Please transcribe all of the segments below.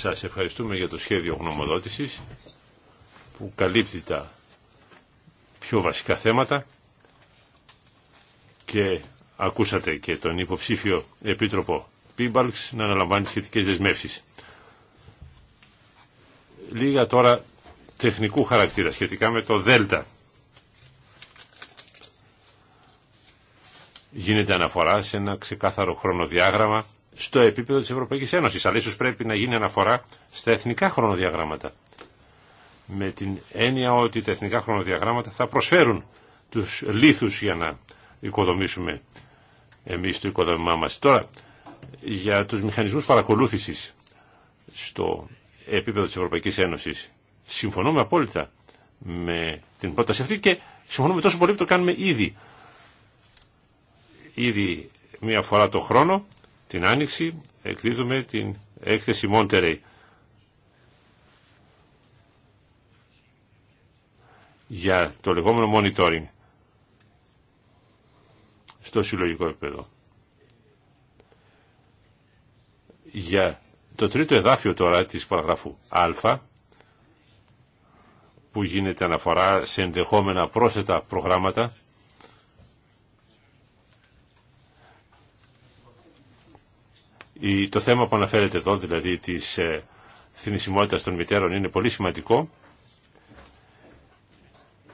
Σας ευχαριστούμε για το σχέδιο γνωμοδότησης που καλύπτει τα πιο βασικά θέματα και ακούσατε και τον υποψήφιο επίτροπο Πίμπαλξ να αναλαμβάνει σχετικές δεσμεύσεις. Λίγα τώρα τεχνικού χαρακτήρα σχετικά με το ΔΕΛΤΑ. Γίνεται αναφορά σε ένα ξεκάθαρο χρονοδιάγραμμα στο επίπεδο της Ευρωπαϊκής Ένωσης. Αλλά ίσως πρέπει να γίνει αναφορά στα εθνικά χρονοδιαγράμματα. Με την έννοια ότι τα εθνικά χρονοδιαγράμματα θα προσφέρουν τους λίθους για να οικοδομήσουμε εμείς το οικοδομημά μας. Τώρα, για τους μηχανισμούς παρακολούθησης στο επίπεδο της Ευρωπαϊκής Ένωσης, συμφωνούμε απόλυτα με την πρόταση αυτή και συμφωνούμε τόσο πολύ που το κάνουμε ήδη. Ήδη μία φορά το χρόνο την Άνοιξη εκδίδουμε την έκθεση Monterey. για το λεγόμενο monitoring στο συλλογικό επίπεδο. Για το τρίτο εδάφιο τώρα της παραγράφου Α που γίνεται αναφορά σε ενδεχόμενα πρόσθετα προγράμματα Το θέμα που αναφέρεται εδώ, δηλαδή της ε, θνησιμότητας των μητέρων, είναι πολύ σημαντικό.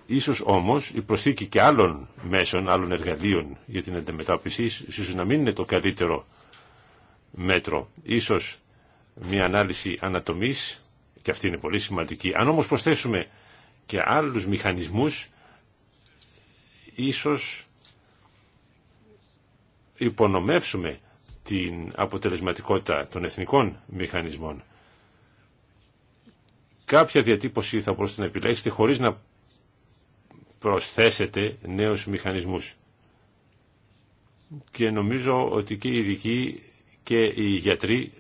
Ίσως όμως η προσθήκη και άλλων μέσων, άλλων εργαλείων για την αντιμετώπιση, ίσως να μην είναι το καλύτερο μέτρο. Ίσως μια ανάλυση ανατομής, και αυτή είναι πολύ σημαντική. Αν όμως προσθέσουμε και άλλους μηχανισμούς, ίσως υπονομεύσουμε την αποτελεσματικότητα των εθνικών μηχανισμών. Κάποια διατύπωση θα μπορούσατε να επιλέξετε χωρίς να προσθέσετε νέους μηχανισμούς. Και νομίζω ότι και οι ειδικοί και οι γιατροί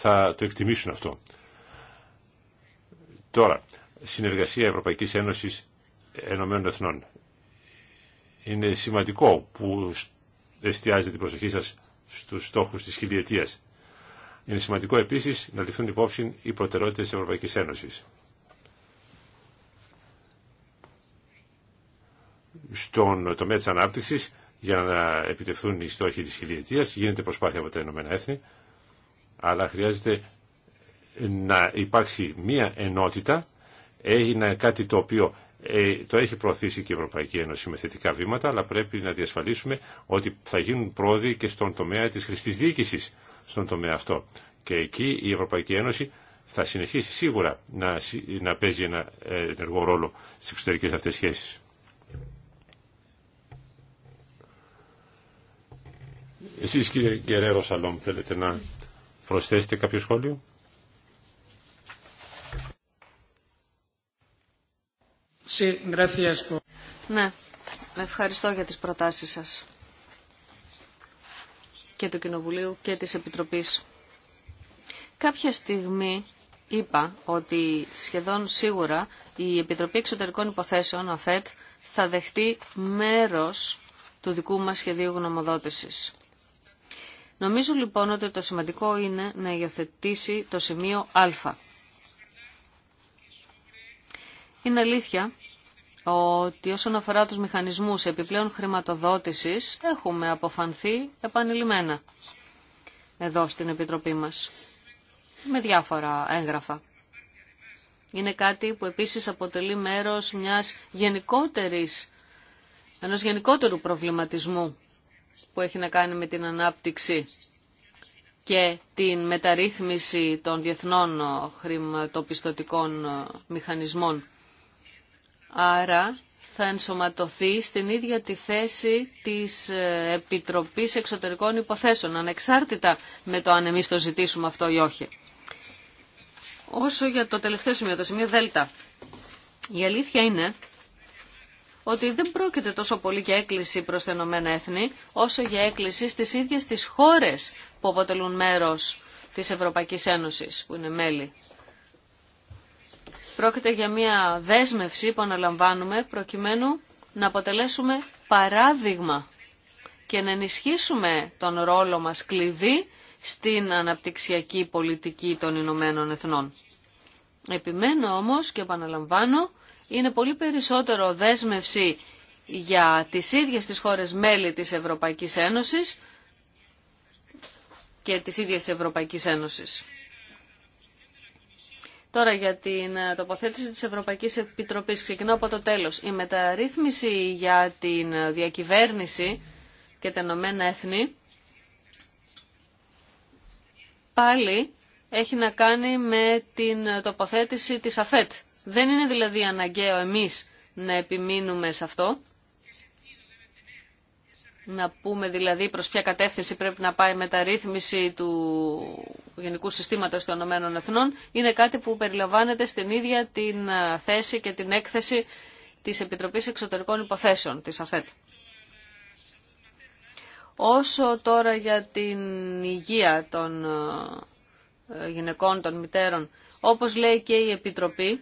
θα το εκτιμήσουν αυτό. Τώρα, συνεργασία Ευρωπαϊκής Ένωσης Ενωμένων Εθνών. Είναι σημαντικό που εστιάζετε την προσοχή σας στους στόχους της χιλιετίας. Είναι σημαντικό επίσης να ληφθούν υπόψη οι προτεραιότητες της Ευρωπαϊκής Ένωσης. Στον τομέα της ανάπτυξης, για να επιτευχθούν οι στόχοι της χιλιετίας, γίνεται προσπάθεια από τα Ηνωμένα Έθνη, αλλά χρειάζεται να υπάρξει μία ενότητα, έγινε κάτι το οποίο ε, το έχει προωθήσει και η Ευρωπαϊκή Ένωση με θετικά βήματα, αλλά πρέπει να διασφαλίσουμε ότι θα γίνουν πρόοδοι και στον τομέα της χρηστής διοίκησης στον τομέα αυτό. Και εκεί η Ευρωπαϊκή Ένωση θα συνεχίσει σίγουρα να, να παίζει ένα ε, ενεργό ρόλο στις εξωτερικές αυτές σχέσεις. Εσείς κύριε Γκερέρο Σαλόμ θέλετε να προσθέσετε κάποιο σχόλιο. Ναι, ευχαριστώ για τις προτάσεις σας και του Κοινοβουλίου και της Επιτροπής. Κάποια στιγμή είπα ότι σχεδόν σίγουρα η Επιτροπή Εξωτερικών Υποθέσεων, ΑΦΕΤ, θα δεχτεί μέρος του δικού μας σχεδίου γνωμοδότησης. Νομίζω λοιπόν ότι το σημαντικό είναι να υιοθετήσει το σημείο Α είναι αλήθεια ότι όσον αφορά τους μηχανισμούς επιπλέον χρηματοδότησης έχουμε αποφανθεί επανειλημμένα εδώ στην Επιτροπή μας με διάφορα έγγραφα. Είναι κάτι που επίσης αποτελεί μέρος μιας γενικότερης, ενός γενικότερου προβληματισμού που έχει να κάνει με την ανάπτυξη και την μεταρρύθμιση των διεθνών χρηματοπιστωτικών μηχανισμών. Άρα θα ενσωματωθεί στην ίδια τη θέση της ε, Επιτροπής Εξωτερικών Υποθέσεων, ανεξάρτητα με το αν εμείς το ζητήσουμε αυτό ή όχι. Όσο για το τελευταίο σημείο, το σημείο Δέλτα, η αλήθεια είναι ότι δεν πρόκειται τόσο πολύ για έκκληση προς τα Ηνωμένα Έθνη, όσο για έκκληση στις ίδιες τις χώρες που αποτελούν μέρος της Ευρωπαϊκής Ένωσης, που είναι μέλη πρόκειται για μια δέσμευση που αναλαμβάνουμε προκειμένου να αποτελέσουμε παράδειγμα και να ενισχύσουμε τον ρόλο μας κλειδί στην αναπτυξιακή πολιτική των Ηνωμένων Εθνών. Επιμένω όμως και επαναλαμβάνω, είναι πολύ περισσότερο δέσμευση για τις ίδιες τις χώρες μέλη της Ευρωπαϊκής Ένωσης και τις ίδιες της Ευρωπαϊκής Ένωσης. Τώρα για την ε, τοποθέτηση της Ευρωπαϊκής Επιτροπής. Ξεκινώ από το τέλος. Η μεταρρύθμιση για την ε, διακυβέρνηση και τα ενωμένα Έθνη πάλι έχει να κάνει με την ε, τοποθέτηση της ΑΦΕΤ. Δεν είναι δηλαδή αναγκαίο εμείς να επιμείνουμε σε αυτό. Να πούμε δηλαδή προς ποια κατεύθυνση πρέπει να πάει η μεταρρύθμιση του Γενικού Συστήματος των Ηνωμένων Εθνών είναι κάτι που περιλαμβάνεται στην ίδια την θέση και την έκθεση της Επιτροπής Εξωτερικών Υποθέσεων της ΑΦΕΤ. Όσο τώρα για την υγεία των γυναικών, των μητέρων, όπως λέει και η Επιτροπή,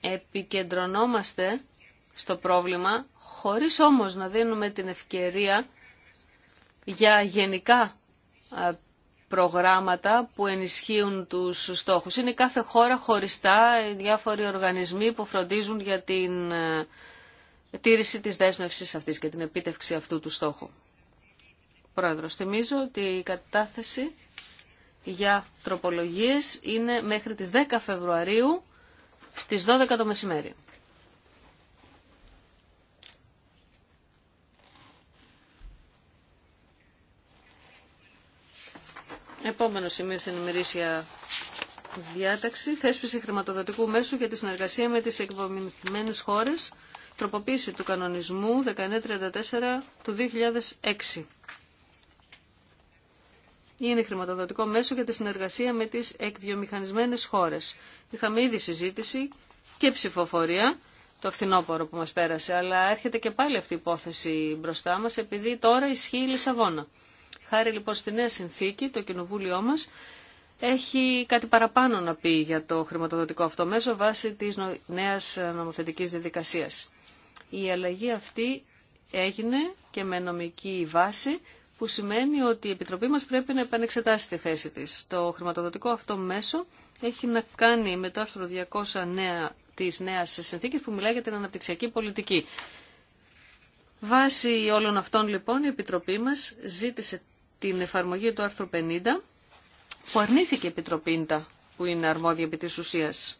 επικεντρωνόμαστε στο πρόβλημα χωρίς όμως να δίνουμε την ευκαιρία για γενικά προγράμματα που ενισχύουν τους στόχους. Είναι κάθε χώρα χωριστά οι διάφοροι οργανισμοί που φροντίζουν για την τήρηση της δέσμευσης αυτής και την επίτευξη αυτού του στόχου. Πρόεδρος, θυμίζω ότι η κατάθεση για τροπολογίες είναι μέχρι τις 10 Φεβρουαρίου στις 12 το μεσημέρι. Επόμενο σημείο στην ημερήσια διάταξη, θέσπιση χρηματοδοτικού μέσου για τη συνεργασία με τις εκβομημένες χώρες, τροποποίηση του κανονισμού 1934 του 2006. Είναι χρηματοδοτικό μέσο για τη συνεργασία με τις εκβιομηχανισμένες χώρες. Είχαμε ήδη συζήτηση και ψηφοφορία το φθινόπωρο που μας πέρασε, αλλά έρχεται και πάλι αυτή η υπόθεση μπροστά μας επειδή τώρα ισχύει η Λισαβόνα. Χάρη λοιπόν στη νέα συνθήκη, το κοινοβούλιο μας έχει κάτι παραπάνω να πει για το χρηματοδοτικό αυτό μέσο βάσει της νέας νομοθετικής διαδικασίας. Η αλλαγή αυτή έγινε και με νομική βάση που σημαίνει ότι η Επιτροπή μας πρέπει να επανεξετάσει τη θέση της. Το χρηματοδοτικό αυτό μέσο έχει να κάνει με το άρθρο 209 της νέας συνθήκης που μιλάει για την αναπτυξιακή πολιτική. Βάσει όλων αυτών λοιπόν η Επιτροπή μας ζήτησε την εφαρμογή του άρθρου 50 που αρνήθηκε η Επιτροπή Ιντα, που είναι αρμόδια επί της ουσίας.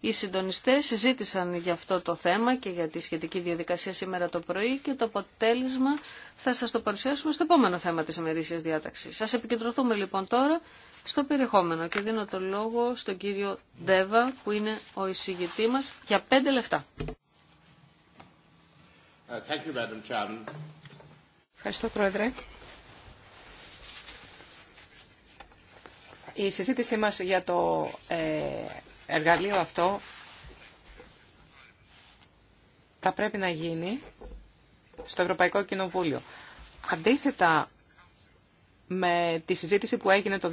Οι συντονιστές συζήτησαν για αυτό το θέμα και για τη σχετική διαδικασία σήμερα το πρωί και το αποτέλεσμα θα σας το παρουσιάσουμε στο επόμενο θέμα της ημερήσιας διάταξης. Σας επικεντρωθούμε λοιπόν τώρα στο περιεχόμενο και δίνω το λόγο στον κύριο Ντέβα που είναι ο εισηγητή μας για πέντε λεφτά. Uh, Ευχαριστώ Πρόεδρε. η συζήτησή μας για το ε, εργαλείο αυτό θα πρέπει να γίνει στο Ευρωπαϊκό Κοινοβούλιο. Αντίθετα με τη συζήτηση που έγινε το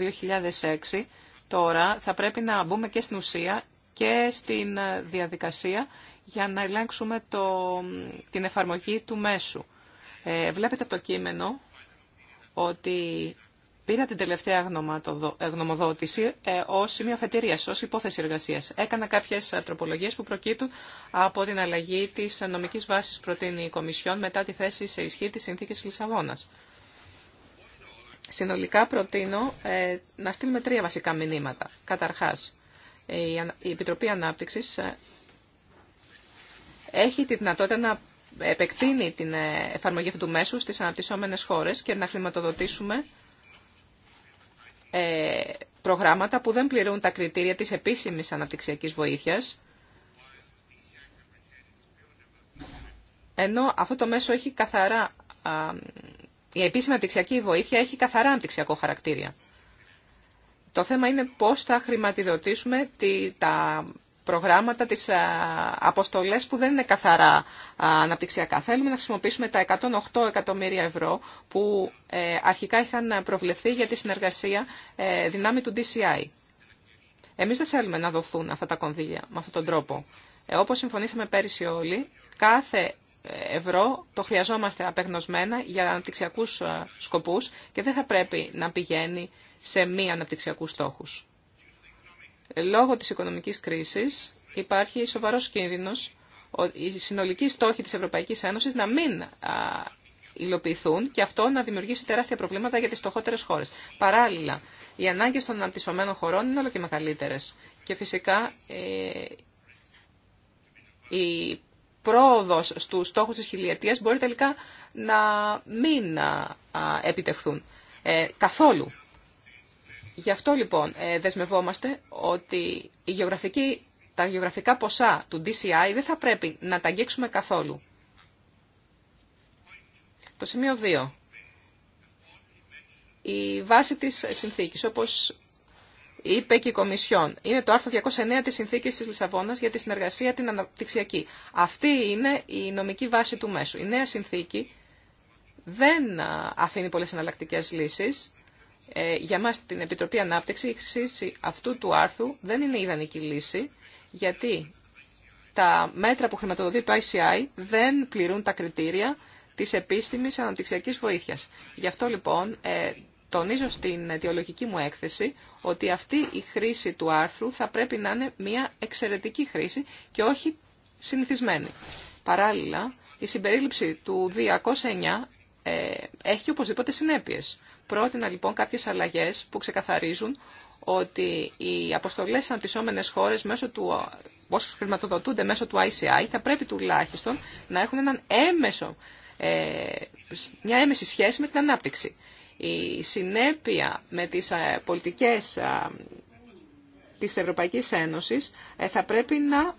2006, τώρα θα πρέπει να μπούμε και στην ουσία και στην διαδικασία για να ελέγξουμε το, την εφαρμογή του μέσου. Ε, βλέπετε από το κείμενο ότι Πήρα την τελευταία ε, γνωμοδότηση ε, ω σημείο αφετηρία, ω υπόθεση εργασία. Έκανα κάποιε τροπολογίε που προκύπτουν από την αλλαγή τη νομική βάση που προτείνει η Κομισιόν μετά τη θέση σε ισχύ τη συνθήκη Λισαβόνα. Συνολικά προτείνω ε, να στείλουμε τρία βασικά μηνύματα. Καταρχά, η Επιτροπή Ανάπτυξη ε, έχει τη δυνατότητα να επεκτείνει την εφαρμογή αυτού του μέσου στι αναπτυσσόμενε χώρε και να χρηματοδοτήσουμε ε, προγράμματα που δεν πληρούν τα κριτήρια της επίσημης αναπτυξιακής βοήθειας, ενώ αυτό το μέσο έχει καθαρά, η επίσημη αναπτυξιακή βοήθεια έχει καθαρά αναπτυξιακό χαρακτήρα. Το θέμα είναι πώς θα χρηματιδοτήσουμε τα προγράμματα, τις αποστολές που δεν είναι καθαρά αναπτυξιακά. Θέλουμε να χρησιμοποιήσουμε τα 108 εκατομμύρια ευρώ που ε, αρχικά είχαν προβλεφθεί για τη συνεργασία ε, δυνάμει του DCI. Εμείς δεν θέλουμε να δοθούν αυτά τα κονδύλια με αυτόν τον τρόπο. Ε, όπως συμφωνήσαμε πέρυσι όλοι, κάθε ε, ευρώ το χρειαζόμαστε απεγνωσμένα για αναπτυξιακούς σκοπούς και δεν θα πρέπει να πηγαίνει σε μη αναπτυξιακούς στόχους. Ε, λόγω της οικονομικής κρίσης υπάρχει σοβαρός κίνδυνος οι συνολικοί στόχοι της Ευρωπαϊκής Ένωσης να μην υλοποιηθούν και αυτό να δημιουργήσει τεράστια προβλήματα για τις στοχότερες χώρες. Παράλληλα, οι ανάγκες των αναπτυσσομένων χωρών είναι όλο και μεγαλύτερες. Και φυσικά ε, η πρόοδος στους στόχους της χιλιετίας μπορεί τελικά να μην επιτευχθούν ε, καθόλου. Γι' αυτό λοιπόν ε, δεσμευόμαστε ότι η γεωγραφική, τα γεωγραφικά ποσά του DCI δεν θα πρέπει να τα αγγίξουμε καθόλου. Το σημείο 2. Η βάση της συνθήκης, όπως είπε και η Κομισιόν, είναι το άρθρο 209 της συνθήκης της Λισαβόνας για τη συνεργασία την αναπτυξιακή. Αυτή είναι η νομική βάση του μέσου. Η νέα συνθήκη δεν αφήνει πολλές εναλλακτικέ λύσεις ε, για μας την Επιτροπή Ανάπτυξη η χρήση αυτού του άρθρου δεν είναι ιδανική λύση, γιατί τα μέτρα που χρηματοδοτεί το ICI δεν πληρούν τα κριτήρια της επίσημης αναπτυξιακής βοήθειας. Γι' αυτό λοιπόν ε, τονίζω στην αιτιολογική μου έκθεση ότι αυτή η χρήση του άρθρου θα πρέπει να είναι μια εξαιρετική χρήση και όχι συνηθισμένη. Παράλληλα, η συμπερίληψη του 209 ε, έχει οπωσδήποτε συνέπειες. Πρότεινα λοιπόν κάποιες αλλαγές που ξεκαθαρίζουν ότι οι αποστολές στι αντισώμενες χώρες μέσω του, όσο χρηματοδοτούνται μέσω του ICI θα πρέπει τουλάχιστον να έχουν έναν έμεσο, ε, μια έμεση σχέση με την ανάπτυξη. Η συνέπεια με τις ε, πολιτικές της Ευρωπαϊκής Ένωσης θα πρέπει να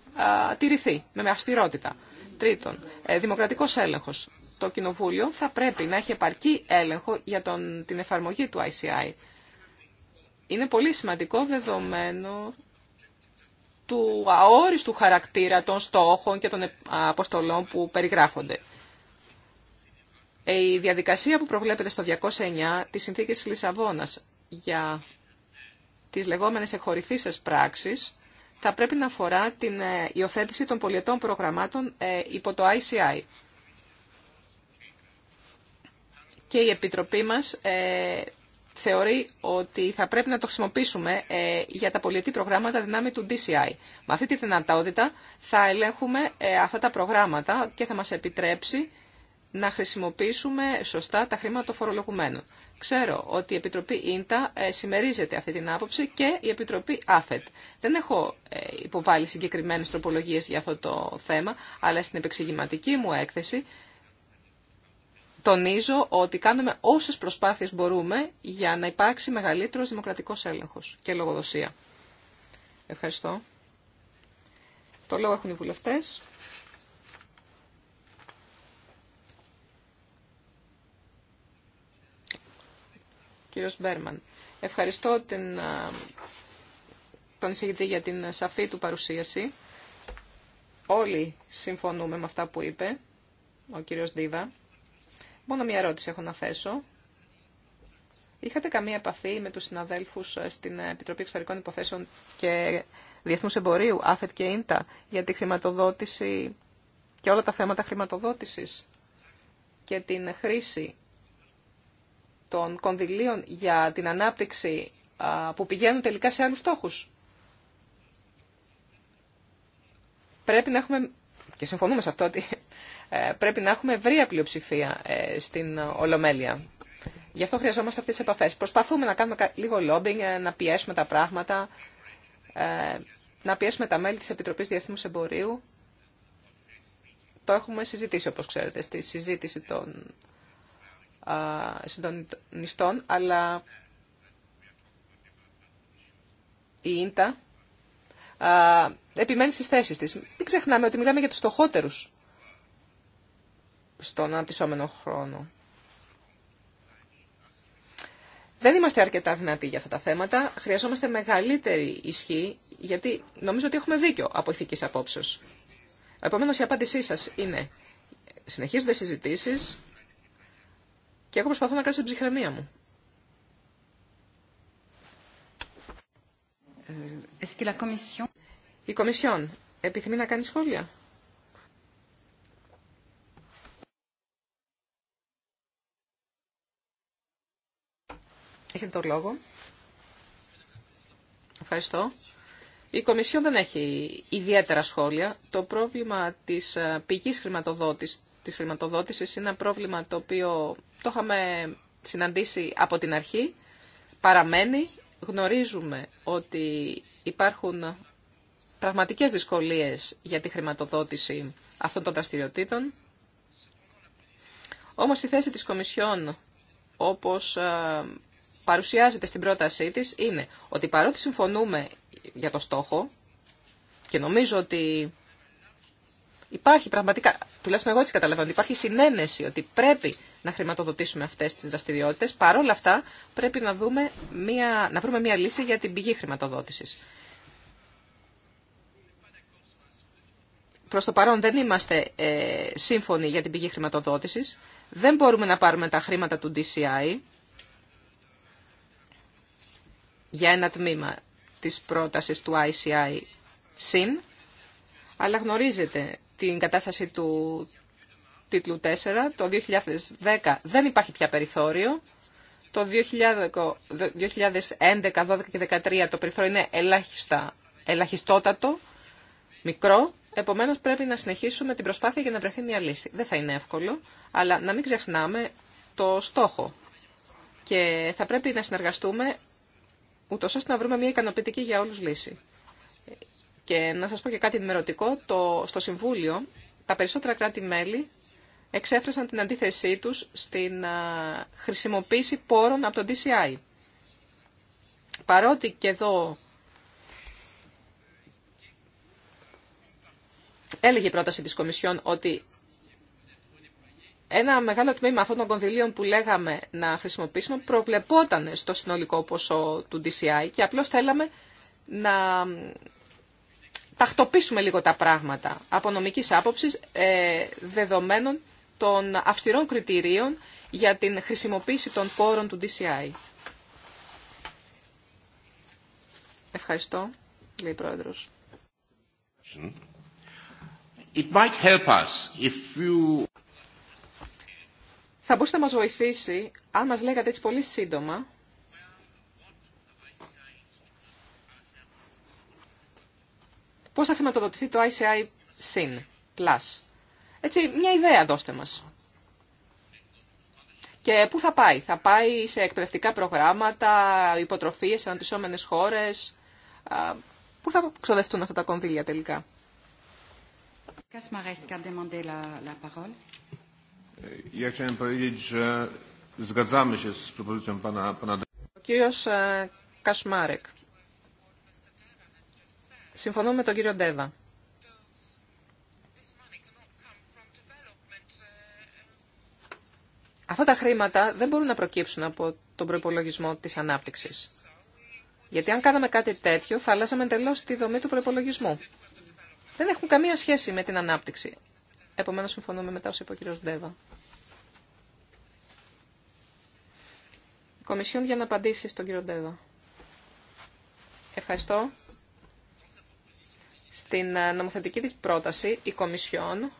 τηρηθεί με αυστηρότητα. Τρίτον, δημοκρατικός έλεγχος το Κοινοβούλιο θα πρέπει να έχει επαρκή έλεγχο για τον, την εφαρμογή του ICI. Είναι πολύ σημαντικό δεδομένο του αόριστου χαρακτήρα των στόχων και των ε, αποστολών που περιγράφονται. Ε, η διαδικασία που προβλέπεται στο 209 της Συνθήκης Λισαβόνας για τις λεγόμενες εκχωρηθήσεις πράξεις θα πρέπει να αφορά την ε, υιοθέτηση των πολιετών προγραμμάτων υπό το ICI. και η Επιτροπή μας ε, θεωρεί ότι θα πρέπει να το χρησιμοποιήσουμε ε, για τα πολιετή προγράμματα δυνάμει του DCI. Με αυτή τη δυνατότητα θα ελέγχουμε ε, αυτά τα προγράμματα και θα μας επιτρέψει να χρησιμοποιήσουμε σωστά τα χρήματα των φορολογουμένων. Ξέρω ότι η Επιτροπή Ίντα ε, συμμερίζεται αυτή την άποψη και η Επιτροπή ΑΦΕΤ. Δεν έχω υποβάλει συγκεκριμένες τροπολογίες για αυτό το θέμα, αλλά στην επεξηγηματική μου έκθεση τονίζω ότι κάνουμε όσες προσπάθειες μπορούμε για να υπάρξει μεγαλύτερος δημοκρατικός έλεγχος και λογοδοσία. Ευχαριστώ. Το λόγο έχουν οι βουλευτές. Κύριος Μπέρμαν, ευχαριστώ την, τον εισηγητή για την σαφή του παρουσίαση. Όλοι συμφωνούμε με αυτά που είπε ο κύριος Ντίβα. Μόνο μια ερώτηση έχω να θέσω. Είχατε καμία επαφή με τους συναδέλφους ε, στην Επιτροπή Εξωτερικών Υποθέσεων και Διεθνούς Εμπορίου, ΑΦΕΤ και ΙΝΤΑ, για τη χρηματοδότηση και όλα τα θέματα χρηματοδότησης και την χρήση των κονδυλίων για την ανάπτυξη που πηγαίνουν τελικά σε άλλους στόχους. Πρέπει να έχουμε, και συμφωνούμε σε αυτό, ότι ε, πρέπει να έχουμε ευρία πλειοψηφία ε, στην Ολομέλεια. Γι' αυτό χρειαζόμαστε αυτές τις επαφές. Προσπαθούμε να κάνουμε λίγο λόμπινγκ, ε, να πιέσουμε τα πράγματα, να πιέσουμε τα μέλη της Επιτροπής Διεθνούς Εμπορίου. Το έχουμε συζητήσει, όπως ξέρετε, στη συζήτηση των συντονιστών, αλλά η ίντα επιμένει στις θέσεις της. Μην ξεχνάμε ότι μιλάμε για τους στοχότερους στον αντισόμενο χρόνο. Δεν είμαστε αρκετά δυνατοί για αυτά τα θέματα. Χρειαζόμαστε μεγαλύτερη ισχύ, γιατί νομίζω ότι έχουμε δίκιο από ηθικής απόψεως. Επομένω, η απάντησή σας είναι συνεχίζονται συζητήσει και εγώ προσπαθώ να κάνω την ψυχραιμία μου. Ε, η Κομισιόν επιθυμεί να κάνει σχόλια. Έχετε το λόγο. Ευχαριστώ. Η Κομισιόν δεν έχει ιδιαίτερα σχόλια. Το πρόβλημα της ε, πηγής χρηματοδότησης, της χρηματοδότησης είναι ένα πρόβλημα το οποίο το είχαμε συναντήσει από την αρχή. Παραμένει. Γνωρίζουμε ότι υπάρχουν πραγματικές δυσκολίες για τη χρηματοδότηση αυτών των δραστηριοτήτων. Όμως η θέση της Κομισιόν, όπως ε, παρουσιάζεται στην πρότασή της είναι ότι παρότι συμφωνούμε για το στόχο και νομίζω ότι υπάρχει πραγματικά, τουλάχιστον εγώ έτσι καταλαβαίνω, ότι υπάρχει συνένεση ότι πρέπει να χρηματοδοτήσουμε αυτές τις δραστηριότητες, παρόλα αυτά πρέπει να, δούμε μια, να βρούμε μια λύση για την πηγή χρηματοδότησης. Προς το παρόν δεν είμαστε ε, σύμφωνοι για την πηγή χρηματοδότησης. Δεν μπορούμε να πάρουμε τα χρήματα του DCI, για ένα τμήμα της πρότασης του ICI συν, αλλά γνωρίζετε την κατάσταση του τίτλου 4. Το 2010 δεν υπάρχει πια περιθώριο. Το 2011, 2012 και 2013 το περιθώριο είναι ελάχιστα, ελαχιστότατο, μικρό. Επομένως πρέπει να συνεχίσουμε την προσπάθεια για να βρεθεί μια λύση. Δεν θα είναι εύκολο, αλλά να μην ξεχνάμε το στόχο. Και θα πρέπει να συνεργαστούμε ούτως ώστε να βρούμε μια ικανοποιητική για όλους λύση. Και να σας πω και κάτι ενημερωτικό, το, στο Συμβούλιο τα περισσότερα κράτη-μέλη εξέφρασαν την αντίθεσή τους στην χρησιμοποίηση πόρων από τον DCI. Παρότι και εδώ έλεγε η πρόταση της Κομισιόν ότι ένα μεγάλο τμήμα αυτών των κονδυλίων που λέγαμε να χρησιμοποιήσουμε προβλεπόταν στο συνολικό ποσό του DCI και απλώς θέλαμε να τακτοποιήσουμε λίγο τα πράγματα από νομική άποψης ε, δεδομένων των αυστηρών κριτηρίων για την χρησιμοποίηση των πόρων του DCI. Ευχαριστώ, λέει ο Πρόεδρος. Θα μπορούσε να μας βοηθήσει, αν μας λέγατε έτσι πολύ σύντομα, πώς θα χρηματοδοτηθεί το ICI SIN, Plus. Έτσι, μια ιδέα δώστε μας. Και πού θα πάει. Θα πάει σε εκπαιδευτικά προγράμματα, υποτροφίες σε αναπτυσσόμενες χώρες. Πού θα ξοδευτούν αυτά τα κονδύλια τελικά. Ο κύριος Κασμάρεκ. Συμφωνούμε με τον κύριο Ντέβα. Αυτά τα χρήματα δεν μπορούν να προκύψουν από τον προπολογισμό της ανάπτυξης. Γιατί αν κάναμε κάτι τέτοιο θα αλλάζαμε εντελώ τη δομή του προπολογισμού. Δεν έχουν καμία σχέση με την ανάπτυξη. Επομένως, συμφωνούμε μετά όσο είπε ο κ. Ντέβα. Κομισιόν για να απαντήσει στον κύριο Ντέβα. Ευχαριστώ. Στην ε, νομοθετική της πρόταση, η Κομισιόν,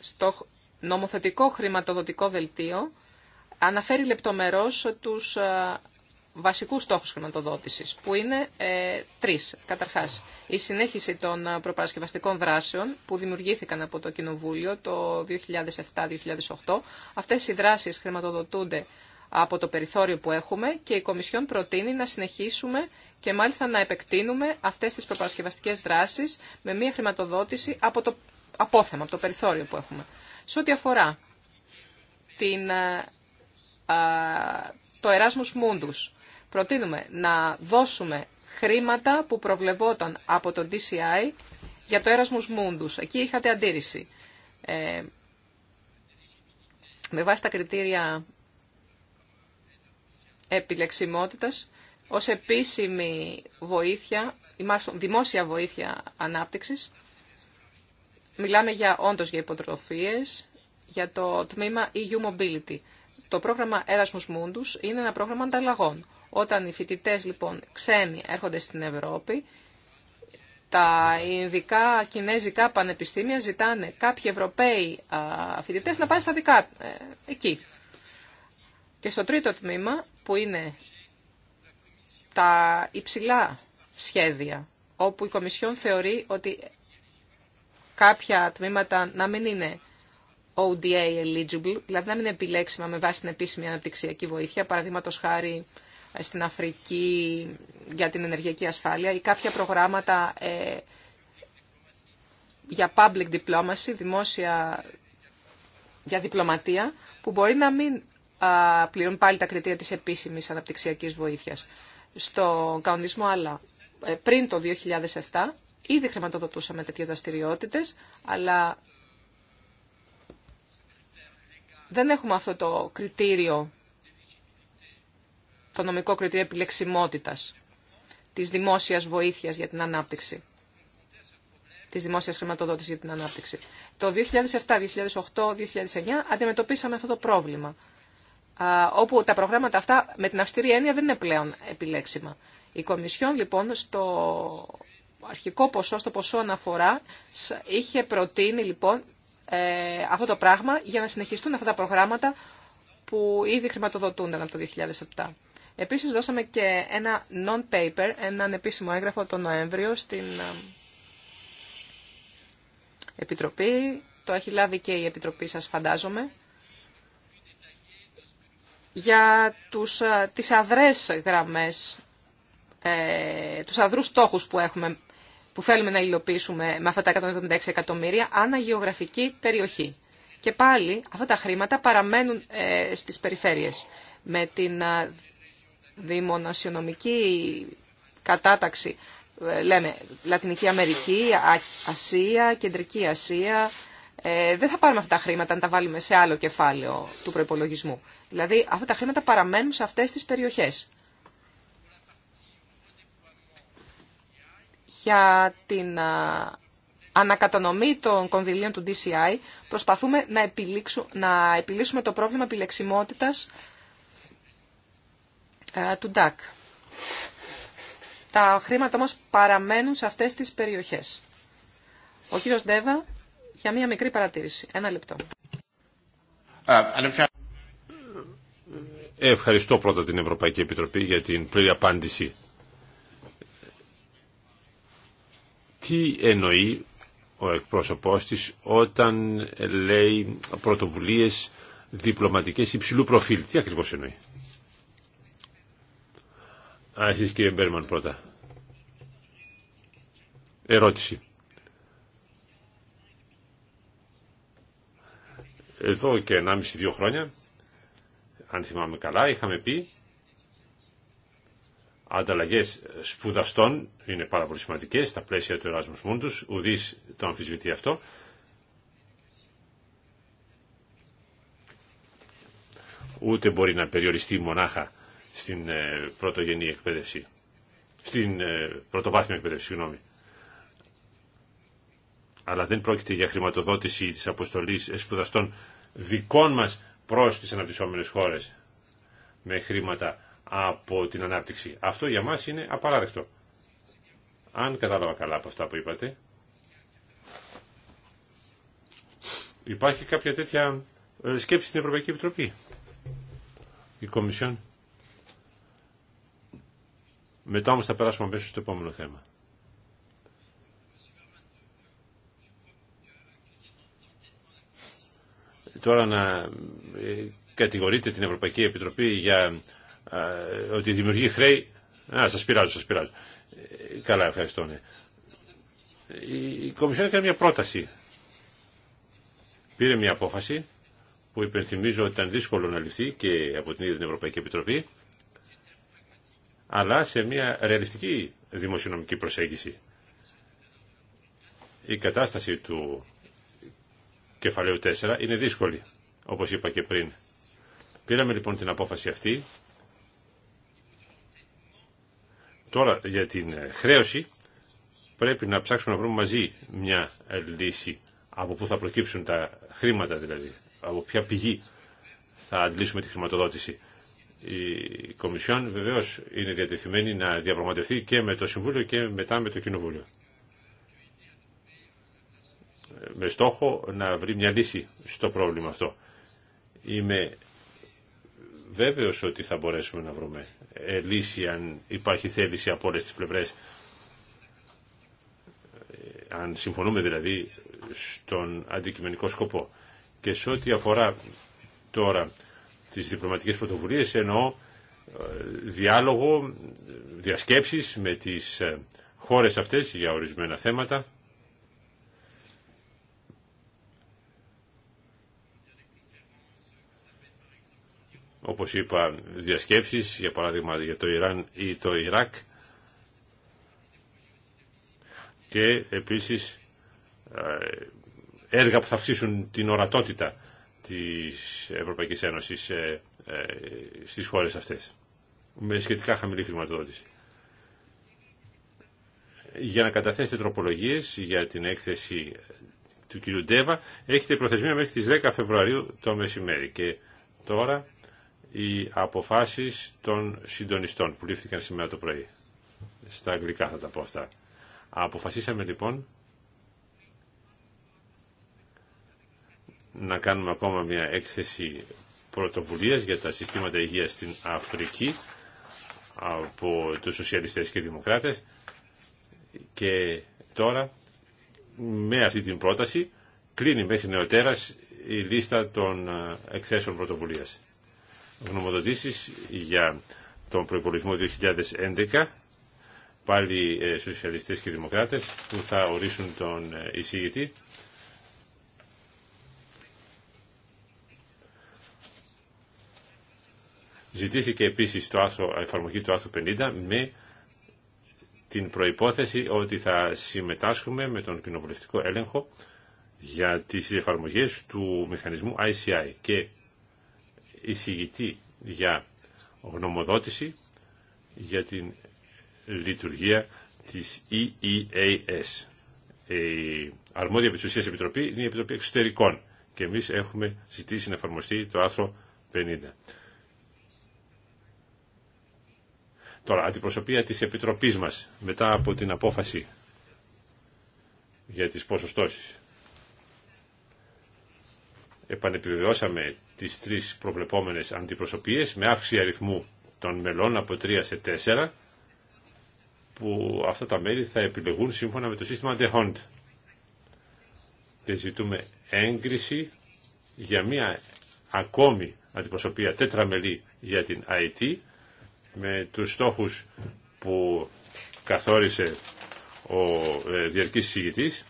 στο νομοθετικό χρηματοδοτικό δελτίο, αναφέρει λεπτομερώς τους ε, βασικούς στόχους χρηματοδότησης, που είναι ε, τρεις. Καταρχάς, η συνέχιση των ε, προπαρασκευαστικών δράσεων που δημιουργήθηκαν από το Κοινοβούλιο το 2007-2008. Αυτές οι δράσεις χρηματοδοτούνται από το περιθώριο που έχουμε και η Κομισιόν προτείνει να συνεχίσουμε και μάλιστα να επεκτείνουμε αυτές τις προπαρασκευαστικές δράσεις με μια χρηματοδότηση από το απόθεμα, από το περιθώριο που έχουμε. Σε ό,τι αφορά την, ε, α, το Erasmus Mundus, προτείνουμε να δώσουμε χρήματα που προβλεπόταν από τον DCI για το Erasmus Mundus. Εκεί είχατε αντίρρηση. Ε, με βάση τα κριτήρια επιλεξιμότητας, ως επίσημη βοήθεια, δημόσια βοήθεια ανάπτυξης, μιλάμε για όντως για υποτροφίες, για το τμήμα EU Mobility. Το πρόγραμμα Erasmus Mundus είναι ένα πρόγραμμα ανταλλαγών. Όταν οι φοιτητέ λοιπόν ξένοι έρχονται στην Ευρώπη, τα ειδικά Κινέζικα Πανεπιστήμια ζητάνε κάποιοι Ευρωπαίοι φοιτητέ να πάνε στα δικά ε, εκεί. Και στο τρίτο τμήμα που είναι τα υψηλά σχέδια, όπου η Κομισιόν θεωρεί ότι κάποια τμήματα να μην είναι ODA eligible, δηλαδή να μην είναι επιλέξιμα με βάση την επίσημη αναπτυξιακή βοήθεια, παραδείγματο χάρη στην Αφρική για την ενεργειακή ασφάλεια ή κάποια προγράμματα ε, για public diplomacy, δημόσια για διπλωματία, που μπορεί να μην πληρούν πάλι τα κριτήρια της επίσημης αναπτυξιακής βοήθειας. Στο κανονισμό άλλα, ε, πριν το 2007, ήδη χρηματοδοτούσαμε τέτοιες δραστηριότητε, αλλά δεν έχουμε αυτό το κριτήριο το νομικό κριτήριο επιλεξιμότητας της δημόσιας βοήθειας για την ανάπτυξη, της δημόσιας χρηματοδότησης για την ανάπτυξη. Το 2007, 2008, 2009 αντιμετωπίσαμε αυτό το πρόβλημα, όπου τα προγράμματα αυτά με την αυστηρή έννοια δεν είναι πλέον επιλέξιμα. Η Κομισιόν λοιπόν στο αρχικό ποσό, στο ποσό αναφορά, είχε προτείνει λοιπόν ε, αυτό το πράγμα για να συνεχιστούν αυτά τα προγράμματα που ήδη χρηματοδοτούνταν από το 2007. Επίσης δώσαμε και ένα non-paper, έναν επίσημο έγγραφο τον Νοέμβριο στην ε, Επιτροπή. Το έχει λάβει και η Επιτροπή σας φαντάζομαι. Για τους, ε, τις αδρές γραμμές, ε, τους αδρούς στόχους που έχουμε που θέλουμε να υλοποιήσουμε με αυτά τα 176 εκατομμύρια ανά περιοχή. Και πάλι αυτά τα χρήματα παραμένουν ε, στις περιφέρειες. Με την ε, δημονασιονομική κατάταξη ε, λέμε Λατινική Αμερική, Ασία, Κεντρική Ασία. Ε, δεν θα πάρουμε αυτά τα χρήματα αν τα βάλουμε σε άλλο κεφάλαιο του προπολογισμού. Δηλαδή αυτά τα χρήματα παραμένουν σε αυτές τις περιοχές. Για την α, ανακατανομή των κονδυλίων του DCI προσπαθούμε να, να επιλύσουμε το πρόβλημα επιλεξιμότητας ε, του ΝΤΑΚ. Τα χρήματα όμως παραμένουν σε αυτές τις περιοχές. Ο κύριος Ντέβα για μία μικρή παρατήρηση. Ένα λεπτό. Ε, ευχαριστώ πρώτα την Ευρωπαϊκή Επιτροπή για την πλήρη απάντηση. Τι εννοεί ο εκπρόσωπός της όταν λέει πρωτοβουλίες διπλωματικές υψηλού προφίλ. Τι ακριβώς εννοεί. Α, εσείς κύριε Μπέρμαν πρώτα. Ερώτηση. Εδώ και 1,5-2 χρόνια, αν θυμάμαι καλά, είχαμε πει ανταλλαγέ σπουδαστών είναι πάρα πολύ σημαντικέ στα πλαίσια του Εράσμου Mundus. Ουδή το αμφισβητεί αυτό. Ούτε μπορεί να περιοριστεί μονάχα στην ε, πρωτογενή εκπαίδευση, στην ε, πρωτοβάθμια εκπαίδευση, συγγνώμη. Αλλά δεν πρόκειται για χρηματοδότηση τη αποστολή σπουδαστών δικών μας προ τι αναπτυσσόμενες χώρες με χρήματα από την ανάπτυξη. Αυτό για μας είναι απαράδεκτο. Αν κατάλαβα καλά από αυτά που είπατε, υπάρχει κάποια τέτοια ε, σκέψη στην Ευρωπαϊκή Επιτροπή. Η Κομισιόν μετά όμως θα περάσουμε αμέσως στο επόμενο θέμα. Τώρα να ε, κατηγορείτε την Ευρωπαϊκή Επιτροπή για ε, ότι δημιουργεί χρέη. Α, σας πειράζω, σας πειράζω. Ε, καλά, ευχαριστώ, ναι. Η Κομισιόν έκανε μια πρόταση. Πήρε μια απόφαση που υπενθυμίζω ότι ήταν δύσκολο να λυθεί και από την ίδια την Ευρωπαϊκή Επιτροπή αλλά σε μια ρεαλιστική δημοσιονομική προσέγγιση. Η κατάσταση του κεφαλαίου 4 είναι δύσκολη, όπως είπα και πριν. Πήραμε λοιπόν την απόφαση αυτή. Τώρα για την χρέωση πρέπει να ψάξουμε να βρούμε μαζί μια λύση από πού θα προκύψουν τα χρήματα δηλαδή, από ποια πηγή θα αντλήσουμε τη χρηματοδότηση. Η Κομισιόν βεβαίω είναι διατεθειμένη να διαπραγματευτεί και με το Συμβούλιο και μετά με το Κοινοβούλιο. Με στόχο να βρει μια λύση στο πρόβλημα αυτό. Είμαι βέβαιος ότι θα μπορέσουμε να βρούμε ε, λύση αν υπάρχει θέληση από όλες πλευρές. Ε, αν συμφωνούμε δηλαδή στον αντικειμενικό σκοπό. Και σε ό,τι αφορά τώρα τις διπλωματικές πρωτοβουλίες εννοώ ε, διάλογο, διασκέψεις με τις ε, χώρες αυτές για ορισμένα θέματα. Όπως είπα, διασκέψεις, για παράδειγμα για το Ιράν ή το Ιράκ και επίσης ε, έργα που θα αυξήσουν την ορατότητα της Ευρωπαϊκής Ένωσης ε, ε, στις χώρες αυτές με σχετικά χαμηλή χρηματοδότηση. Για να καταθέσετε τροπολογίες για την έκθεση του κ. Ντέβα έχετε προθεσμία μέχρι τις 10 Φεβρουαρίου το μεσημέρι και τώρα οι αποφάσεις των συντονιστών που λήφθηκαν σήμερα το πρωί. Στα αγγλικά θα τα πω αυτά. Αποφασίσαμε λοιπόν να κάνουμε ακόμα μια έκθεση πρωτοβουλίας για τα συστήματα υγείας στην Αφρική από τους σοσιαλιστές και δημοκράτες και τώρα με αυτή την πρόταση κλείνει μέχρι νεοτέρας η λίστα των ε, εκθέσεων πρωτοβουλίας. Γνωμοδοτήσεις για τον προϋπολογισμό 2011 πάλι ε, σοσιαλιστές και δημοκράτες που θα ορίσουν τον ε, εισηγητή Ζητήθηκε επίσης το άρθρο, εφαρμογή του άρθρου 50 με την προϋπόθεση ότι θα συμμετάσχουμε με τον κοινοβουλευτικό έλεγχο για τις εφαρμογές του μηχανισμού ICI και εισηγητή για γνωμοδότηση για την λειτουργία της EEAS. Η αρμόδια επιστουσίας επιτροπή είναι η Επιτροπή Εξωτερικών και εμείς έχουμε ζητήσει να εφαρμοστεί το άρθρο 50. Τώρα, αντιπροσωπεία της Επιτροπής μας, μετά από την απόφαση για τις ποσοστώσεις. Επανεπιβεβαιώσαμε τις τρεις προβλεπόμενες αντιπροσωπείες με αύξηση αριθμού των μελών από 3 σε 4 που αυτά τα μέλη θα επιλεγούν σύμφωνα με το σύστημα The Hunt. Και ζητούμε έγκριση για μία ακόμη αντιπροσωπεία τέτραμελή για την IT με τους στόχους που καθόρισε ο ε, διαρκής συγητής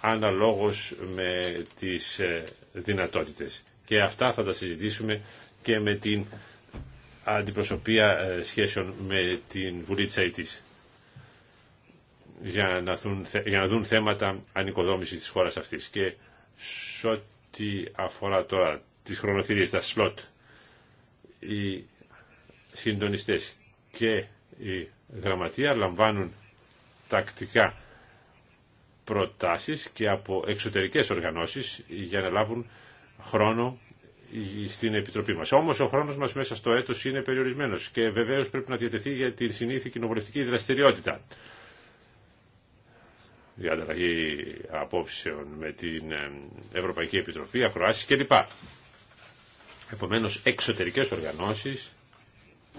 αναλόγως με τις ε, δυνατότητες. Και αυτά θα τα συζητήσουμε και με την αντιπροσωπεία ε, σχέσεων με την Βουλή της για να, δουν, για να δουν θέματα ανοικοδόμησης της χώρας αυτής. Και σε ό,τι αφορά τώρα τις χρονοθυρίες, τα σλότ, η συντονιστές και η γραμματεία λαμβάνουν τακτικά προτάσεις και από εξωτερικές οργανώσεις για να λάβουν χρόνο στην Επιτροπή μας. Όμως ο χρόνος μας μέσα στο έτος είναι περιορισμένος και βεβαίως πρέπει να διατεθεί για την συνήθη κοινοβουλευτική δραστηριότητα. Η ανταλλαγή απόψεων με την ε, Ευρωπαϊκή Επιτροπή, ακροάσεις κλπ. Επομένως εξωτερικές οργανώσεις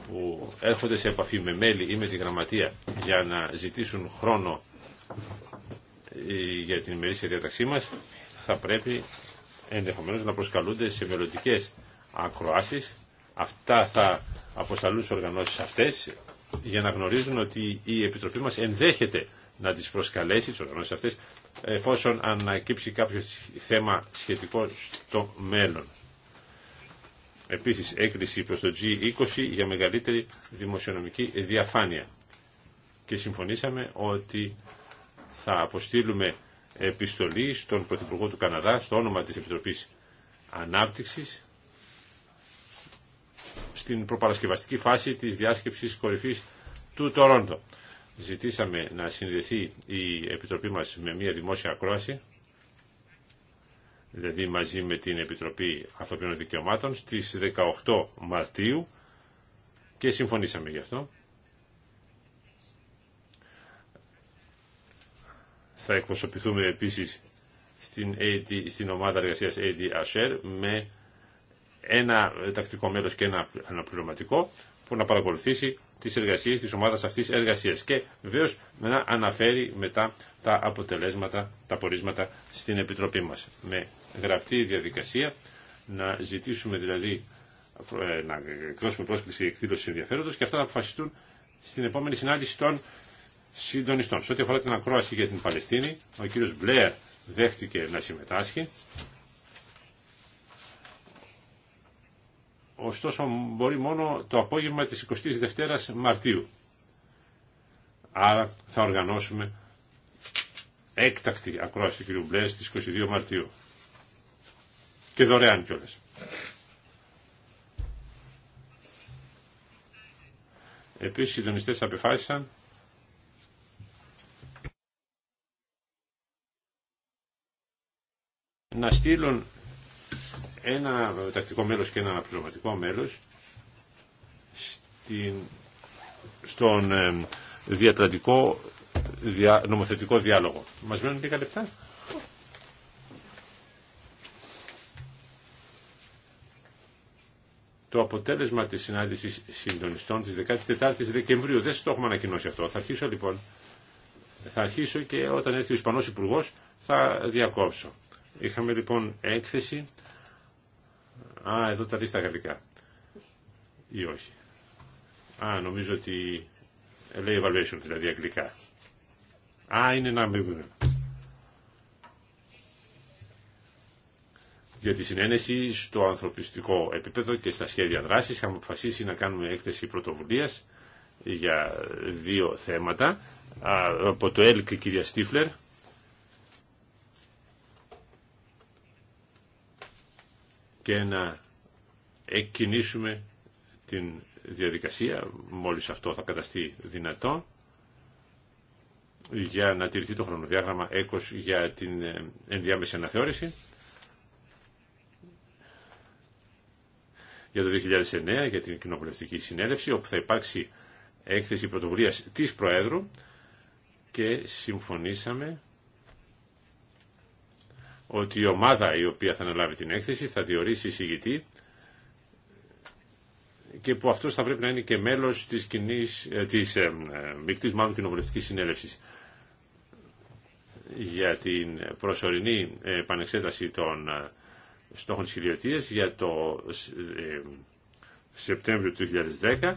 που έρχονται σε επαφή με μέλη ή με τη γραμματεία για να ζητήσουν χρόνο ε, για την ημερήσια διαταξή μας θα πρέπει ενδεχομένως να προσκαλούνται σε μελλοντικέ ακροάσεις. Αυτά θα αποσταλούν στις οργανώσεις αυτές για να γνωρίζουν ότι η Επιτροπή μας ενδέχεται να τις προσκαλέσει, τις οργανώσεις αυτές, εφόσον ανακύψει κάποιο θέμα σχετικό στο μέλλον. Επίσης έκκληση προς το G20 για μεγαλύτερη δημοσιονομική διαφάνεια. Και συμφωνήσαμε ότι θα αποστείλουμε επιστολή στον Πρωθυπουργό του Καναδά στο όνομα της Επιτροπής Ανάπτυξης στην προπαρασκευαστική φάση της διάσκεψης κορυφής του Τορόντο. Ζητήσαμε να συνδεθεί η Επιτροπή μας με μια δημόσια ακρόαση δηλαδή μαζί με την Επιτροπή Ανθρωπίνων Δικαιωμάτων, στις 18 Μαρτίου και συμφωνήσαμε γι' αυτό. Θα εκπροσωπηθούμε επίσης στην, AD, στην ομάδα εργασίας AD Asher με ένα τακτικό μέλος και ένα αναπληρωματικό που να παρακολουθήσει τις εργασίες της ομάδας αυτής εργασίας και βεβαίως να αναφέρει μετά τα αποτελέσματα, τα πορίσματα στην Επιτροπή μας. Με γραπτή διαδικασία να ζητήσουμε δηλαδή ε, να εκδώσουμε πρόσκληση εκδήλωση ενδιαφέροντος και αυτά να αποφασιστούν στην επόμενη συνάντηση των συντονιστών. Σε ό,τι αφορά την ακρόαση για την Παλαιστίνη, ο κύριος Μπλέερ δέχτηκε να συμμετάσχει ωστόσο μπορεί μόνο το απόγευμα της 22ης Μαρτίου. Άρα θα οργανώσουμε έκτακτη ακρόαση του κ. Μπλε στις 22 Μαρτίου. Και δωρεάν κιόλας. Επίσης οι συντονιστές απεφάσισαν να στείλουν ένα τακτικό μέλος και ένα αναπληρωματικό μέλος στην, στον διατρατικό δια, νομοθετικό διάλογο. Μας μένουν λίγα λεπτά. Το αποτέλεσμα της συνάντησης συντονιστών της 14ης Δεκεμβρίου. Δεν το έχουμε ανακοινώσει αυτό. Θα αρχίσω λοιπόν. Θα αρχίσω και όταν έρθει ο Ισπανός Υπουργός θα διακόψω. Είχαμε λοιπόν έκθεση Α, εδώ τα λέει στα γαλλικά. Ή όχι. Α, νομίζω ότι ε, λέει evaluation, δηλαδή αγγλικά. Α, είναι ένα μείγμα. Για τη συνένεση στο ανθρωπιστικό επίπεδο και στα σχέδια δράση είχαμε αποφασίσει να κάνουμε έκθεση πρωτοβουλία για δύο θέματα. Από το ΕΛΚ, κυρία Στίφλερ, και να εκκινήσουμε την διαδικασία, μόλις αυτό θα καταστεί δυνατό, για να τηρηθεί το χρονοδιάγραμμα έκος για την ε, ενδιάμεση αναθεώρηση. Για το 2009, για την κοινοβουλευτική συνέλευση, όπου θα υπάρξει έκθεση πρωτοβουλίας της Προέδρου και συμφωνήσαμε ότι η ομάδα η οποία θα αναλάβει την έκθεση θα διορίσει εισηγητή και που αυτός θα πρέπει να είναι και μέλος της, κοινής, ε, της ε, ε μεικτής κοινοβουλευτικής συνέλευσης για την προσωρινή ε, επανεξέταση των στόχων της χιλιοτίας για το Σεπτέμβριο του 2010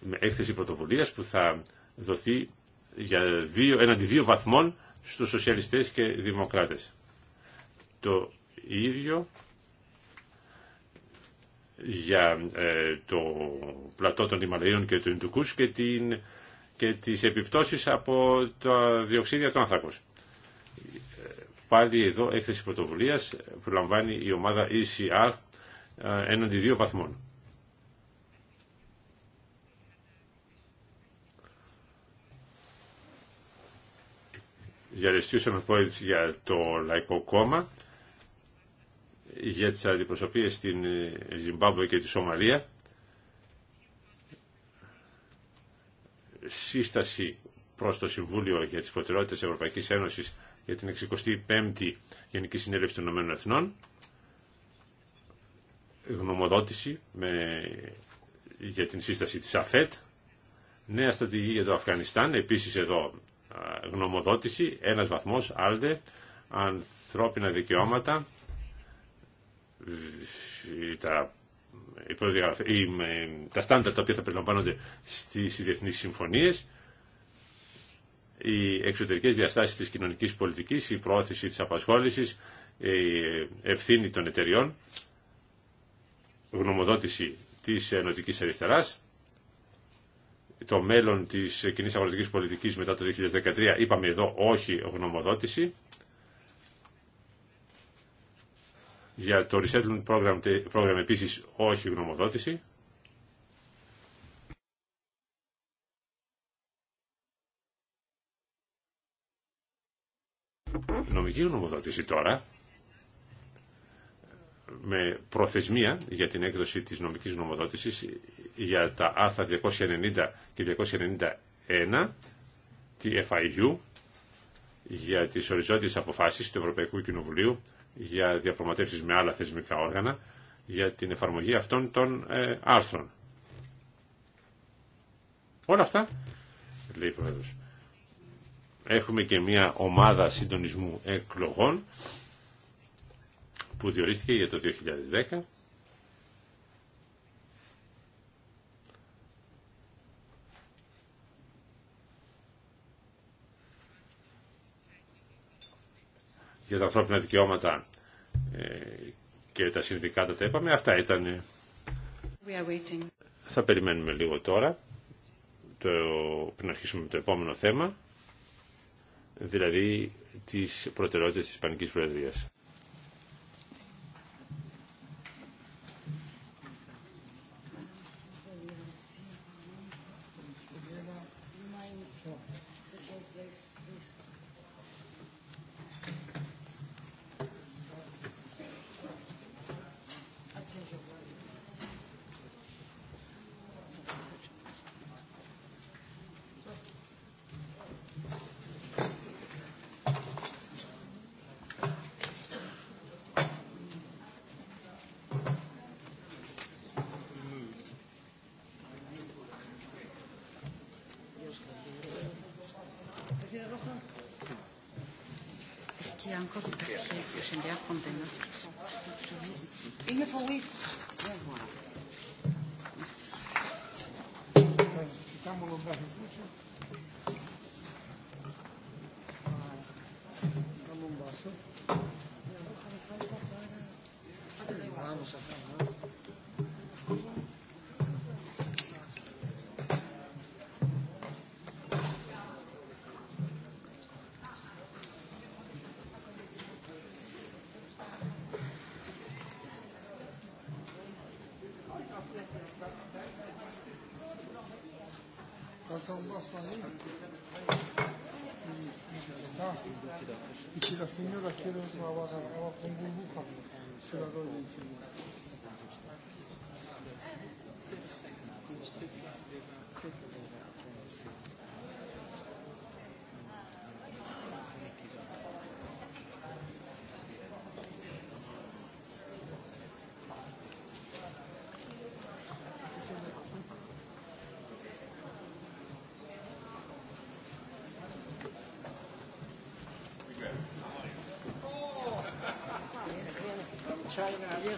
με έκθεση πρωτοβουλίας που θα δοθεί για δύο, έναντι δύο βαθμών στους σοσιαλιστές και δημοκράτες το ίδιο για ε, το πλατό των Ιμαλαίων και του Ιντουκούς και, την, και τις επιπτώσεις από τα διοξίδια του άνθρακος. Πάλι εδώ έκθεση πρωτοβουλίας που λαμβάνει η ομάδα ECR ε, έναντι δύο βαθμών. Για πόλη για το Λαϊκό Κόμμα για τις αντιπροσωπείες στην ε, Ζιμπάμπουε και τη Σομαλία. Σύσταση προς το Συμβούλιο για τις Προτεραιότητες Ευρωπαϊκής Ένωσης για την 65η Γενική Συνέλευση των Ηνωμένων Εθνών. Γνωμοδότηση με... για την σύσταση της ΑΦΕΤ. Νέα στρατηγική για το Αφγανιστάν. Επίσης εδώ γνωμοδότηση. Ένας βαθμός. άλδε. Ανθρώπινα δικαιώματα ε, τα, στάντα τα στάνταρ τα οποία θα περιλαμβάνονται στις διεθνείς συμφωνίες, οι εξωτερικές διαστάσεις της κοινωνικής πολιτικής, η προώθηση της απασχόλησης, η ευθύνη των εταιριών, γνωμοδότηση της ενωτική αριστεράς, το μέλλον της κοινή αγροτικής πολιτικής μετά το 2013, είπαμε εδώ όχι γνωμοδότηση, Για το Resettlement Program, program επίσης όχι γνωμοδότηση. Νομική γνωμοδότηση τώρα με προθεσμία για την έκδοση της νομικής γνωμοδότησης για τα άρθρα 290 και 291 τη FIU για τις οριζόντιες αποφάσεις του Ευρωπαϊκού Κοινοβουλίου για διαπραγματεύσεις με άλλα θεσμικά όργανα για την εφαρμογή αυτών των ε, άρθρων. Όλα αυτά, λέει η Έχουμε και μια ομάδα συντονισμού εκλογών που διορίστηκε για το 2010 για τα ανθρώπινα δικαιώματα ε, και τα συνδικάτα τα είπαμε. Αυτά ήταν. Θα περιμένουμε λίγο τώρα το, πριν αρχίσουμε το επόμενο θέμα, δηλαδή τις προτεραιότητες της Ισπανικής Προεδρίας. Y si con vous avez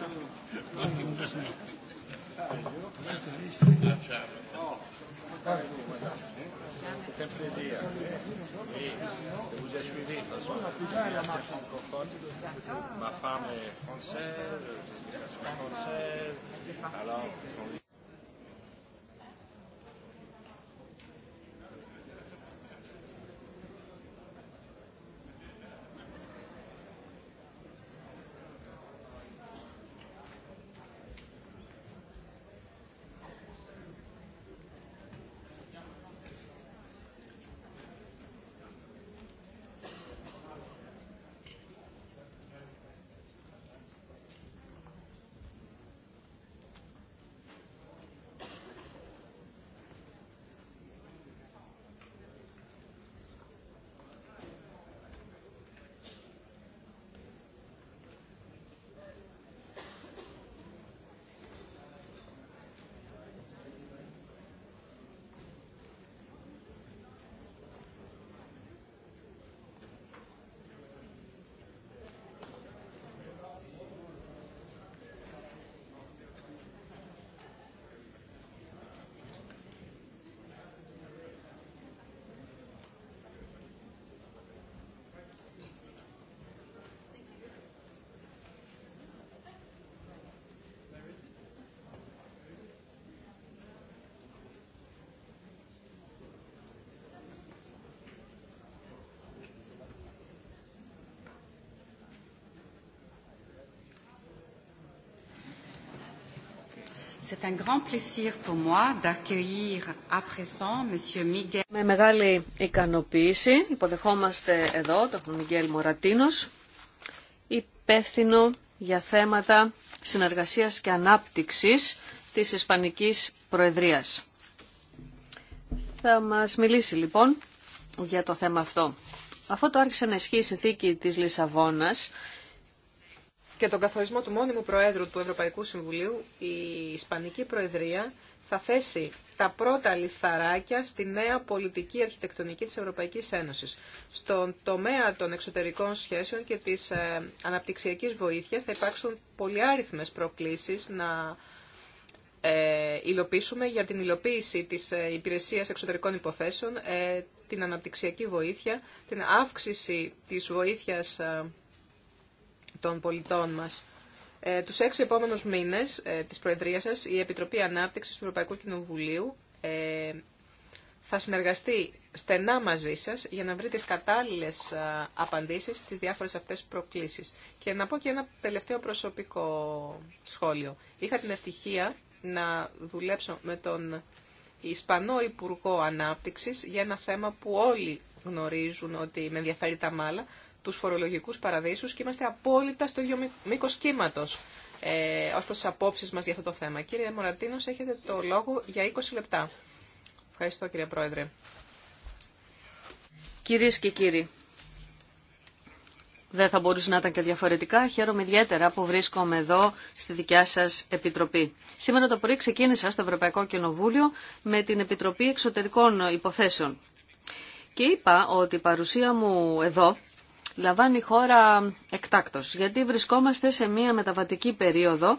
ma femme est française, alors Με μεγάλη ικανοποίηση υποδεχόμαστε εδώ τον Μιγγέλ Μορατίνος, υπεύθυνο για θέματα συνεργασίας και ανάπτυξης της Ισπανικής Προεδρίας. Θα μας μιλήσει λοιπόν για το θέμα αυτό. Αφού το άρχισε να ισχύει η συνθήκη της Λισαβόνας, και τον καθορισμό του μόνιμου Προέδρου του Ευρωπαϊκού Συμβουλίου, η Ισπανική Προεδρία θα θέσει τα πρώτα λιθαράκια στη νέα πολιτική αρχιτεκτονική της Ευρωπαϊκής Ένωσης. Στον τομέα των εξωτερικών σχέσεων και της ε, αναπτυξιακής βοήθειας θα υπάρξουν πολυάριθμες προκλήσεις να ε, υλοποιήσουμε για την υλοποίηση της ε, υπηρεσίας εξωτερικών υποθέσεων, την αναπτυξιακή βοήθεια, την αύξηση της βοήθειας των πολιτών μας. Ε, τους έξι επόμενους μήνες ε, της Προεδρίας σας, η Επιτροπή Ανάπτυξης του Ευρωπαϊκού Κοινοβουλίου ε, θα συνεργαστεί στενά μαζί σας για να βρει τις κατάλληλες απαντήσει απαντήσεις στις διάφορες αυτές προκλήσεις. Και να πω και ένα τελευταίο προσωπικό σχόλιο. Είχα την ευτυχία να δουλέψω με τον Ισπανό Υπουργό Ανάπτυξης για ένα θέμα που όλοι γνωρίζουν ότι με ενδιαφέρει τα μάλα, τους φορολογικούς παραδείσους και είμαστε απόλυτα στο ίδιο μήκο κύματο ε, ως προς τις απόψεις μας για αυτό το θέμα. Κύριε Μορατίνος, έχετε το λόγο για 20 λεπτά. Ευχαριστώ κύριε Πρόεδρε. Κυρίες και κύριοι, δεν θα μπορούσε να ήταν και διαφορετικά. Χαίρομαι ιδιαίτερα που βρίσκομαι εδώ στη δικιά σα Επιτροπή. Σήμερα το πρωί ξεκίνησα στο Ευρωπαϊκό Κοινοβούλιο με την Επιτροπή Εξωτερικών Υποθέσεων. Και είπα ότι η παρουσία μου εδώ λαμβάνει η χώρα εκτάκτος, γιατί βρισκόμαστε σε μια μεταβατική περίοδο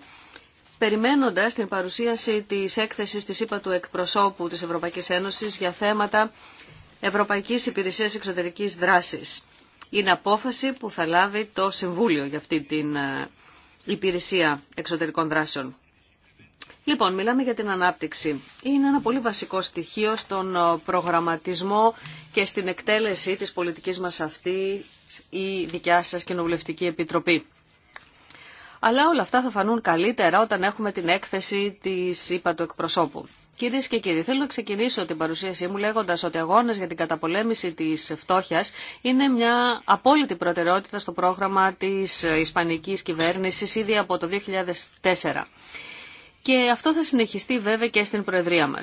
περιμένοντας την παρουσίαση της έκθεσης της ΥΠΑ του εκπροσώπου της Ευρωπαϊκής Ένωσης για θέματα Ευρωπαϊκής Υπηρεσίας Εξωτερικής Δράσης. Είναι απόφαση που θα λάβει το Συμβούλιο για αυτή την ε, Υπηρεσία Εξωτερικών Δράσεων. Λοιπόν, μιλάμε για την ανάπτυξη. Είναι ένα πολύ βασικό στοιχείο στον ε, προγραμματισμό και στην εκτέλεση της πολιτικής μας αυτή η δικιά σας κοινοβουλευτική επιτροπή. Αλλά όλα αυτά θα φανούν καλύτερα όταν έχουμε την έκθεση της ΥΠΑ του εκπροσώπου. Κυρίε και κύριοι, θέλω να ξεκινήσω την παρουσίασή μου λέγοντα ότι ο αγώνα για την καταπολέμηση τη φτώχεια είναι μια απόλυτη προτεραιότητα στο πρόγραμμα τη Ισπανική κυβέρνηση ήδη από το 2004. Και αυτό θα συνεχιστεί βέβαια και στην Προεδρία μα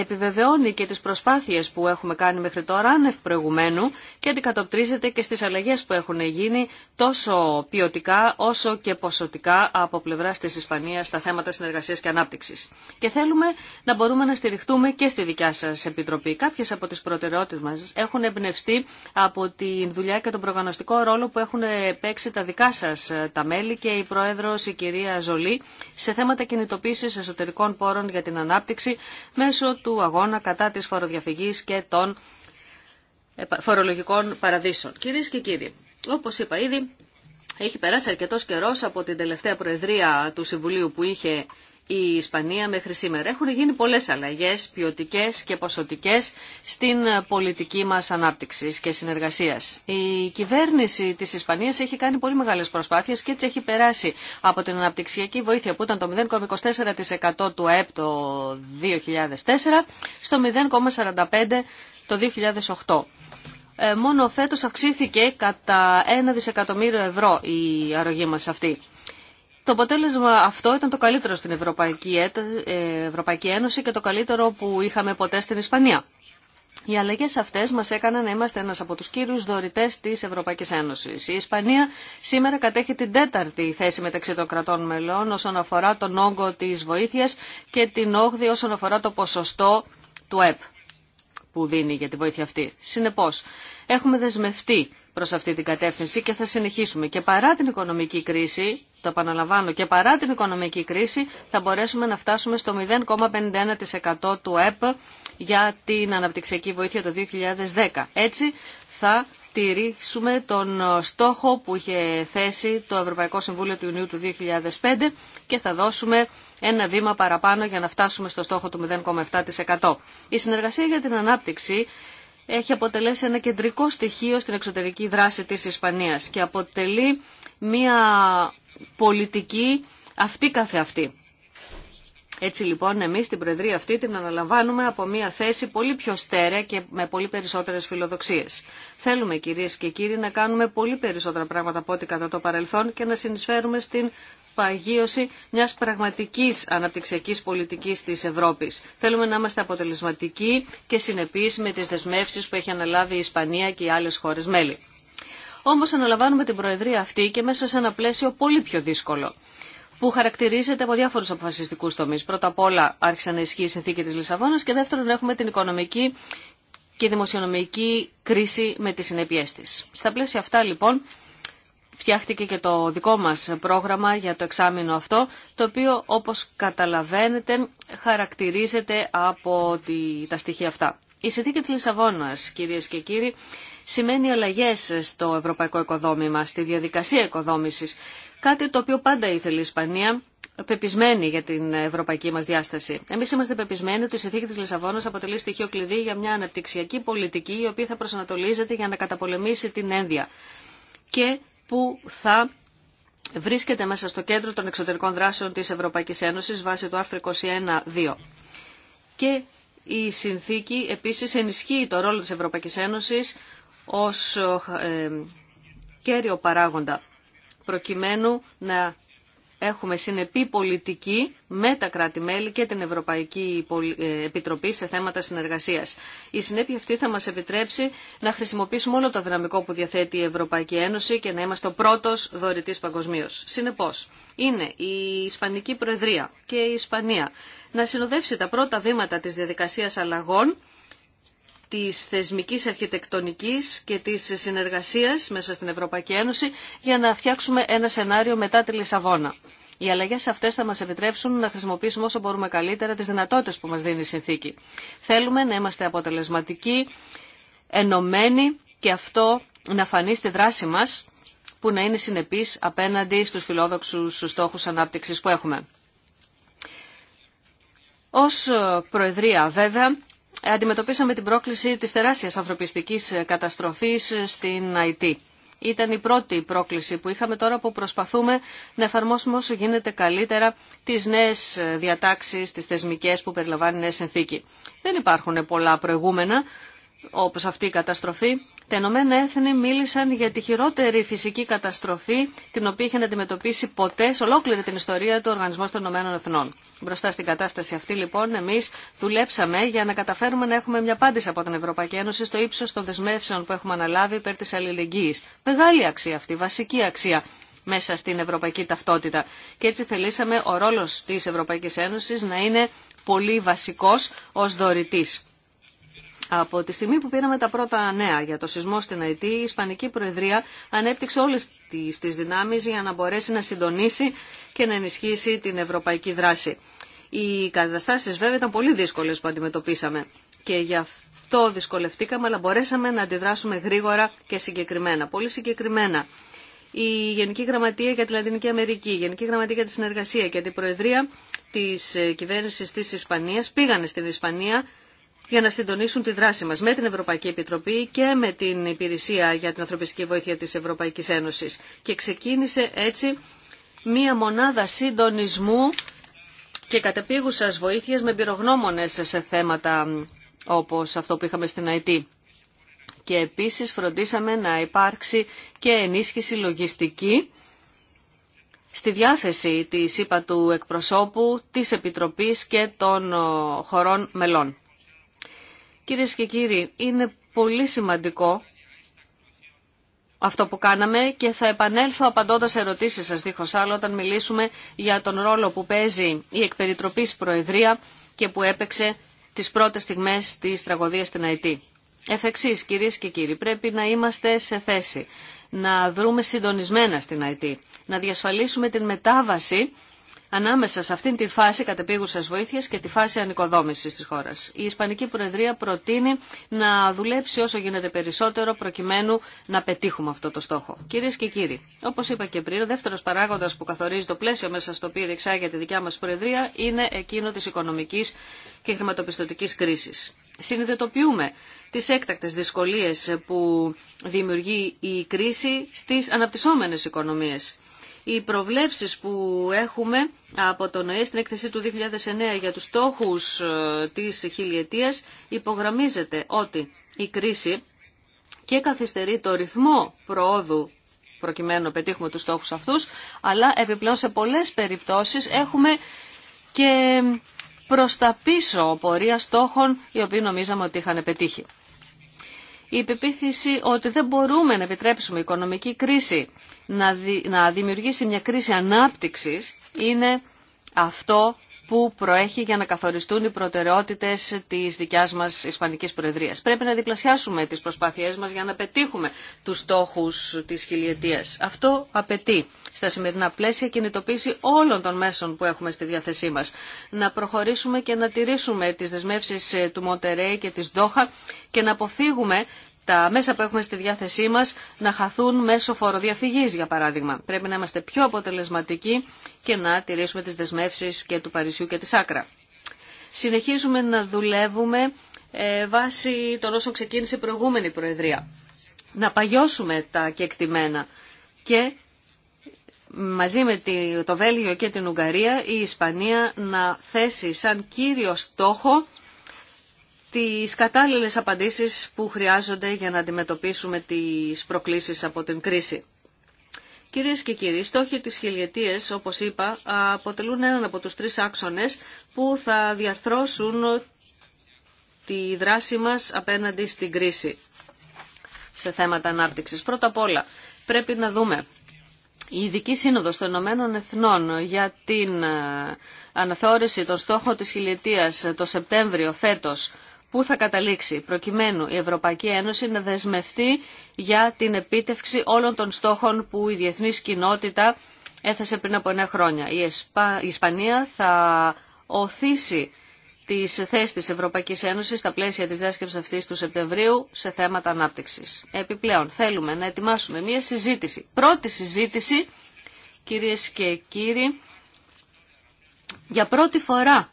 επιβεβαιώνει και τις προσπάθειες που έχουμε κάνει μέχρι τώρα άνευ προηγουμένου και αντικατοπτρίζεται και στις αλλαγές που έχουν γίνει τόσο ποιοτικά όσο και ποσοτικά από πλευρά τη Ισπανία στα θέματα συνεργασίας και ανάπτυξης. Και θέλουμε να μπορούμε να στηριχτούμε και στη δικιά σας Επιτροπή. Κάποιες από τις προτεραιότητες μας έχουν εμπνευστεί από τη δουλειά και τον προγνωστικό ρόλο που έχουν παίξει τα δικά σας ε, τα μέλη και η Πρόεδρος η κυρία Ζολή σε θέματα κινητοποίησης εσωτερικών πόρων για την ανάπτυξη μέσω του αγώνα κατά της φοροδιαφυγής και των ε, φορολογικών παραδείσων. Κυρίες και κύριοι, όπως είπα ήδη, έχει περάσει αρκετός καιρός από την τελευταία προεδρία του Συμβουλίου που είχε η Ισπανία μέχρι σήμερα. Έχουν γίνει πολλές αλλαγές ποιοτικέ και ποσοτικέ στην πολιτική μας ανάπτυξης και συνεργασίας. Η κυβέρνηση της Ισπανίας έχει κάνει πολύ μεγάλες προσπάθειες και έτσι έχει περάσει από την αναπτυξιακή βοήθεια που ήταν το 0,24% του ΑΕΠ το 2004 στο 0,45% το 2008. Ε, μόνο φέτος αυξήθηκε κατά 1 δισεκατομμύριο ευρώ η αρρωγή μας αυτή. Το αποτέλεσμα αυτό ήταν το καλύτερο στην Ευρωπαϊκή, ε, Ευρωπαϊκή Ένωση και το καλύτερο που είχαμε ποτέ στην Ισπανία. Οι αλλαγέ αυτέ μα έκαναν να είμαστε ένα από του κύριου δωρητέ τη Ευρωπαϊκή Ένωση. Η Ισπανία σήμερα κατέχει την τέταρτη θέση μεταξύ των κρατών μελών όσον αφορά τον όγκο τη βοήθεια και την όγδη όσον αφορά το ποσοστό του ΕΠ που δίνει για τη βοήθεια αυτή. Συνεπώ, έχουμε δεσμευτεί προ αυτή την κατεύθυνση και θα συνεχίσουμε. Και παρά την οικονομική κρίση, το επαναλαμβάνω, και παρά την οικονομική κρίση θα μπορέσουμε να φτάσουμε στο 0,51% του ΕΠ για την αναπτυξιακή βοήθεια το 2010. Έτσι θα τηρήσουμε τον στόχο που είχε θέσει το Ευρωπαϊκό Συμβούλιο του Ιουνίου του 2005 και θα δώσουμε ένα βήμα παραπάνω για να φτάσουμε στο στόχο του 0,7%. Η συνεργασία για την ανάπτυξη έχει αποτελέσει ένα κεντρικό στοιχείο στην εξωτερική δράση της Ισπανίας και αποτελεί μία πολιτική αυτή καθεαυτή. Έτσι λοιπόν εμείς την Προεδρία αυτή την αναλαμβάνουμε από μια θέση πολύ πιο στέρεα και με πολύ περισσότερες φιλοδοξίες. Θέλουμε κυρίες και κύριοι να κάνουμε πολύ περισσότερα πράγματα από ό,τι κατά το παρελθόν και να συνεισφέρουμε στην παγίωση μιας πραγματικής αναπτυξιακής πολιτικής της Ευρώπης. Θέλουμε να είμαστε αποτελεσματικοί και συνεπείς με τις δεσμεύσεις που έχει αναλάβει η Ισπανία και οι άλλες χώρες μέλη. Όμως αναλαμβάνουμε την Προεδρία αυτή και μέσα σε ένα πλαίσιο πολύ πιο δύσκολο που χαρακτηρίζεται από διάφορου αποφασιστικού τομεί. Πρώτα απ' όλα άρχισαν να ισχύει η συνθήκη τη Λισαβόνα και δεύτερον έχουμε την οικονομική και δημοσιονομική κρίση με τι συνέπειέ τη. Στα πλαίσια αυτά λοιπόν φτιάχτηκε και το δικό μας πρόγραμμα για το εξάμεινο αυτό, το οποίο όπως καταλαβαίνετε χαρακτηρίζεται από τα στοιχεία αυτά. Η συνθήκη της Λισαβόνας, κυρίες και κύριοι, σημαίνει αλλαγέ στο ευρωπαϊκό οικοδόμημα, στη διαδικασία οικοδόμησης. Κάτι το οποίο πάντα ήθελε η Ισπανία, πεπισμένη για την ευρωπαϊκή μα διάσταση. Εμεί είμαστε πεπισμένοι ότι η συνθήκη τη Λισαβόνα αποτελεί στοιχείο κλειδί για μια αναπτυξιακή πολιτική η οποία θα προσανατολίζεται για να καταπολεμήσει την ένδια και που θα βρίσκεται μέσα στο κέντρο των εξωτερικών δράσεων της Ευρωπαϊκής Ένωσης βάσει του άρθρου 21.2. Και η συνθήκη επίσης ενισχύει το ρόλο της Ευρωπαϊκής Ένωσης ως ε, κέριο παράγοντα προκειμένου να έχουμε συνεπή πολιτική με τα κράτη-μέλη και την Ευρωπαϊκή ε, Επιτροπή σε θέματα συνεργασίας. Η συνέπεια αυτή θα μας επιτρέψει να χρησιμοποιήσουμε όλο το δυναμικό που διαθέτει η Ευρωπαϊκή Ένωση και να είμαστε ο πρώτος δωρητής παγκοσμίω. Συνεπώς, είναι η Ισπανική Προεδρία και η Ισπανία να συνοδεύσει τα πρώτα βήματα της διαδικασίας αλλαγών της θεσμικής αρχιτεκτονικής και της συνεργασίας μέσα στην Ευρωπαϊκή Ένωση για να φτιάξουμε ένα σενάριο μετά τη Λισαβόνα. Οι αλλαγέ αυτέ θα μα επιτρέψουν να χρησιμοποιήσουμε όσο μπορούμε καλύτερα τι δυνατότητε που μα δίνει η συνθήκη. Θέλουμε να είμαστε αποτελεσματικοί, ενωμένοι και αυτό να φανεί στη δράση μα που να είναι συνεπή απέναντι στου φιλόδοξου στόχου ανάπτυξη που έχουμε. Ω Προεδρία βέβαια αντιμετωπίσαμε την πρόκληση της τεράστιας ανθρωπιστικής καταστροφής στην ΑΙΤΗ. Ήταν η πρώτη πρόκληση που είχαμε τώρα που προσπαθούμε να εφαρμόσουμε όσο γίνεται καλύτερα τις νέες διατάξεις, τις θεσμικές που περιλαμβάνει η νέα συνθήκη. Δεν υπάρχουν πολλά προηγούμενα όπως αυτή η καταστροφή, τα Ηνωμένα Έθνη μίλησαν για τη χειρότερη φυσική καταστροφή την οποία είχε να αντιμετωπίσει ποτέ σε ολόκληρη την ιστορία του Οργανισμού των Ηνωμένων Εθνών. Μπροστά στην κατάσταση αυτή λοιπόν εμείς δουλέψαμε για να καταφέρουμε να έχουμε μια απάντηση από την Ευρωπαϊκή Ένωση στο ύψος των δεσμεύσεων που έχουμε αναλάβει υπέρ της αλληλεγγύης. Μεγάλη αξία αυτή, βασική αξία μέσα στην ευρωπαϊκή ταυτότητα. Και έτσι θελήσαμε ο ρόλος της Ευρωπαϊκής Ένωσης να είναι πολύ βασικός ω δωρητή. Από τη στιγμή που πήραμε τα πρώτα νέα για το σεισμό στην Αιτή, η Ισπανική Προεδρία ανέπτυξε όλε τι δυνάμει δυνάμεις για να μπορέσει να συντονίσει και να ενισχύσει την ευρωπαϊκή δράση. Οι καταστάσει βέβαια ήταν πολύ δύσκολε που αντιμετωπίσαμε και γι' αυτό δυσκολευτήκαμε, αλλά μπορέσαμε να αντιδράσουμε γρήγορα και συγκεκριμένα, πολύ συγκεκριμένα. Η Γενική Γραμματεία για τη Λατινική Αμερική, η Γενική Γραμματεία για τη Συνεργασία και την Προεδρία τη ε, κυβέρνηση τη Ισπανία, πήγανε στην Ισπανία για να συντονίσουν τη δράση μας με την Ευρωπαϊκή Επιτροπή και με την Υπηρεσία για την Ανθρωπιστική Βοήθεια της Ευρωπαϊκής Ένωσης. Και ξεκίνησε έτσι μία μονάδα συντονισμού και κατεπίγουσας βοήθειας με πυρογνώμονες σε θέματα όπως αυτό που είχαμε στην ΑΕΤ. Και επίσης φροντίσαμε να υπάρξει και ενίσχυση λογιστική στη διάθεση της ΥΠΑ του εκπροσώπου, της Επιτροπής και των ε, χωρών μελών. Κυρίε και κύριοι, είναι πολύ σημαντικό αυτό που κάναμε και θα επανέλθω απαντώντας ερωτήσεις σας δίχως άλλο όταν μιλήσουμε για τον ρόλο που παίζει η εκπεριτροπής Προεδρία και που έπαιξε τις πρώτες στιγμές της τραγωδίας στην ΑΕΤ. Εφ' εξής, κυρίες και κύριοι, πρέπει να είμαστε σε θέση να δρούμε συντονισμένα στην ΑΕΤ, να διασφαλίσουμε την μετάβαση ανάμεσα σε αυτήν τη φάση κατεπίγουσα βοήθεια και τη φάση ανοικοδόμηση τη χώρα. Η Ισπανική Προεδρία προτείνει να δουλέψει όσο γίνεται περισσότερο προκειμένου να πετύχουμε αυτό το στόχο. Κυρίε και κύριοι, όπω είπα και πριν, ο δεύτερο παράγοντα που καθορίζει το πλαίσιο μέσα στο οποίο διεξάγεται η δικιά μα Προεδρία είναι εκείνο τη οικονομική και χρηματοπιστωτική κρίση. Συνειδητοποιούμε τι έκτακτε δυσκολίε που δημιουργεί η κρίση στι αναπτυσσόμενε οικονομίε οι προβλέψεις που έχουμε από τον ΟΕ στην έκθεση του 2009 για τους στόχους ε, της χιλιετίας υπογραμμίζεται ότι η κρίση και καθυστερεί το ρυθμό προόδου προκειμένου να πετύχουμε τους στόχους αυτούς, αλλά επιπλέον σε πολλές περιπτώσεις έχουμε και προς τα πίσω πορεία στόχων οι οποίοι νομίζαμε ότι είχαν πετύχει η πεποίθηση ότι δεν μπορούμε να επιτρέψουμε η οικονομική κρίση να, δημιουργήσει μια κρίση ανάπτυξης είναι αυτό που προέχει για να καθοριστούν οι προτεραιότητες τη δικιά μα ισπανική προεδρία. Πρέπει να διπλασιάσουμε τι προσπάθειές μα για να πετύχουμε του στόχου τη χιλιετίας. Αυτό απαιτεί στα σημερινά πλαίσια κινητοποίηση όλων των μέσων που έχουμε στη διάθεσή μα. Να προχωρήσουμε και να τηρήσουμε τι δεσμεύσει του Μοντερέ και τη Δόχα και να αποφύγουμε τα μέσα που έχουμε στη διάθεσή μας να χαθούν μέσω φοροδιαφυγής, για παράδειγμα. Πρέπει να είμαστε πιο αποτελεσματικοί και να τηρήσουμε τις δεσμεύσεις και του Παρισιού και της Άκρα. Συνεχίζουμε να δουλεύουμε ε, βάσει των όσων ξεκίνησε η προηγούμενη Προεδρία. Να παγιώσουμε τα κεκτημένα και μαζί με το Βέλγιο και την Ουγγαρία η Ισπανία να θέσει σαν κύριο στόχο τις κατάλληλες απαντήσεις που χρειάζονται για να αντιμετωπίσουμε τις προκλήσεις από την κρίση. Κυρίες και κύριοι, οι στόχοι της χιλιετίας, όπως είπα, αποτελούν έναν από τους τρεις άξονες που θα διαρθρώσουν τη δράση μας απέναντι στην κρίση σε θέματα ανάπτυξης. Πρώτα απ' όλα, πρέπει να δούμε η Ειδική Σύνοδος των Ηνωμένων Εθνών για την ε, αναθεώρηση των στόχων της χιλιετίας το Σεπτέμβριο φέτος πού θα καταλήξει προκειμένου η Ευρωπαϊκή Ένωση να δεσμευτεί για την επίτευξη όλων των στόχων που η διεθνής κοινότητα έθεσε πριν από ένα χρόνια. Η, Ισπανία θα οθήσει τις θέσεις της Ευρωπαϊκής Ένωσης στα πλαίσια της διάσκεψης αυτής του Σεπτεμβρίου σε θέματα ανάπτυξης. Επιπλέον θέλουμε να ετοιμάσουμε μια συζήτηση, πρώτη συζήτηση κυρίες και κύριοι, για πρώτη φορά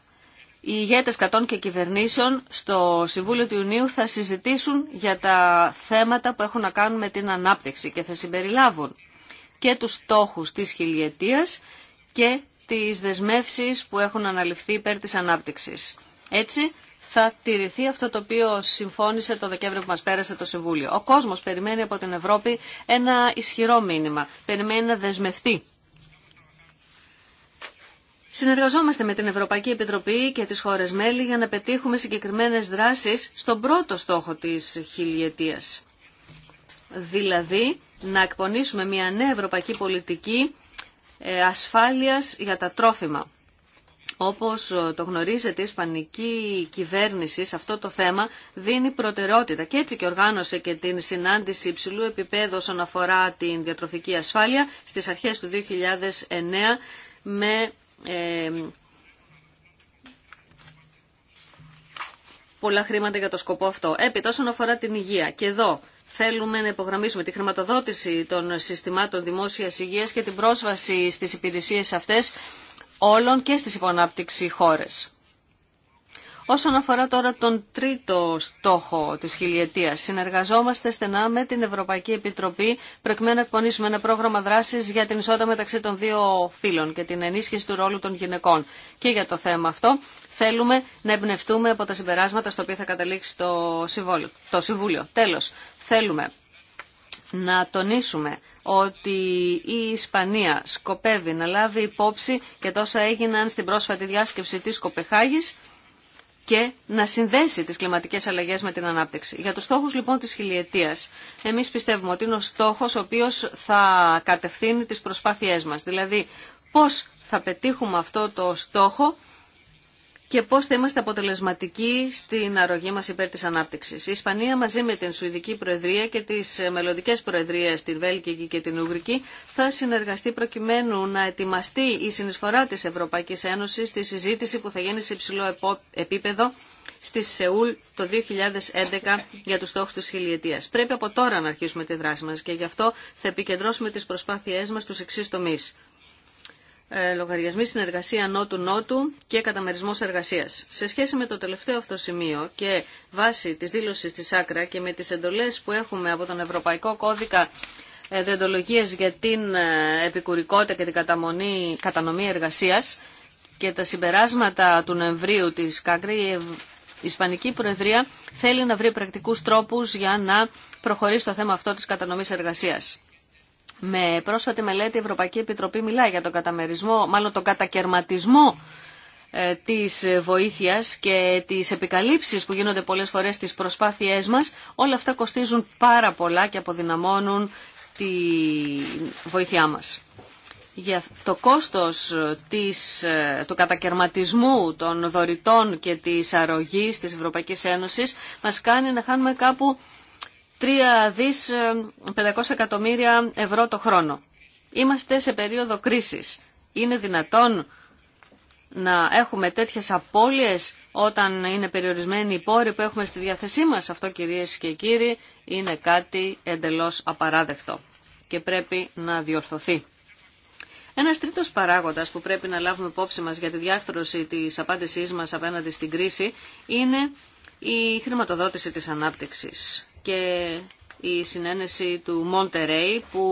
οι ηγέτες κατών και κυβερνήσεων στο Συμβούλιο του Ιουνίου θα συζητήσουν για τα θέματα που έχουν να κάνουν με την ανάπτυξη και θα συμπεριλάβουν και τους στόχους της χιλιετίας και τις δεσμεύσεις που έχουν αναλυφθεί υπέρ της ανάπτυξης. Έτσι θα τηρηθεί αυτό το οποίο συμφώνησε το Δεκέμβριο που μας πέρασε το Συμβούλιο. Ο κόσμος περιμένει από την Ευρώπη ένα ισχυρό μήνυμα, περιμένει να δεσμευτεί Συνεργαζόμαστε με την Ευρωπαϊκή Επιτροπή και τις χώρες μέλη για να πετύχουμε συγκεκριμένες δράσεις στον πρώτο στόχο της χιλιετίας. Δηλαδή, να εκπονήσουμε μια νέα ευρωπαϊκή πολιτική ε, ασφάλειας για τα τρόφιμα. Όπως ε, το γνωρίζετε, η Ισπανική κυβέρνηση σε αυτό το θέμα δίνει προτεραιότητα και έτσι και οργάνωσε και την συνάντηση υψηλού επίπεδου όσον αφορά την διατροφική ασφάλεια στις αρχές του 2009 με ε, πολλά χρήματα για το σκοπό αυτό. Έπειτα όσον αφορά την υγεία και εδώ θέλουμε να υπογραμμίσουμε τη χρηματοδότηση των συστημάτων δημόσιας υγείας και την πρόσβαση στις υπηρεσίες αυτές όλων και στις υπονάπτυξη χώρες. Όσον αφορά τώρα τον τρίτο στόχο της χιλιετίας, συνεργαζόμαστε στενά με την Ευρωπαϊκή Επιτροπή προκειμένου να εκπονήσουμε ένα πρόγραμμα δράσης για την ισότητα μεταξύ των δύο φύλων και την ενίσχυση του ρόλου των γυναικών. Και για το θέμα αυτό θέλουμε να εμπνευτούμε από τα συμπεράσματα στο οποίο θα καταλήξει το, το Συμβούλιο. Τέλος, θέλουμε να τονίσουμε ότι η Ισπανία σκοπεύει να λάβει υπόψη και τόσα έγιναν στην πρόσφατη διάσκεψη τη Κοπεχάγη και να συνδέσει τις κλιματικές αλλαγές με την ανάπτυξη. Για τους στόχους λοιπόν της χιλιετίας, εμείς πιστεύουμε ότι είναι ο στόχος ο οποίος θα κατευθύνει τις προσπάθειές μας. Δηλαδή, πώς θα πετύχουμε αυτό το στόχο και πώς θα είμαστε αποτελεσματικοί στην αρρωγή μας υπέρ της ανάπτυξης. Η Ισπανία μαζί με την Σουηδική Προεδρία και τις μελλοντικές προεδρίες, την Βέλγικη και την Ουγγρική, θα συνεργαστεί προκειμένου να ετοιμαστεί η συνεισφορά της Ευρωπαϊκής Ένωσης στη συζήτηση που θα γίνει σε υψηλό επίπεδο στη Σεούλ το 2011 για τους στόχους της χιλιετίας. Πρέπει από τώρα να αρχίσουμε τη δράση μας και γι' αυτό θα επικεντρώσουμε τις προσπάθειές μας στους εξής τομείς. Ε, λογαριασμοί συνεργασία νότου-νότου και καταμερισμός εργασίας. Σε σχέση με το τελευταίο αυτό σημείο και βάσει της δήλωσης της άκρα και με τις εντολές που έχουμε από τον Ευρωπαϊκό Κώδικα Δεντολογίες για την ε, επικουρικότητα και την καταμονή, κατανομή εργασίας και τα συμπεράσματα του Νοεμβρίου της ΚΑΚΡΗ, η Ισπανική Προεδρία θέλει να βρει πρακτικούς τρόπους για να προχωρήσει το θέμα αυτό της κατανομής εργασίας. Με πρόσφατη μελέτη η Ευρωπαϊκή Επιτροπή μιλάει για τον καταμερισμό, μάλλον τον κατακαιρματισμό ε, της βοήθειας και τις επικαλύψεις που γίνονται πολλές φορές στις προσπάθειές μας, όλα αυτά κοστίζουν πάρα πολλά και αποδυναμώνουν τη βοήθειά μας. Για το κόστος της, ε, του κατακαιρματισμού των δωρητών και της αρρωγής της Ευρωπαϊκής Ένωσης μας κάνει να χάνουμε κάπου 3 δις 500 ε, εκατομμύρια ευρώ το χρόνο. Είμαστε σε περίοδο κρίσης. Είναι δυνατόν να έχουμε τέτοιες απώλειες όταν είναι περιορισμένοι οι πόροι που έχουμε στη διάθεσή μας. Αυτό κυρίες και κύριοι είναι κάτι εντελώς απαράδεκτο και πρέπει να διορθωθεί. Ένας τρίτος παράγοντας που πρέπει να λάβουμε υπόψη μας για τη διάρθρωση της απάντησής μας απέναντι στην κρίση είναι η χρηματοδότηση της ανάπτυξης και η συνένεση του Monterey που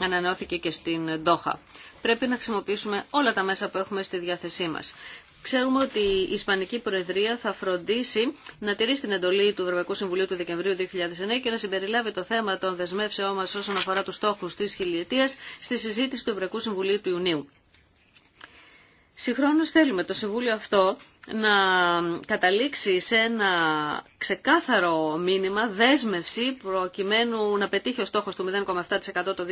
ανανεώθηκε και στην Ντόχα. Πρέπει να χρησιμοποιήσουμε όλα τα μέσα που έχουμε στη διάθεσή μας. Ξέρουμε ότι η Ισπανική Προεδρία θα φροντίσει να τηρήσει την εντολή του Ευρωπαϊκού Συμβουλίου του Δεκεμβρίου 2009 και να συμπεριλάβει το θέμα των δεσμεύσεών μα όσον αφορά του στόχου τη χιλιετία στη συζήτηση του Ευρωπαϊκού Συμβουλίου του Ιουνίου. Συγχρόνω θέλουμε το Συμβούλιο αυτό να καταλήξει σε ένα ξεκάθαρο μήνυμα δέσμευση προκειμένου να πετύχει ο στόχος του 0,7% το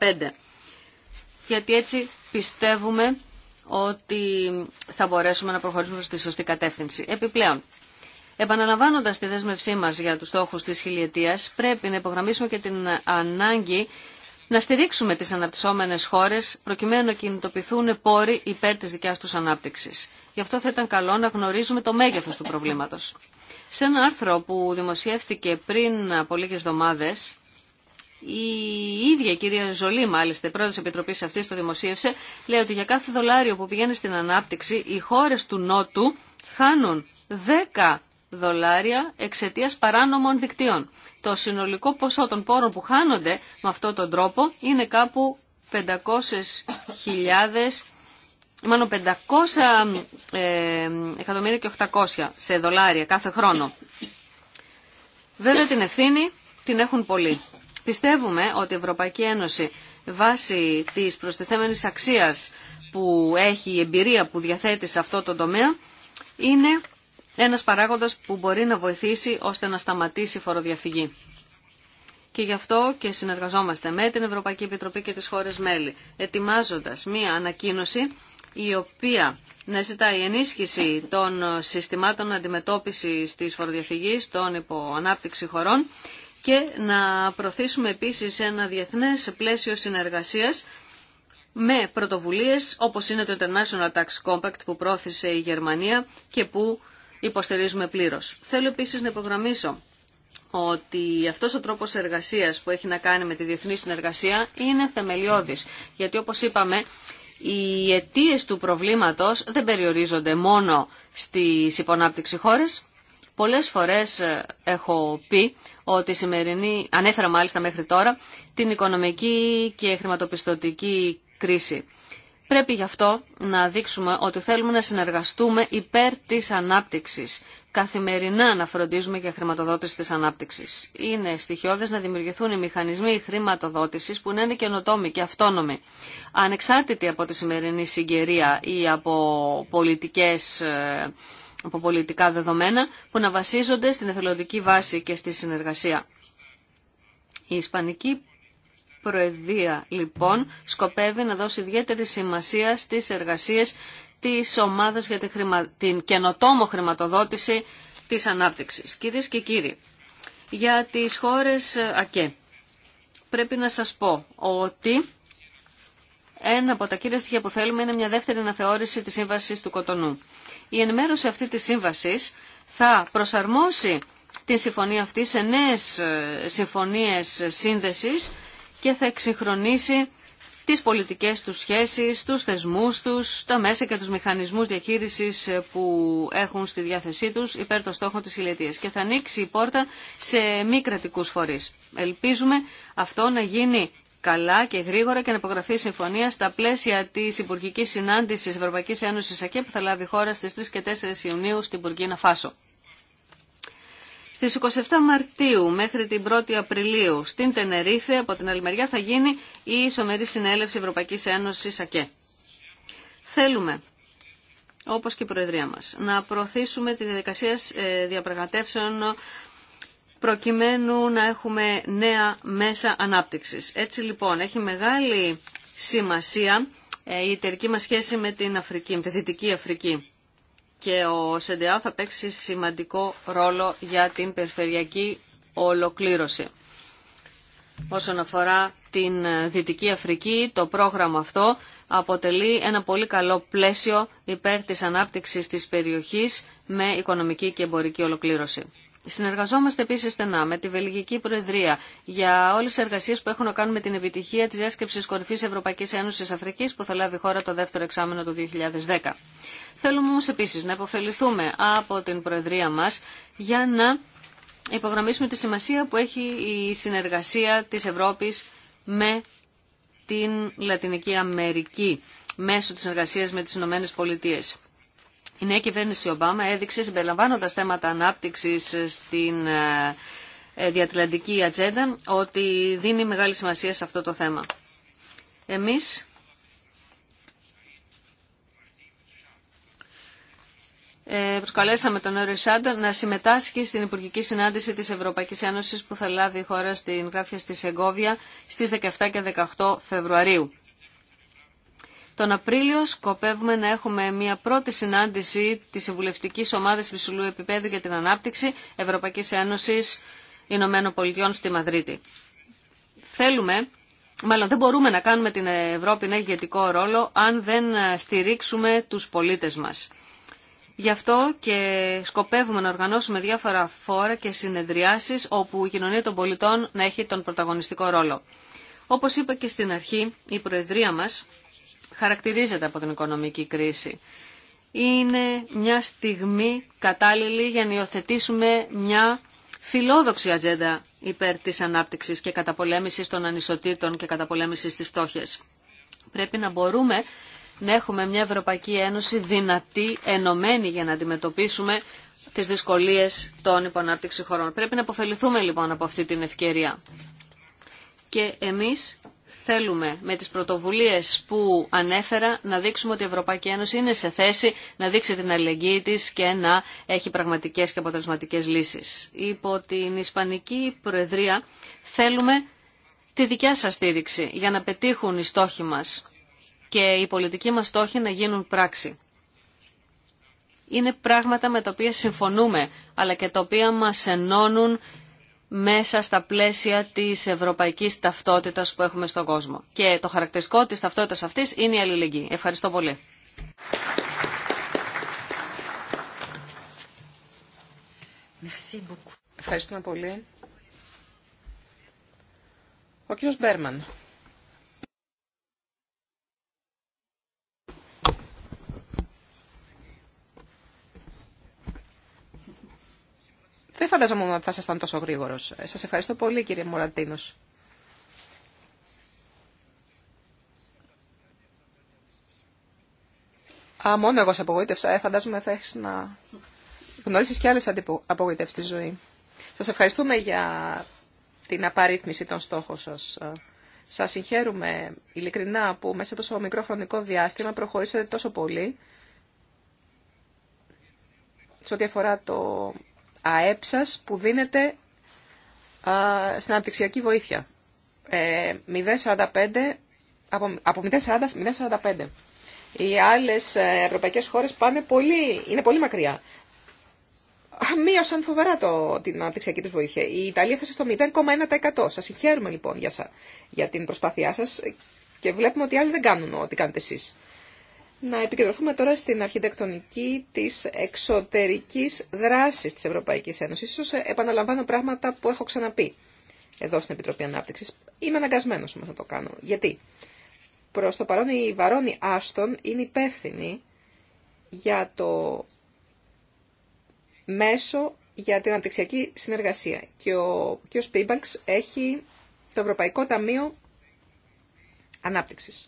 2015. Γιατί έτσι πιστεύουμε ότι θα μπορέσουμε να προχωρήσουμε στη σωστή κατεύθυνση. Επιπλέον, επαναλαμβάνοντας τη δέσμευσή μας για τους στόχους της χιλιετίας, πρέπει να υπογραμμίσουμε και την ανάγκη να στηρίξουμε τις αναπτυσσόμενες χώρες προκειμένου να κινητοποιηθούν πόροι υπέρ της δικιάς τους ανάπτυξης. Γι' αυτό θα ήταν καλό να γνωρίζουμε το μέγεθος του προβλήματος. Σε ένα άρθρο που δημοσιεύθηκε πριν από λίγες εβδομάδες, η ίδια η κυρία Ζολή, μάλιστα, πρόεδρος επιτροπή Επιτροπής αυτής, το δημοσίευσε, λέει ότι για κάθε δολάριο που πηγαίνει στην ανάπτυξη, οι χώρες του Νότου χάνουν 10 δολάρια εξαιτία παράνομων δικτύων. Το συνολικό ποσό των πόρων που χάνονται με αυτόν τον τρόπο είναι κάπου 500.000 μάλλον 500 ε, εκατομμύρια και 800 σε δολάρια κάθε χρόνο. Βέβαια την ευθύνη την έχουν πολλοί. Πιστεύουμε ότι η Ευρωπαϊκή Ένωση βάσει της προστιθέμενης αξίας που έχει η εμπειρία που διαθέτει σε αυτό το τομέα είναι ένας παράγοντας που μπορεί να βοηθήσει ώστε να σταματήσει η φοροδιαφυγή. Και γι' αυτό και συνεργαζόμαστε με την Ευρωπαϊκή Επιτροπή και τις χώρες μέλη, ετοιμάζοντας μία ανακοίνωση η οποία να ζητάει ενίσχυση των συστημάτων αντιμετώπισης της φοροδιαφυγής των υποανάπτυξη χωρών και να προωθήσουμε επίσης ένα διεθνές πλαίσιο συνεργασίας με πρωτοβουλίες όπως είναι το International Tax Compact που πρόθεσε η Γερμανία και που υποστηρίζουμε πλήρως. Θέλω επίσης να υπογραμμίσω ότι αυτός ο τρόπος εργασίας που έχει να κάνει με τη διεθνή συνεργασία είναι θεμελιώδης. Γιατί όπως είπαμε, οι αιτίε του προβλήματος δεν περιορίζονται μόνο στις υπονάπτυξη χώρες. Πολλές φορές ε, έχω πει ότι η σημερινή, ανέφερα μάλιστα μέχρι τώρα, την οικονομική και χρηματοπιστωτική κρίση. Πρέπει γι' αυτό να δείξουμε ότι θέλουμε να συνεργαστούμε υπέρ της ανάπτυξης. Καθημερινά να φροντίζουμε για χρηματοδότηση της ανάπτυξης. Είναι στοιχειώδες να δημιουργηθούν οι μηχανισμοί χρηματοδότησης που να είναι καινοτόμοι και αυτόνομοι. Ανεξάρτητοι από τη σημερινή συγκαιρία ή από πολιτικές ε, πολιτικά δεδομένα που να βασίζονται στην εθελοντική βάση και στη συνεργασία. Η Ισπανική Προεδρία λοιπόν σκοπεύει να δώσει ιδιαίτερη σημασία στις εργασίες της ομάδας για την καινοτόμο χρηματοδότηση της ανάπτυξης. Κυρίες και κύριοι, για τις χώρες ε, ΑΚΕ πρέπει να σας πω ότι ένα από τα κύρια στοιχεία που θέλουμε είναι μια δεύτερη αναθεώρηση της σύμβασης του Κοτονού. Η ενημέρωση αυτή της σύμβασης θα προσαρμόσει τη συμφωνία αυτή σε νέες ε, συμφωνίες σύνδεσης και θα εξυγχρονίσει τις πολιτικές τους σχέσεις, τους θεσμούς τους, τα μέσα και τους μηχανισμούς διαχείρισης ε, που έχουν στη διάθεσή τους υπέρ των στόχων της ηλετίας. και θα ανοίξει η πόρτα σε μη κρατικούς φορείς. Ελπίζουμε αυτό να γίνει καλά και γρήγορα και να υπογραφεί συμφωνία στα πλαίσια τη Υπουργική Συνάντηση Ευρωπαϊκή Ένωση ΑΚΕ που θα λάβει χώρα στι 3 και 4 Ιουνίου στην Πουργκίνα Φάσο. Στι 27 Μαρτίου μέχρι την 1η Απριλίου στην Τενερίφη από την άλλη μεριά θα γίνει η Ισομερή Συνέλευση Ευρωπαϊκής συνελευση ευρωπαικη ενωση ΑΚΕ. Θέλουμε, όπως και η Προεδρία μας, να προωθήσουμε τη διαδικασία ε, διαπραγματεύσεων προκειμένου να έχουμε νέα μέσα ανάπτυξης. Έτσι λοιπόν έχει μεγάλη σημασία ε, η εταιρική μας σχέση με την Αφρική, με τη Δυτική Αφρική και ο ΣΕΝΤΕΑ θα παίξει σημαντικό ρόλο για την περιφερειακή ολοκλήρωση. Όσον αφορά την Δυτική Αφρική, το πρόγραμμα αυτό αποτελεί ένα πολύ καλό πλαίσιο υπέρ της ανάπτυξης της περιοχής με οικονομική και εμπορική ολοκλήρωση. Συνεργαζόμαστε επίσης στενά με τη Βελγική Προεδρία για όλες τις εργασίες που έχουν να κάνουν με την επιτυχία της έσκεψης κορυφής Ευρωπαϊκής Ένωσης Αφρικής που θα λάβει χώρα το δεύτερο εξάμεινο του 2010. Θέλουμε όμως επίσης να υποφεληθούμε από την Προεδρία μας για να υπογραμμίσουμε τη σημασία που έχει η συνεργασία της Ευρώπης με την Λατινική Αμερική μέσω της συνεργασίας με τις Ηνωμένες Πολιτείες. Η νέα κυβέρνηση Ομπάμα έδειξε συμπεριλαμβάνοντα θέματα ανάπτυξης στην ε, ε, διατλαντική ατζέντα ότι δίνει μεγάλη σημασία σε αυτό το θέμα. Εμείς Ε, προσκαλέσαμε τον Όριο Σάντα να συμμετάσχει στην Υπουργική Συνάντηση της Ευρωπαϊκής Ένωσης που θα λάβει η χώρα στην γράφια στη Σεγκόβια στις 17 και 18 Φεβρουαρίου. Τον Απρίλιο σκοπεύουμε να έχουμε μια πρώτη συνάντηση της συμβουλευτική Ομάδας Υψηλού Επιπέδου για την Ανάπτυξη Ευρωπαϊκής Ένωσης Ηνωμένων Πολιτειών στη Μαδρίτη. Θέλουμε Μάλλον δεν μπορούμε να κάνουμε την Ευρώπη ένα ηγετικό ρόλο αν δεν στηρίξουμε τους πολίτες μας. Γι' αυτό και σκοπεύουμε να οργανώσουμε διάφορα φόρα και συνεδριάσεις όπου η κοινωνία των πολιτών να έχει τον πρωταγωνιστικό ρόλο. Όπως είπα και στην αρχή, η Προεδρία μας χαρακτηρίζεται από την οικονομική κρίση. Είναι μια στιγμή κατάλληλη για να υιοθετήσουμε μια φιλόδοξη ατζέντα υπέρ της ανάπτυξης και καταπολέμησης των ανισοτήτων και καταπολέμησης της φτώχειας. Πρέπει να μπορούμε να έχουμε μια Ευρωπαϊκή Ένωση δυνατή, ενωμένη για να αντιμετωπίσουμε τις δυσκολίες των υπονάπτυξη χωρών. Πρέπει να αποφεληθούμε λοιπόν από αυτή την ευκαιρία. Και εμείς θέλουμε με τις πρωτοβουλίες που ανέφερα να δείξουμε ότι η Ευρωπαϊκή Ένωση είναι σε θέση να δείξει την αλληλεγγύη της και να έχει πραγματικές και αποτελεσματικές λύσεις. Υπό την Ισπανική Προεδρία θέλουμε τη δικιά σας στήριξη για να πετύχουν οι στόχοι μας και οι πολιτικοί μας στόχοι να γίνουν πράξη. Είναι πράγματα με τα οποία συμφωνούμε, αλλά και τα οποία μας ενώνουν μέσα στα πλαίσια της ευρωπαϊκής ταυτότητας που έχουμε στον κόσμο. Και το χαρακτηριστικό της ταυτότητας αυτής είναι η αλληλεγγύη. Ευχαριστώ πολύ. Ευχαριστούμε πολύ. Ο κύριος Μπέρμαν. Δεν φανταζόμουν ότι θα ήσασταν τόσο γρήγορο. Σα ευχαριστώ πολύ, κύριε Μωρατίνο. Α, μόνο εγώ σε απογοήτευσα. Ε, φαντάζομαι θα έχει να γνωρίσει και άλλες απογοητεύσει στη ζωή. Σας ευχαριστούμε για την απαρίθμηση των στόχων σας. Ε, Σα συγχαίρουμε ειλικρινά που μέσα τόσο μικρό χρονικό διάστημα προχωρήσατε τόσο πολύ σε ό,τι αφορά το ΑΕΠ που δίνεται στην αναπτυξιακή βοήθεια. 0,45 ε, από, από 0,40 0,45. Οι άλλες ε, ευρωπαϊκές χώρες πάνε πολύ, είναι πολύ μακριά. Μείωσαν φοβερά το, την αναπτυξιακή του βοήθεια. Η Ιταλία έφτασε στο 0,1%. Σας συγχαίρουμε λοιπόν για, για την προσπάθειά σας και βλέπουμε ότι άλλοι δεν κάνουν ό,τι κάνετε εσείς να επικεντρωθούμε τώρα στην αρχιτεκτονική της εξωτερικής δράσης της Ευρωπαϊκής Ένωσης. Ίσως ε, επαναλαμβάνω πράγματα που έχω ξαναπεί εδώ στην Επιτροπή Ανάπτυξης. Είμαι αναγκασμένος όμως να το κάνω. Γιατί προς το παρόν η Βαρόνη Άστον είναι υπεύθυνη για το μέσο για την αναπτυξιακή συνεργασία. Και ο κ. Πίμπαλξ έχει το Ευρωπαϊκό Ταμείο Ανάπτυξης.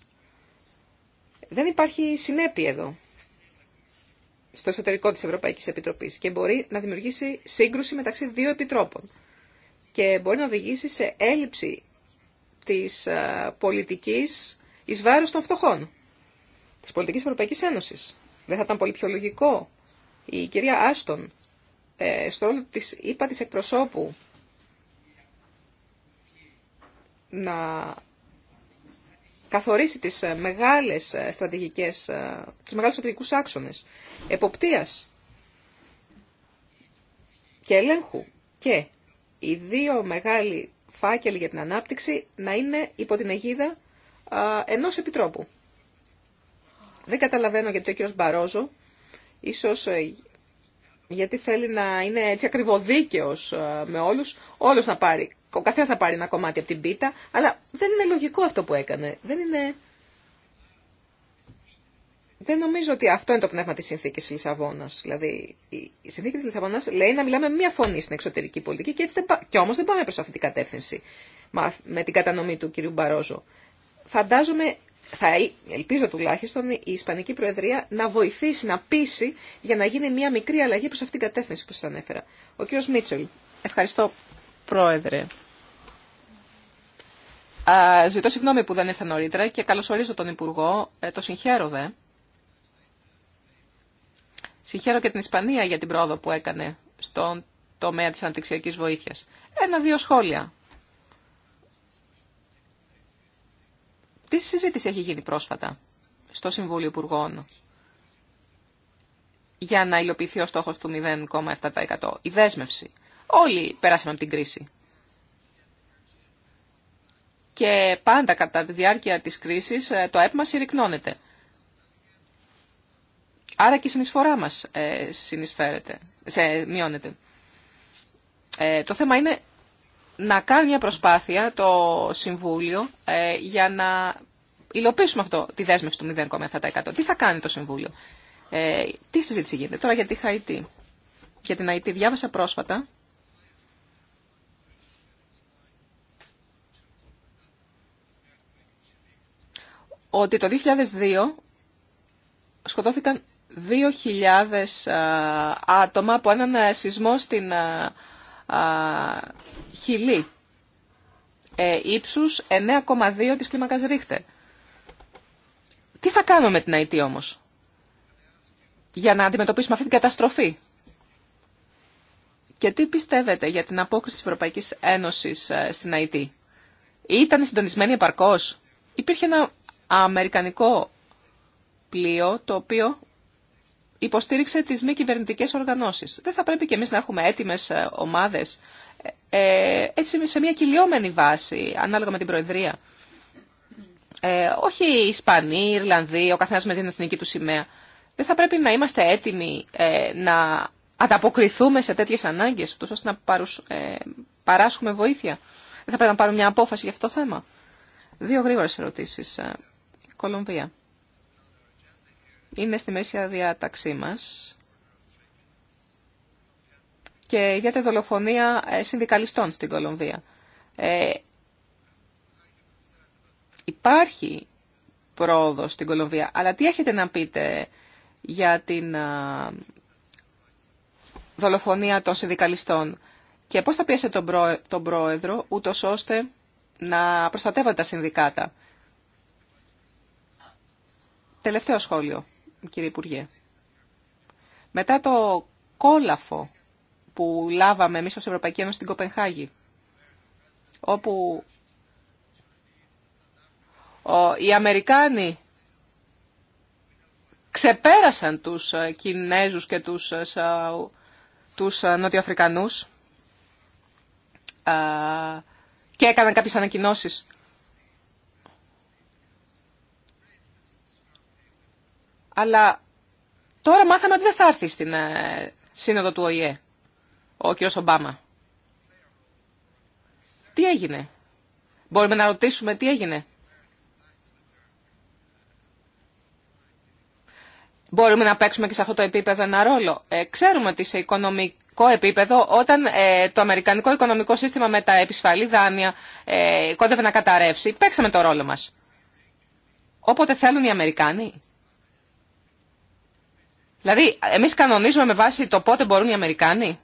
Δεν υπάρχει συνέπεια εδώ στο εσωτερικό της Ευρωπαϊκής Επιτροπής και μπορεί να δημιουργήσει σύγκρουση μεταξύ δύο επιτρόπων και μπορεί να οδηγήσει σε έλλειψη της ε, πολιτικής εις βάρος των φτωχών, της πολιτικής Ευρωπαϊκής Ένωσης. Δεν θα ήταν πολύ πιο λογικό η κυρία Άστον ε, στο ρόλο της είπα της εκπροσώπου να καθορίσει τις ε, μεγάλες ε, στρατηγικές, ε, τους μεγάλους στρατηγικούς άξονες εποπτείας και ελέγχου και οι δύο μεγάλοι φάκελοι για την ανάπτυξη να είναι υπό την αιγίδα ενός επιτρόπου. Δεν καταλαβαίνω γιατί ο κ. Μπαρόζο, ίσως γιατί θέλει να είναι έτσι ακριβοδίκαιος με όλους, όλος να πάρει ο καθένα θα πάρει ένα κομμάτι από την πίτα, αλλά δεν είναι λογικό αυτό που έκανε. Δεν είναι... Δεν νομίζω ότι αυτό είναι το πνεύμα τη συνθήκη τη Λισαβόνα. Δηλαδή, η συνθήκη τη Λισαβόνα λέει να μιλάμε μία φωνή στην εξωτερική πολιτική και, έτσι δεν και όμω δεν πάμε προ αυτή την κατεύθυνση με την κατανομή του κ. Μπαρόζο. Φαντάζομαι, θα ελπίζω τουλάχιστον, η Ισπανική Προεδρία να βοηθήσει, να πείσει για να γίνει μία μικρή αλλαγή προ αυτή την κατεύθυνση που σα ανέφερα. Ο κύριο Μίτσελ. Ευχαριστώ, Πρόεδρε. Ζητώ συγγνώμη που δεν ήρθα νωρίτερα και καλωσορίζω τον Υπουργό. Ε, το συγχαίρω, δε. Συγχαίρω και την Ισπανία για την πρόοδο που έκανε στον τομέα της αναπτυξιακής βοήθειας. Ένα-δύο σχόλια. Τι συζήτηση έχει γίνει πρόσφατα στο Συμβούλιο Υπουργών για να υλοποιηθεί ο στόχος του 0,7%. Η δέσμευση. Όλοι περάσαμε από την κρίση. Και πάντα κατά τη διάρκεια της κρίσης ε, το ΑΕΠ μας συρρυκνώνεται. Άρα και η συνεισφορά μας ε, σε, μειώνεται. Ε, το θέμα είναι να κάνει μια προσπάθεια το Συμβούλιο ε, για να υλοποιήσουμε αυτό, τη δέσμευση του 0,7%. Τι θα κάνει το Συμβούλιο. Ε, τι συζήτηση γίνεται τώρα για τη Χαϊτή. Για την Χαϊτή διάβασα πρόσφατα ότι το 2002 σκοτώθηκαν 2.000 άτομα από έναν σεισμό στην Χιλή, ε, ύψους 9,2 της κλίμακας Ρίχτερ. Τι θα κάνουμε με την ΑΕΤ όμως για να αντιμετωπίσουμε αυτή την καταστροφή. Και τι πιστεύετε για την απόκριση της Ευρωπαϊκής Ένωσης ε, στην ΑΕΤ. Ήταν συντονισμένη επαρκώς. Υπήρχε ένα αμερικανικό πλοίο το οποίο υποστήριξε τις μη κυβερνητικέ οργανώσεις. Δεν θα πρέπει και εμείς να έχουμε έτοιμες ε, ομάδες ε, ε, έτσι σε μια κυλιόμενη βάση, ανάλογα με την Προεδρία. Ε, όχι οι Ισπανοί, οι Ιρλανδοί, ο καθένας με την εθνική του σημαία. Δεν θα πρέπει να είμαστε έτοιμοι ε, να ανταποκριθούμε σε τέτοιες ανάγκες, τόσο ώστε να παρουσ, ε, παράσχουμε βοήθεια. Δεν θα πρέπει να πάρουμε μια απόφαση για αυτό το θέμα. Δύο γρήγορες ερωτήσεις Κολομβία. Είναι στη μέση διάταξή μας και για τη δολοφονία ε, συνδικαλιστών στην Κολομβία. Ε, υπάρχει πρόοδος στην Κολομβία, αλλά τι έχετε να πείτε για την α, δολοφονία των συνδικαλιστών και πώς θα πιέσετε τον, τον πρόεδρο ούτω ώστε να προστατεύονται τα συνδικάτα. Τελευταίο σχόλιο, κύριε Υπουργέ. Μετά το κόλαφο που λάβαμε εμείς ως Ευρωπαϊκή Ένωση στην Κοπενχάγη, όπου οι Αμερικάνοι ξεπέρασαν τους ε, Κινέζους και τους, ε, τους ε, Νοτιοαφρικανούς και έκαναν κάποιες ανακοινώσεις Αλλά τώρα μάθαμε ότι δεν θα έρθει στην ε, σύνοδο του ΟΗΕ ο κ. Ομπάμα. Τι έγινε. Μπορούμε να ρωτήσουμε τι έγινε. Μπορούμε να παίξουμε και σε αυτό το επίπεδο ένα ρόλο. Ε, ξέρουμε ότι σε οικονομικό επίπεδο, όταν ε, το αμερικανικό οικονομικό σύστημα με τα επισφαλή δάνεια ε, κόντευε να καταρρεύσει, παίξαμε το ρόλο μας. Όποτε θέλουν οι Αμερικάνοι Δηλαδή, εμεί κανονίζουμε με βάση το πότε μπορούν οι Αμερικάνοι.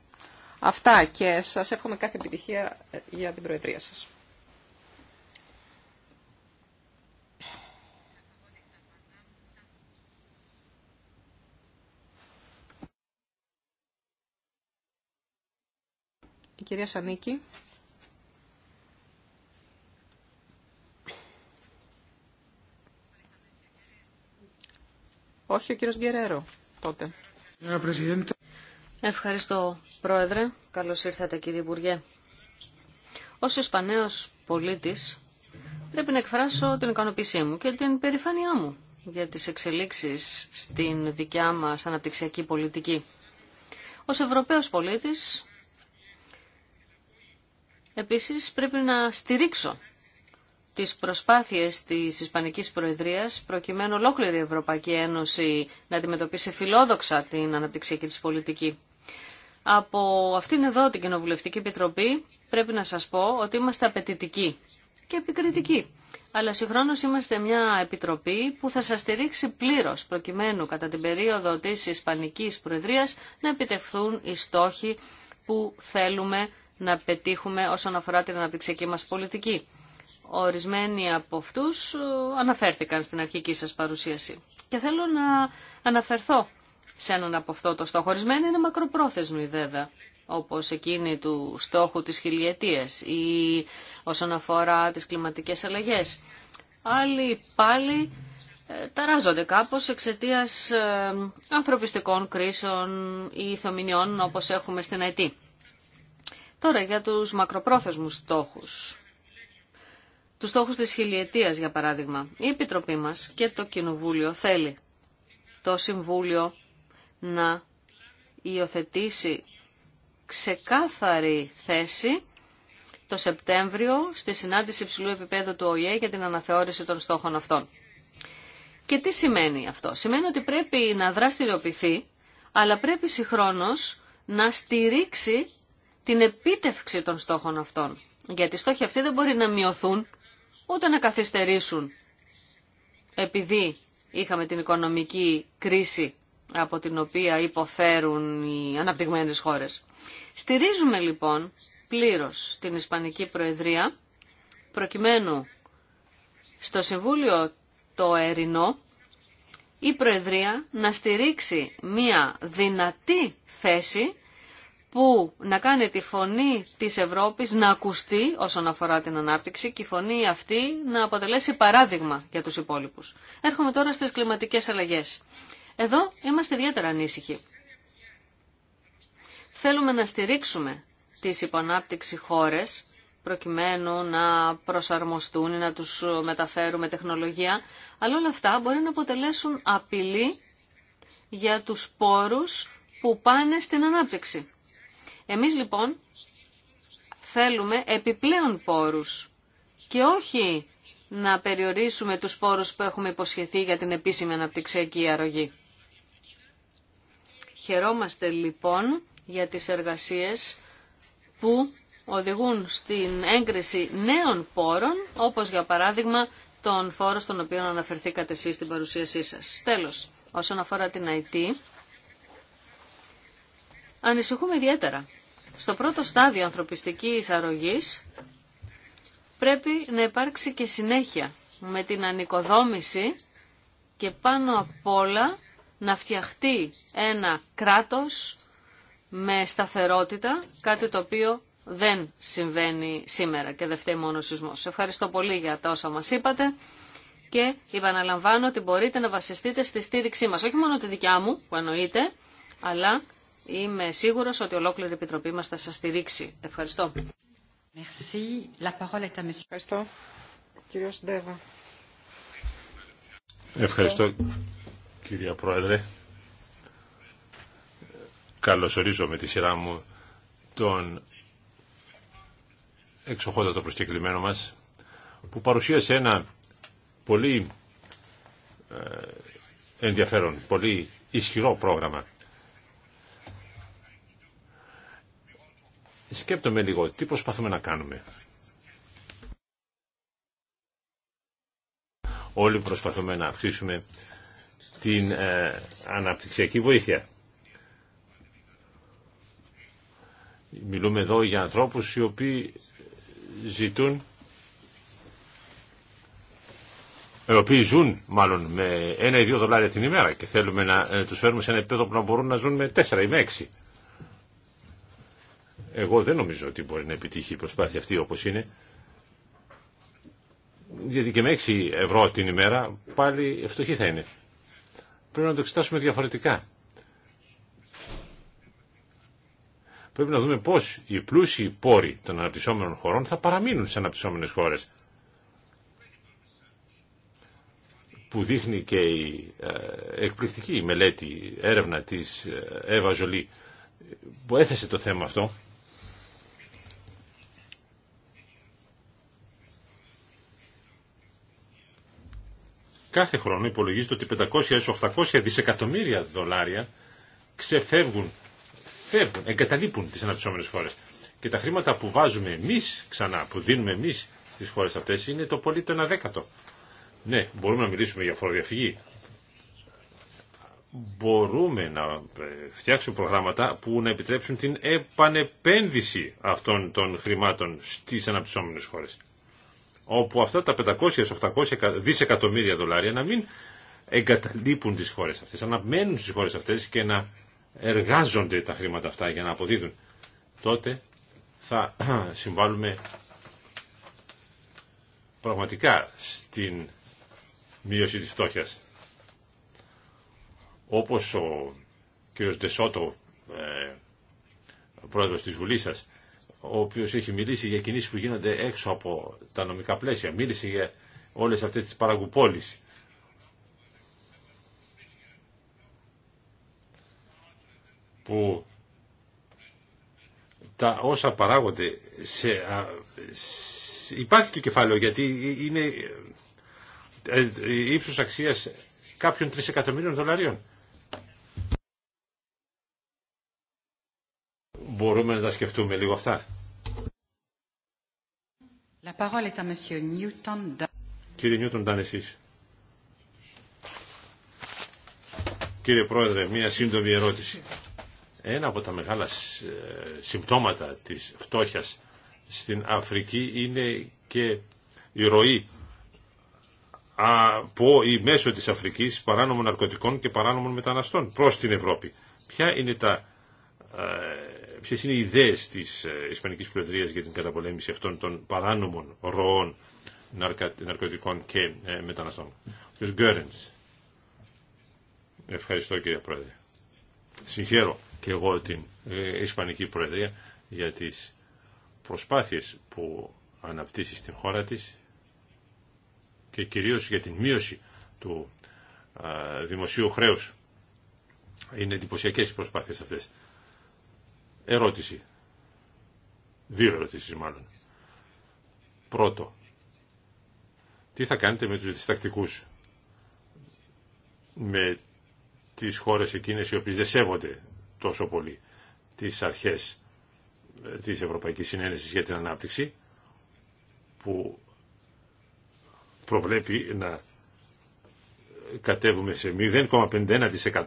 Αυτά και σα εύχομαι κάθε επιτυχία ε, για την Προεδρία σα. Η κυρία Σανίκη. Όχι, ο κύριος Γκερέρο. Ευχαριστώ, Πρόεδρε. Καλώς ήρθατε, κύριε Υπουργέ. Ως Ισπανέος πολίτης, πρέπει να εκφράσω την ικανοποίησή μου και την περηφάνειά μου για τις εξελίξεις στην δικιά μας αναπτυξιακή πολιτική. Ως Ευρωπαίος πολίτης, επίσης πρέπει να στηρίξω τις προσπάθειες της Ισπανικής Προεδρίας προκειμένου ολόκληρη η Ευρωπαϊκή Ένωση να αντιμετωπίσει φιλόδοξα την αναπτυξιακή της πολιτική. Από αυτήν εδώ την Κοινοβουλευτική Επιτροπή πρέπει να σας πω ότι είμαστε απαιτητικοί και επικριτικοί. Αλλά συγχρόνως είμαστε μια επιτροπή που θα σας στηρίξει πλήρως προκειμένου κατά την περίοδο της Ισπανικής Προεδρίας να επιτευχθούν οι στόχοι που θέλουμε να πετύχουμε όσον αφορά την αναπτυξιακή μας πολιτική. Ορισμένοι από αυτούς ε, αναφέρθηκαν στην αρχική σας παρουσίαση. Και θέλω να αναφερθώ σε έναν από αυτό το στόχο. Ορισμένοι είναι μακροπρόθεσμοι βέβαια, όπως εκείνη του στόχου της χιλιετίας ή όσον αφορά τις κλιματικές αλλαγές. Άλλοι πάλι ε, ταράζονται κάπως εξαιτίας ε, ανθρωπιστικών κρίσεων ή ηθομηνιών όπως έχουμε στην ΑΕΤ. Τώρα για τους μακροπρόθεσμους στόχους τους στόχους της χιλιετίας, για παράδειγμα. Η Επιτροπή μας και το Κοινοβούλιο θέλει το Συμβούλιο να υιοθετήσει ξεκάθαρη θέση το Σεπτέμβριο στη συνάντηση υψηλού επίπεδου του ΟΗΕ για την αναθεώρηση των στόχων αυτών. Και τι σημαίνει αυτό. Σημαίνει ότι πρέπει να δραστηριοποιηθεί, αλλά πρέπει συγχρόνως να στηρίξει την επίτευξη των στόχων αυτών. Γιατί οι στόχοι αυτοί δεν μπορεί να μειωθούν ούτε να καθυστερήσουν επειδή είχαμε την οικονομική κρίση από την οποία υποφέρουν οι αναπτυγμένες χώρες. Στηρίζουμε λοιπόν πλήρως την Ισπανική Προεδρία προκειμένου στο Συμβούλιο το Ερινό η Προεδρία να στηρίξει μία δυνατή θέση που να κάνει τη φωνή της Ευρώπης να ακουστεί όσον αφορά την ανάπτυξη και η φωνή αυτή να αποτελέσει παράδειγμα για τους υπόλοιπους. Έρχομαι τώρα στις κλιματικές αλλαγές. Εδώ είμαστε ιδιαίτερα ανήσυχοι. Θέλουμε να στηρίξουμε τις υπονάπτυξη χώρες προκειμένου να προσαρμοστούν ή να τους μεταφέρουμε τεχνολογία, αλλά όλα αυτά μπορεί να αποτελέσουν απειλή για τους πόρους που πάνε στην ανάπτυξη. Εμείς λοιπόν θέλουμε επιπλέον πόρους και όχι να περιορίσουμε τους πόρους που έχουμε υποσχεθεί για την επίσημη αναπτυξιακή αρρωγή. Χαιρόμαστε λοιπόν για τις εργασίες που οδηγούν στην έγκριση νέων πόρων, όπως για παράδειγμα τον φόρο στον οποίο αναφερθήκατε εσείς στην παρουσίασή σας. Τέλος, όσον αφορά την IT, ανησυχούμε ιδιαίτερα. Στο πρώτο στάδιο ανθρωπιστικής αρρωγής πρέπει να υπάρξει και συνέχεια με την ανοικοδόμηση και πάνω απ' όλα να φτιαχτεί ένα κράτος με σταθερότητα, κάτι το οποίο δεν συμβαίνει σήμερα και δεν φταίει μόνο ο σεισμός. Ευχαριστώ πολύ για τα όσα μας είπατε και επαναλαμβάνω ότι μπορείτε να βασιστείτε στη στήριξή μας. Όχι μόνο τη δικιά μου που εννοείται, αλλά Είμαι σίγουρος ότι ολόκληρη η Επιτροπή μας θα σας στηρίξει. Ευχαριστώ. Ευχαριστώ. κύριε Ευχαριστώ, κυρία Πρόεδρε. Καλωσορίζω με τη σειρά μου τον εξοχότατο προσκεκλημένο μας που παρουσίασε ένα πολύ ε, ενδιαφέρον, πολύ ισχυρό πρόγραμμα σκέπτομαι λίγο τι προσπαθούμε να κάνουμε. Όλοι προσπαθούμε να αυξήσουμε την ε, αναπτυξιακή βοήθεια. Μιλούμε εδώ για ανθρώπους οι οποίοι ζητούν ε, οι οποίοι ζουν μάλλον με ένα ή δύο δολάρια την ημέρα και θέλουμε να ε, τους φέρουμε σε ένα επίπεδο που να μπορούν να ζουν με τέσσερα ή με έξι. Εγώ δεν νομίζω ότι μπορεί να επιτύχει η προσπάθεια αυτή όπως είναι. Γιατί και με 6 ευρώ την ημέρα πάλι φτωχή θα είναι. Πρέπει να το εξετάσουμε διαφορετικά. Πρέπει να δούμε πώ οι πλούσιοι πόροι των αναπτυσσόμενων χωρών θα παραμείνουν στι αναπτυσσόμενες χώρες. Που δείχνει και η ε, εκπληκτική μελέτη έρευνα της ε, Εύα Ζολή που έθεσε το θέμα αυτό κάθε χρόνο υπολογίζεται ότι 500 έως 800 δισεκατομμύρια δολάρια ξεφεύγουν, φεύγουν, εγκαταλείπουν τις αναπτυσσόμενες χώρες. Και τα χρήματα που βάζουμε εμείς ξανά, που δίνουμε εμείς στις χώρες αυτές είναι το πολύ το ένα δέκατο. Ναι, μπορούμε να μιλήσουμε για φοροδιαφυγή. Μπορούμε να ε, φτιάξουμε προγράμματα που να επιτρέψουν την επανεπένδυση αυτών των χρημάτων στις αναπτυσσόμενες χώρες όπου αυτά τα 500-800 δισεκατομμύρια δολάρια να μην εγκαταλείπουν τις χώρες αυτές, να μένουν στις χώρες αυτές και να εργάζονται τα χρήματα αυτά για να αποδίδουν. Τότε θα συμβάλλουμε πραγματικά στην μείωση της φτώχειας. Όπως ο κ. Ντεσότο, ε, πρόεδρος της Βουλής σας, ο οποίο έχει μιλήσει για κινήσεις που γίνονται έξω από τα νομικά πλαίσια, μίλησε για όλες αυτές τις παραγκουπόλεις. που τα όσα παράγονται σε, υπάρχει το κεφάλαιο γιατί είναι ε, ύψος αξίας κάποιων τρισεκατομμύριων δολαρίων. Μπορούμε να τα σκεφτούμε λίγο αυτά. Κύριε Νιούτον, ήταν εσείς. Κύριε Πρόεδρε, μία σύντομη ερώτηση. Ένα από τα μεγάλα ε, συμπτώματα της φτώχειας στην Αφρική είναι και η ροή από ή μέσω της Αφρικής παράνομων ναρκωτικών και παράνομων μεταναστών προς την Ευρώπη. Ποια είναι τα ε, Ποιε είναι οι ιδέες της ε, ισπανική Προεδρίας για την καταπολέμηση αυτών των παράνομων ροών ναρκωτικών και ε, μεταναστών. Ο κ. Γκέρενς. Ευχαριστώ κύριε Πρόεδρε. Συγχαίρω και εγώ την ε, Ισπανική Προεδρία για τι προσπάθειες που αναπτύσσει στην χώρα της και κυρίως για την μείωση του δημοσίου χρέους. Είναι εντυπωσιακέ οι προσπάθειε αυτέ ερώτηση. Δύο ερωτήσεις μάλλον. Πρώτο, τι θα κάνετε με τους διστακτικούς, με τις χώρες εκείνες οι οποίες δεν σέβονται τόσο πολύ τις αρχές ε, της Ευρωπαϊκής Συνένεσης για την Ανάπτυξη, που προβλέπει να κατέβουμε σε 0,51%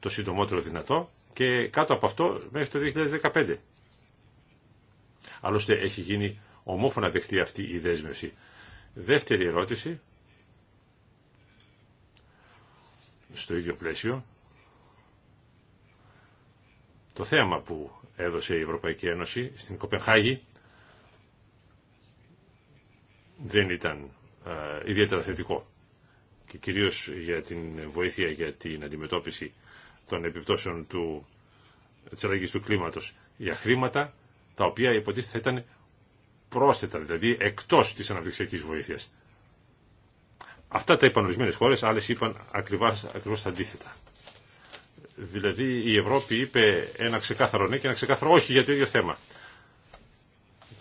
το συντομότερο δυνατό και κάτω από αυτό μέχρι το 2015. Άλλωστε έχει γίνει ομόφωνα δεχτεί αυτή η δέσμευση. Δεύτερη ερώτηση, στο ίδιο πλαίσιο, το θέμα που έδωσε η Ευρωπαϊκή Ένωση στην Κοπενχάγη δεν ήταν ιδιαίτερα θετικό και κυρίως για την βοήθεια για την αντιμετώπιση των επιπτώσεων του, της του κλίματος για χρήματα τα οποία υποτίθεται θα ήταν πρόσθετα, δηλαδή εκτός της αναπτυξιακής βοήθειας. Αυτά τα είπαν ορισμένε χώρες, άλλες είπαν ακριβώς, τα αντίθετα. Δηλαδή η Ευρώπη είπε ένα ξεκάθαρο ναι και ένα ξεκάθαρο όχι για το ίδιο θέμα.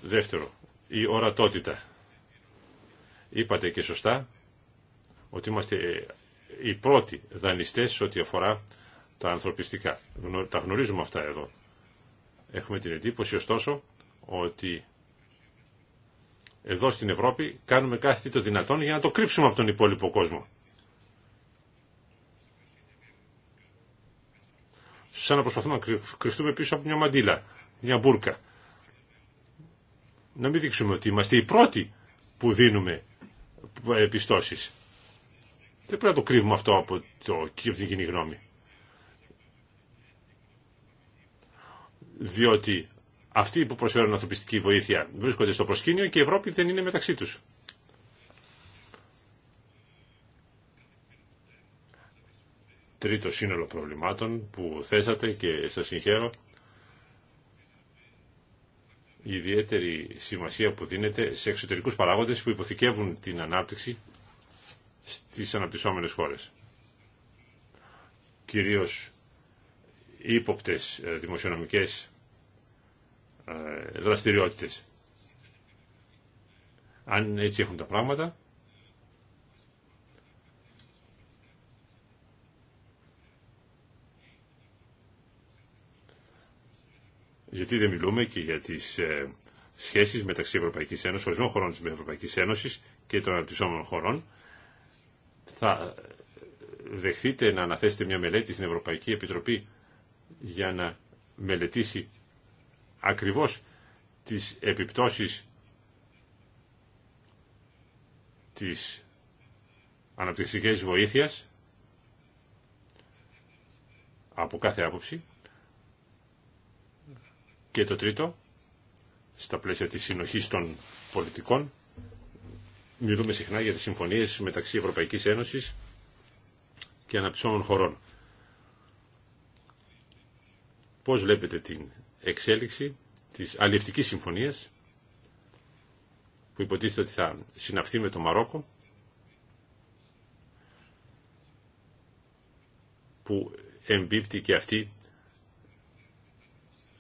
Δεύτερο, η ορατότητα. Είπατε και σωστά ότι είμαστε ε, οι πρώτοι δανειστές ό,τι αφορά τα ανθρωπιστικά. Τα γνωρίζουμε αυτά εδώ. Έχουμε την εντύπωση ωστόσο ότι εδώ στην Ευρώπη κάνουμε κάθε το δυνατόν για να το κρύψουμε από τον υπόλοιπο κόσμο. Σαν να προσπαθούμε να κρυφτούμε πίσω από μια μαντήλα. μια μπουρκα. Να μην δείξουμε ότι είμαστε οι πρώτοι που δίνουμε πιστώσεις. Δεν πρέπει να το κρύβουμε αυτό από, το, από την κοινή γνώμη. διότι αυτοί που προσφέρουν ανθρωπιστική βοήθεια βρίσκονται στο προσκήνιο και η Ευρώπη δεν είναι μεταξύ τους. Τρίτο σύνολο προβλημάτων που θέσατε και σας συγχαίρω η ιδιαίτερη σημασία που δίνεται σε εξωτερικούς παράγοντες που υποθηκεύουν την ανάπτυξη στις αναπτυσσόμενες χώρες. Κυρίως ύποπτες ε, δημοσιονομικές ε, δραστηριότητες. Αν έτσι έχουν τα πράγματα, γιατί δεν μιλούμε και για τις ε, σχέσεις μεταξύ Ευρωπαϊκής Ένωσης, ορισμένων χωρών της Ευρωπαϊκής Ένωσης και των αναπτυσσόμενων χωρών, θα δεχθείτε να αναθέσετε μια μελέτη στην Ευρωπαϊκή Επιτροπή για να μελετήσει ακριβώς τις επιπτώσεις της αναπτυξιακής βοήθειας από κάθε άποψη και το τρίτο στα πλαίσια της συνοχής των πολιτικών μιλούμε συχνά για τις συμφωνίες μεταξύ Ευρωπαϊκής Ένωσης και αναπτυσσόμενων χωρών. Πώς βλέπετε την εξέλιξη της αλληλευτικής συμφωνίας που υποτίθεται ότι θα συναυθεί με το Μαρόκο που εμπίπτει και αυτή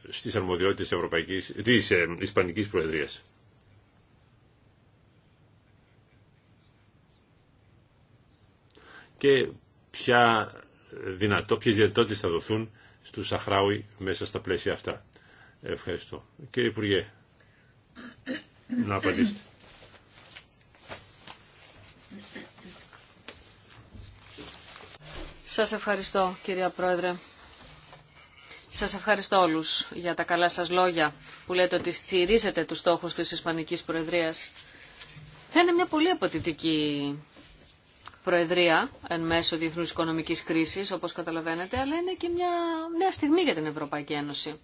στις αρμοδιότητες Ευρωπαϊκής, της ε, Ισπανικής Προεδρίας. Και ποια δυνατό, ποιες δυνατότητες θα δοθούν στου Σαχράουι μέσα στα πλαίσια αυτά. Ευχαριστώ. Κύριε Υπουργέ, να απαντήσετε. Σας ευχαριστώ κυρία Πρόεδρε. Σας ευχαριστώ όλους για τα καλά σας λόγια που λέτε ότι στηρίζετε τους στόχους της Ισπανικής Προεδρίας. Θα είναι μια πολύ αποτιτική Προεδρία εν μέσω διεθνούς οικονομικής κρίσης, όπως καταλαβαίνετε, αλλά είναι και μια νέα στιγμή για την Ευρωπαϊκή Ένωση.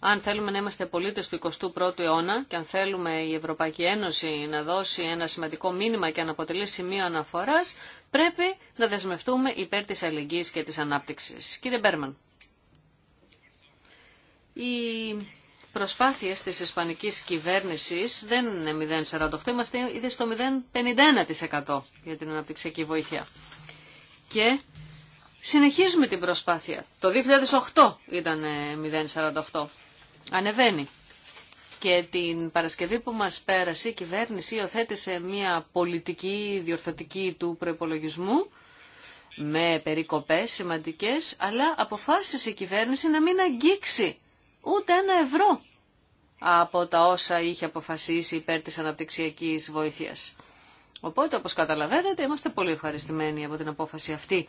Αν θέλουμε να είμαστε πολίτες του 21ου αιώνα και αν θέλουμε η Ευρωπαϊκή Ένωση να δώσει ένα σημαντικό μήνυμα και να αποτελεί σημείο αναφοράς, πρέπει να δεσμευτούμε υπέρ της αλληλεγγύη και της ανάπτυξης. Κύριε Μπέρμαν, η προσπάθειες της ισπανικής κυβέρνησης δεν είναι 0,48, είμαστε ήδη στο 0,51% για την αναπτυξιακή βοήθεια. Και συνεχίζουμε την προσπάθεια. Το 2008 ήταν 0,48. Ε, Ανεβαίνει. Και την Παρασκευή που μας πέρασε η κυβέρνηση υιοθέτησε μια πολιτική διορθωτική του προπολογισμού με περικοπές σημαντικές, αλλά αποφάσισε η κυβέρνηση να μην αγγίξει ούτε ένα ευρώ από τα όσα είχε αποφασίσει υπέρ της αναπτυξιακής βοήθειας. Οπότε, όπως καταλαβαίνετε, είμαστε πολύ ευχαριστημένοι από την απόφαση αυτή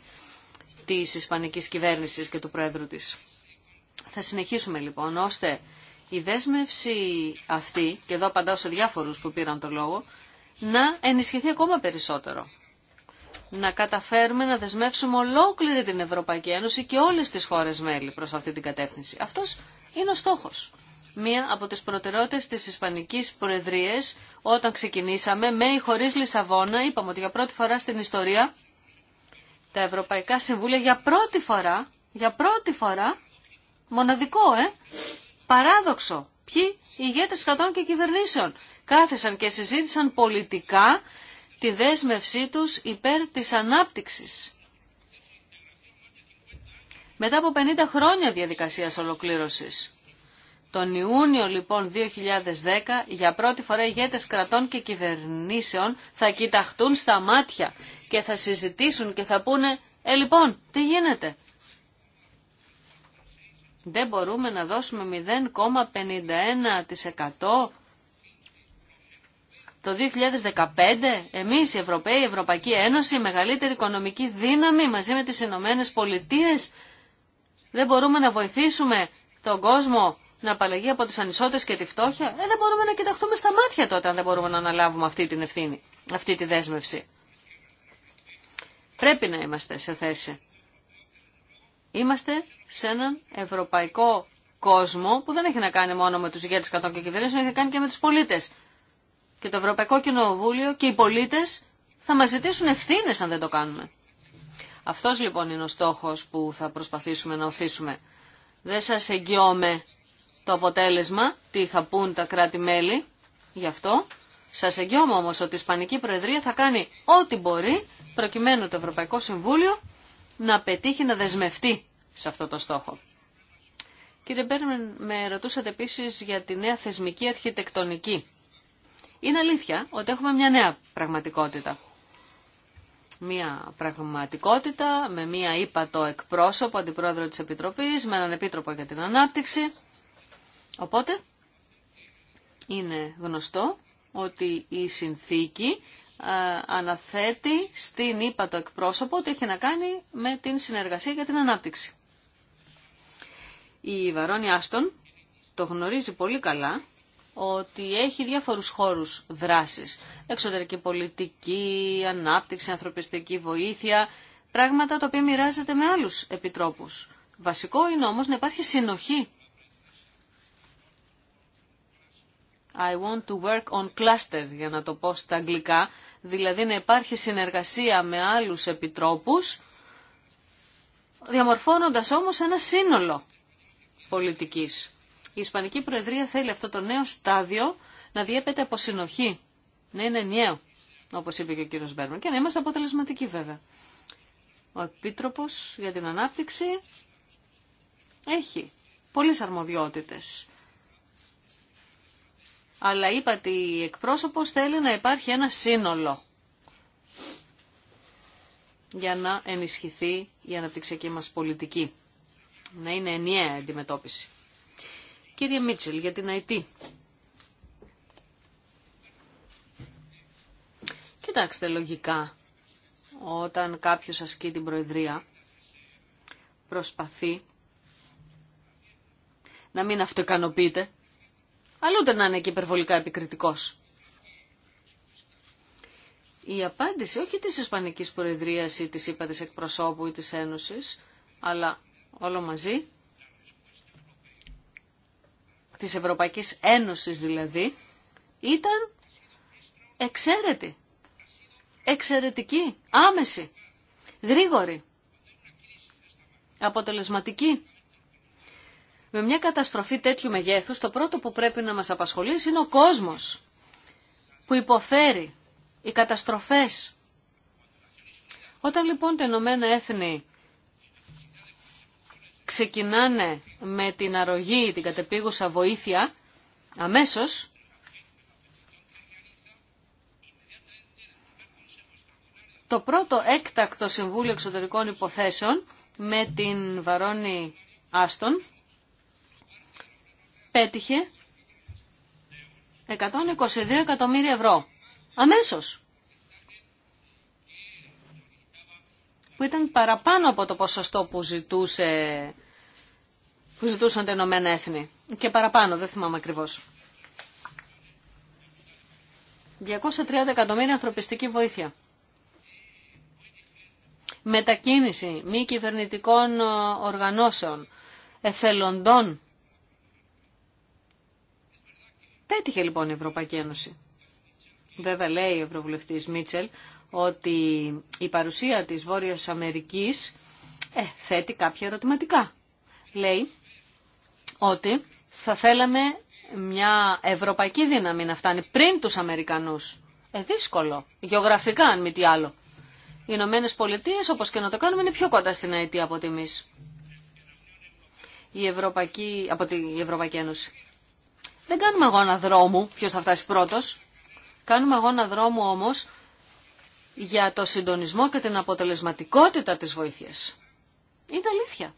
της Ισπανικής κυβέρνησης και του Πρόεδρου της. Θα συνεχίσουμε λοιπόν, ώστε η δέσμευση αυτή, και εδώ απαντάω σε διάφορους που πήραν το λόγο, να ενισχυθεί ακόμα περισσότερο να καταφέρουμε να δεσμεύσουμε ολόκληρη την Ευρωπαϊκή Ένωση και όλες τις χώρες μέλη προς αυτή την κατεύθυνση. Αυτός είναι ο στόχος. Μία από τις προτεραιότητες της Ισπανικής Προεδρίας όταν ξεκινήσαμε με ή χωρίς Λισαβόνα είπαμε ότι για πρώτη φορά στην ιστορία τα Ευρωπαϊκά Συμβούλια για πρώτη φορά, για πρώτη φορά, μοναδικό ε, παράδοξο, ποιοι ηγέτες κρατών και κυβερνήσεων κάθισαν και συζήτησαν πολιτικά τη δέσμευσή τους υπέρ της ανάπτυξης. Μετά από 50 χρόνια διαδικασίας ολοκλήρωσης. Τον Ιούνιο λοιπόν 2010 για πρώτη φορά οι ηγέτες κρατών και κυβερνήσεων θα κοιταχτούν στα μάτια και θα συζητήσουν και θα πούνε «Ε λοιπόν, τι γίνεται» δεν μπορούμε να δώσουμε 0,51% το 2015 εμείς οι Ευρωπαίοι, η Ευρωπαϊκή Ένωση, η μεγαλύτερη οικονομική δύναμη μαζί με τις Ηνωμένε Πολιτείε. Δεν μπορούμε να βοηθήσουμε τον κόσμο να απαλλαγεί από τις ανισότητες και τη φτώχεια. Ε, δεν μπορούμε να κοιταχτούμε στα μάτια τότε αν δεν μπορούμε να αναλάβουμε αυτή την ευθύνη, αυτή τη δέσμευση. Πρέπει να είμαστε σε θέση. Είμαστε σε έναν ευρωπαϊκό κόσμο που δεν έχει να κάνει μόνο με τους ηγέτες κατών και κυβερνήσεων, έχει να κάνει και με τους πολίτες και το Ευρωπαϊκό Κοινοβούλιο και οι πολίτες θα μας ζητήσουν ευθύνε αν δεν το κάνουμε. Αυτός λοιπόν είναι ο στόχος που θα προσπαθήσουμε να οθήσουμε. Δεν σας εγγυώμαι το αποτέλεσμα, τι θα πούν τα κράτη-μέλη γι' αυτό. Σας εγγυώμαι όμως ότι η Ισπανική Προεδρία θα κάνει ό,τι μπορεί προκειμένου το Ευρωπαϊκό Συμβούλιο να πετύχει να δεσμευτεί σε αυτό το στόχο. Κύριε Μπέρμεν, με ρωτούσατε επίσης για τη νέα θεσμική αρχιτεκτονική είναι αλήθεια ότι έχουμε μια νέα πραγματικότητα. Μια πραγματικότητα με μια ύπατο εκπρόσωπο, αντιπρόεδρο της Επιτροπής, με έναν επίτροπο για την ανάπτυξη. Οπότε είναι γνωστό ότι η συνθήκη ε, αναθέτει στην ύπατο εκπρόσωπο ότι έχει να κάνει με την συνεργασία για την ανάπτυξη. Η Βαρόνια Άστον το γνωρίζει πολύ καλά ότι έχει διάφορους χώρους δράσης. Εξωτερική πολιτική, ανάπτυξη, ανθρωπιστική βοήθεια, πράγματα τα οποία μοιράζεται με άλλους επιτρόπους. Βασικό είναι όμως να υπάρχει συνοχή. I want to work on cluster, για να το πω στα αγγλικά, δηλαδή να υπάρχει συνεργασία με άλλους επιτρόπους, διαμορφώνοντας όμως ένα σύνολο πολιτικής. Η Ισπανική Προεδρία θέλει αυτό το νέο στάδιο να διέπεται από συνοχή, να είναι ενιαίο, όπω είπε και ο κύριο Μπέρμαν, και να είμαστε αποτελεσματικοί βέβαια. Ο Επίτροπο για την Ανάπτυξη έχει πολλέ αρμοδιότητε. Αλλά είπα ότι η εκπρόσωπο θέλει να υπάρχει ένα σύνολο για να ενισχυθεί η αναπτυξιακή μας πολιτική. Να είναι ενιαία αντιμετώπιση. Κύριε Μίτσελ, για την ΑΕΤ. Κοιτάξτε λογικά, όταν κάποιος ασκεί την Προεδρία, προσπαθεί να μην αυτοικανοποιείται, αλλά ούτε να είναι και υπερβολικά επικριτικός. Η απάντηση όχι της Ισπανικής Προεδρίας ή της ΥΠΑ της εκπροσώπου ή της Ένωσης, αλλά όλο μαζί της Ευρωπαϊκής Ένωσης δηλαδή, ήταν εξαίρετη, εξαιρετική, άμεση, γρήγορη, αποτελεσματική. Με μια καταστροφή τέτοιου μεγέθους, το πρώτο που πρέπει να μας απασχολεί, είναι ο κόσμος που υποφέρει οι καταστροφές. Όταν λοιπόν τα Ηνωμένα Έθνη ξεκινάνε με την αρρωγή, την κατεπίγουσα βοήθεια, αμέσως το πρώτο έκτακτο Συμβούλιο Εξωτερικών Υποθέσεων με την Βαρόνη Άστον πέτυχε 122 εκατομμύρια ευρώ. Αμέσως. που ήταν παραπάνω από το ποσοστό που, ζητούσε, που ζητούσαν τα Ηνωμένα Έθνη. Και παραπάνω, δεν θυμάμαι ακριβώς. 230 εκατομμύρια ανθρωπιστική βοήθεια. Μετακίνηση μη κυβερνητικών οργανώσεων, εθελοντών. Πέτυχε λοιπόν η Ευρωπαϊκή Ένωση. Βέβαια λέει ο Ευρωβουλευτής Μίτσελ ότι η παρουσία της Βόρειας Αμερικής ε, θέτει κάποια ερωτηματικά. Λέει ότι θα θέλαμε μια ευρωπαϊκή δύναμη να φτάνει πριν τους Αμερικανούς. Ε, δύσκολο. Γεωγραφικά, αν μη τι άλλο. Οι Ηνωμένε Πολιτείε, όπω και να το κάνουμε, είναι πιο κοντά στην Αιτία από Η Ευρωπαϊκή, από την Ευρωπαϊκή Ένωση. Δεν κάνουμε αγώνα δρόμου, ποιο θα φτάσει πρώτο. Κάνουμε αγώνα δρόμου όμω για το συντονισμό και την αποτελεσματικότητα της βοήθειας. Είναι αλήθεια.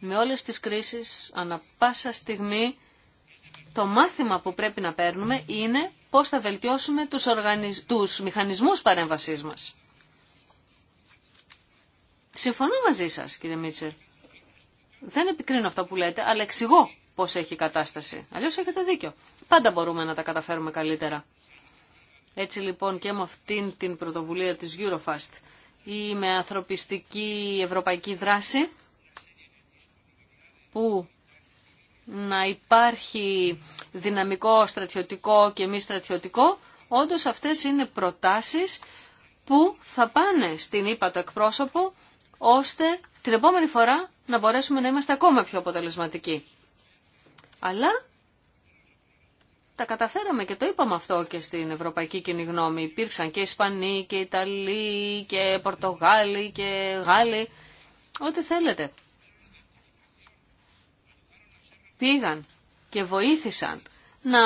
Με όλες τις κρίσεις, ανα πάσα στιγμή, το μάθημα που πρέπει να παίρνουμε είναι πώς θα βελτιώσουμε τους, οργανισ... τους μηχανισμούς παρέμβασής μας. Συμφωνώ μαζί σας, κύριε Μίτσερ. Δεν επικρίνω αυτά που λέτε, αλλά εξηγώ πώς έχει η κατάσταση. Αλλιώς έχετε δίκιο. Πάντα μπορούμε να τα καταφέρουμε καλύτερα. Έτσι λοιπόν και με αυτήν την πρωτοβουλία της Eurofast ή με ανθρωπιστική ευρωπαϊκή δράση που να υπάρχει δυναμικό στρατιωτικό και μη στρατιωτικό, όντως αυτές είναι προτάσεις που θα πάνε στην ΥΠΑ ΕΕ το εκπρόσωπο, ώστε την επόμενη φορά να μπορέσουμε να είμαστε ακόμα πιο αποτελεσματικοί. Αλλά τα καταφέραμε και το είπαμε αυτό και στην Ευρωπαϊκή Κοινή Γνώμη. Υπήρξαν και Ισπανοί και Ιταλοί και Πορτογάλοι και Γάλλοι. Ό,τι θέλετε. Πήγαν και βοήθησαν να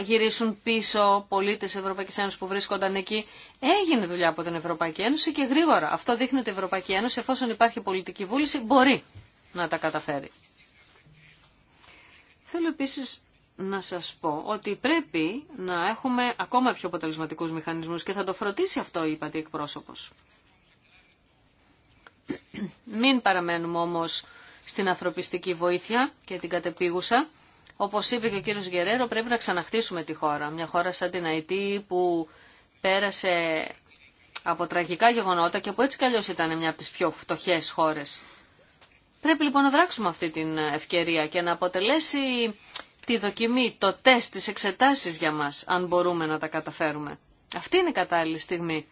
γυρίσουν πίσω πολίτες Ευρωπαϊκής Ένωσης που βρίσκονταν εκεί. Έγινε δουλειά από την Ευρωπαϊκή Ένωση και γρήγορα. Αυτό δείχνει ότι η Ευρωπαϊκή Ένωση, εφόσον υπάρχει πολιτική βούληση, μπορεί να τα καταφέρει. Θέλω να σας πω ότι πρέπει να έχουμε ακόμα πιο αποτελεσματικούς μηχανισμούς και θα το φροντίσει αυτό η Πατή Εκπρόσωπος. Μην παραμένουμε όμως στην ανθρωπιστική βοήθεια και την κατεπίγουσα. Όπως είπε και ο κύριος Γερέρο, πρέπει να ξαναχτίσουμε τη χώρα. Μια χώρα σαν την Αιτή που πέρασε από τραγικά γεγονότα και που έτσι κι ήταν μια από τις πιο φτωχές χώρες. Πρέπει λοιπόν να δράξουμε αυτή την ευκαιρία και να αποτελέσει τη δοκιμή, το τεστ, τις εξετάσεις για μας, αν μπορούμε να τα καταφέρουμε. Αυτή είναι η κατάλληλη στιγμή.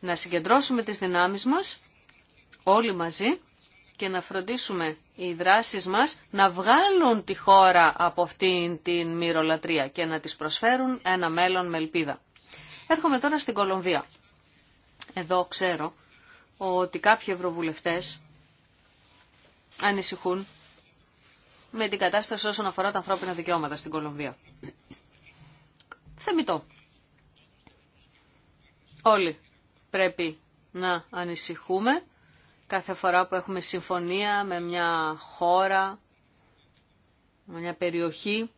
Να συγκεντρώσουμε τις δυνάμεις μας, όλοι μαζί, και να φροντίσουμε οι δράσεις μας να βγάλουν τη χώρα από αυτήν την μυρολατρεία και να της προσφέρουν ένα μέλλον με ελπίδα. Έρχομαι τώρα στην Κολομβία. Εδώ ξέρω ότι κάποιοι ευρωβουλευτές ανησυχούν με την κατάσταση όσον αφορά τα ανθρώπινα δικαιώματα στην Κολομβία. Θεμητό. Όλοι πρέπει να ανησυχούμε κάθε φορά που έχουμε συμφωνία με μια χώρα, με μια περιοχή,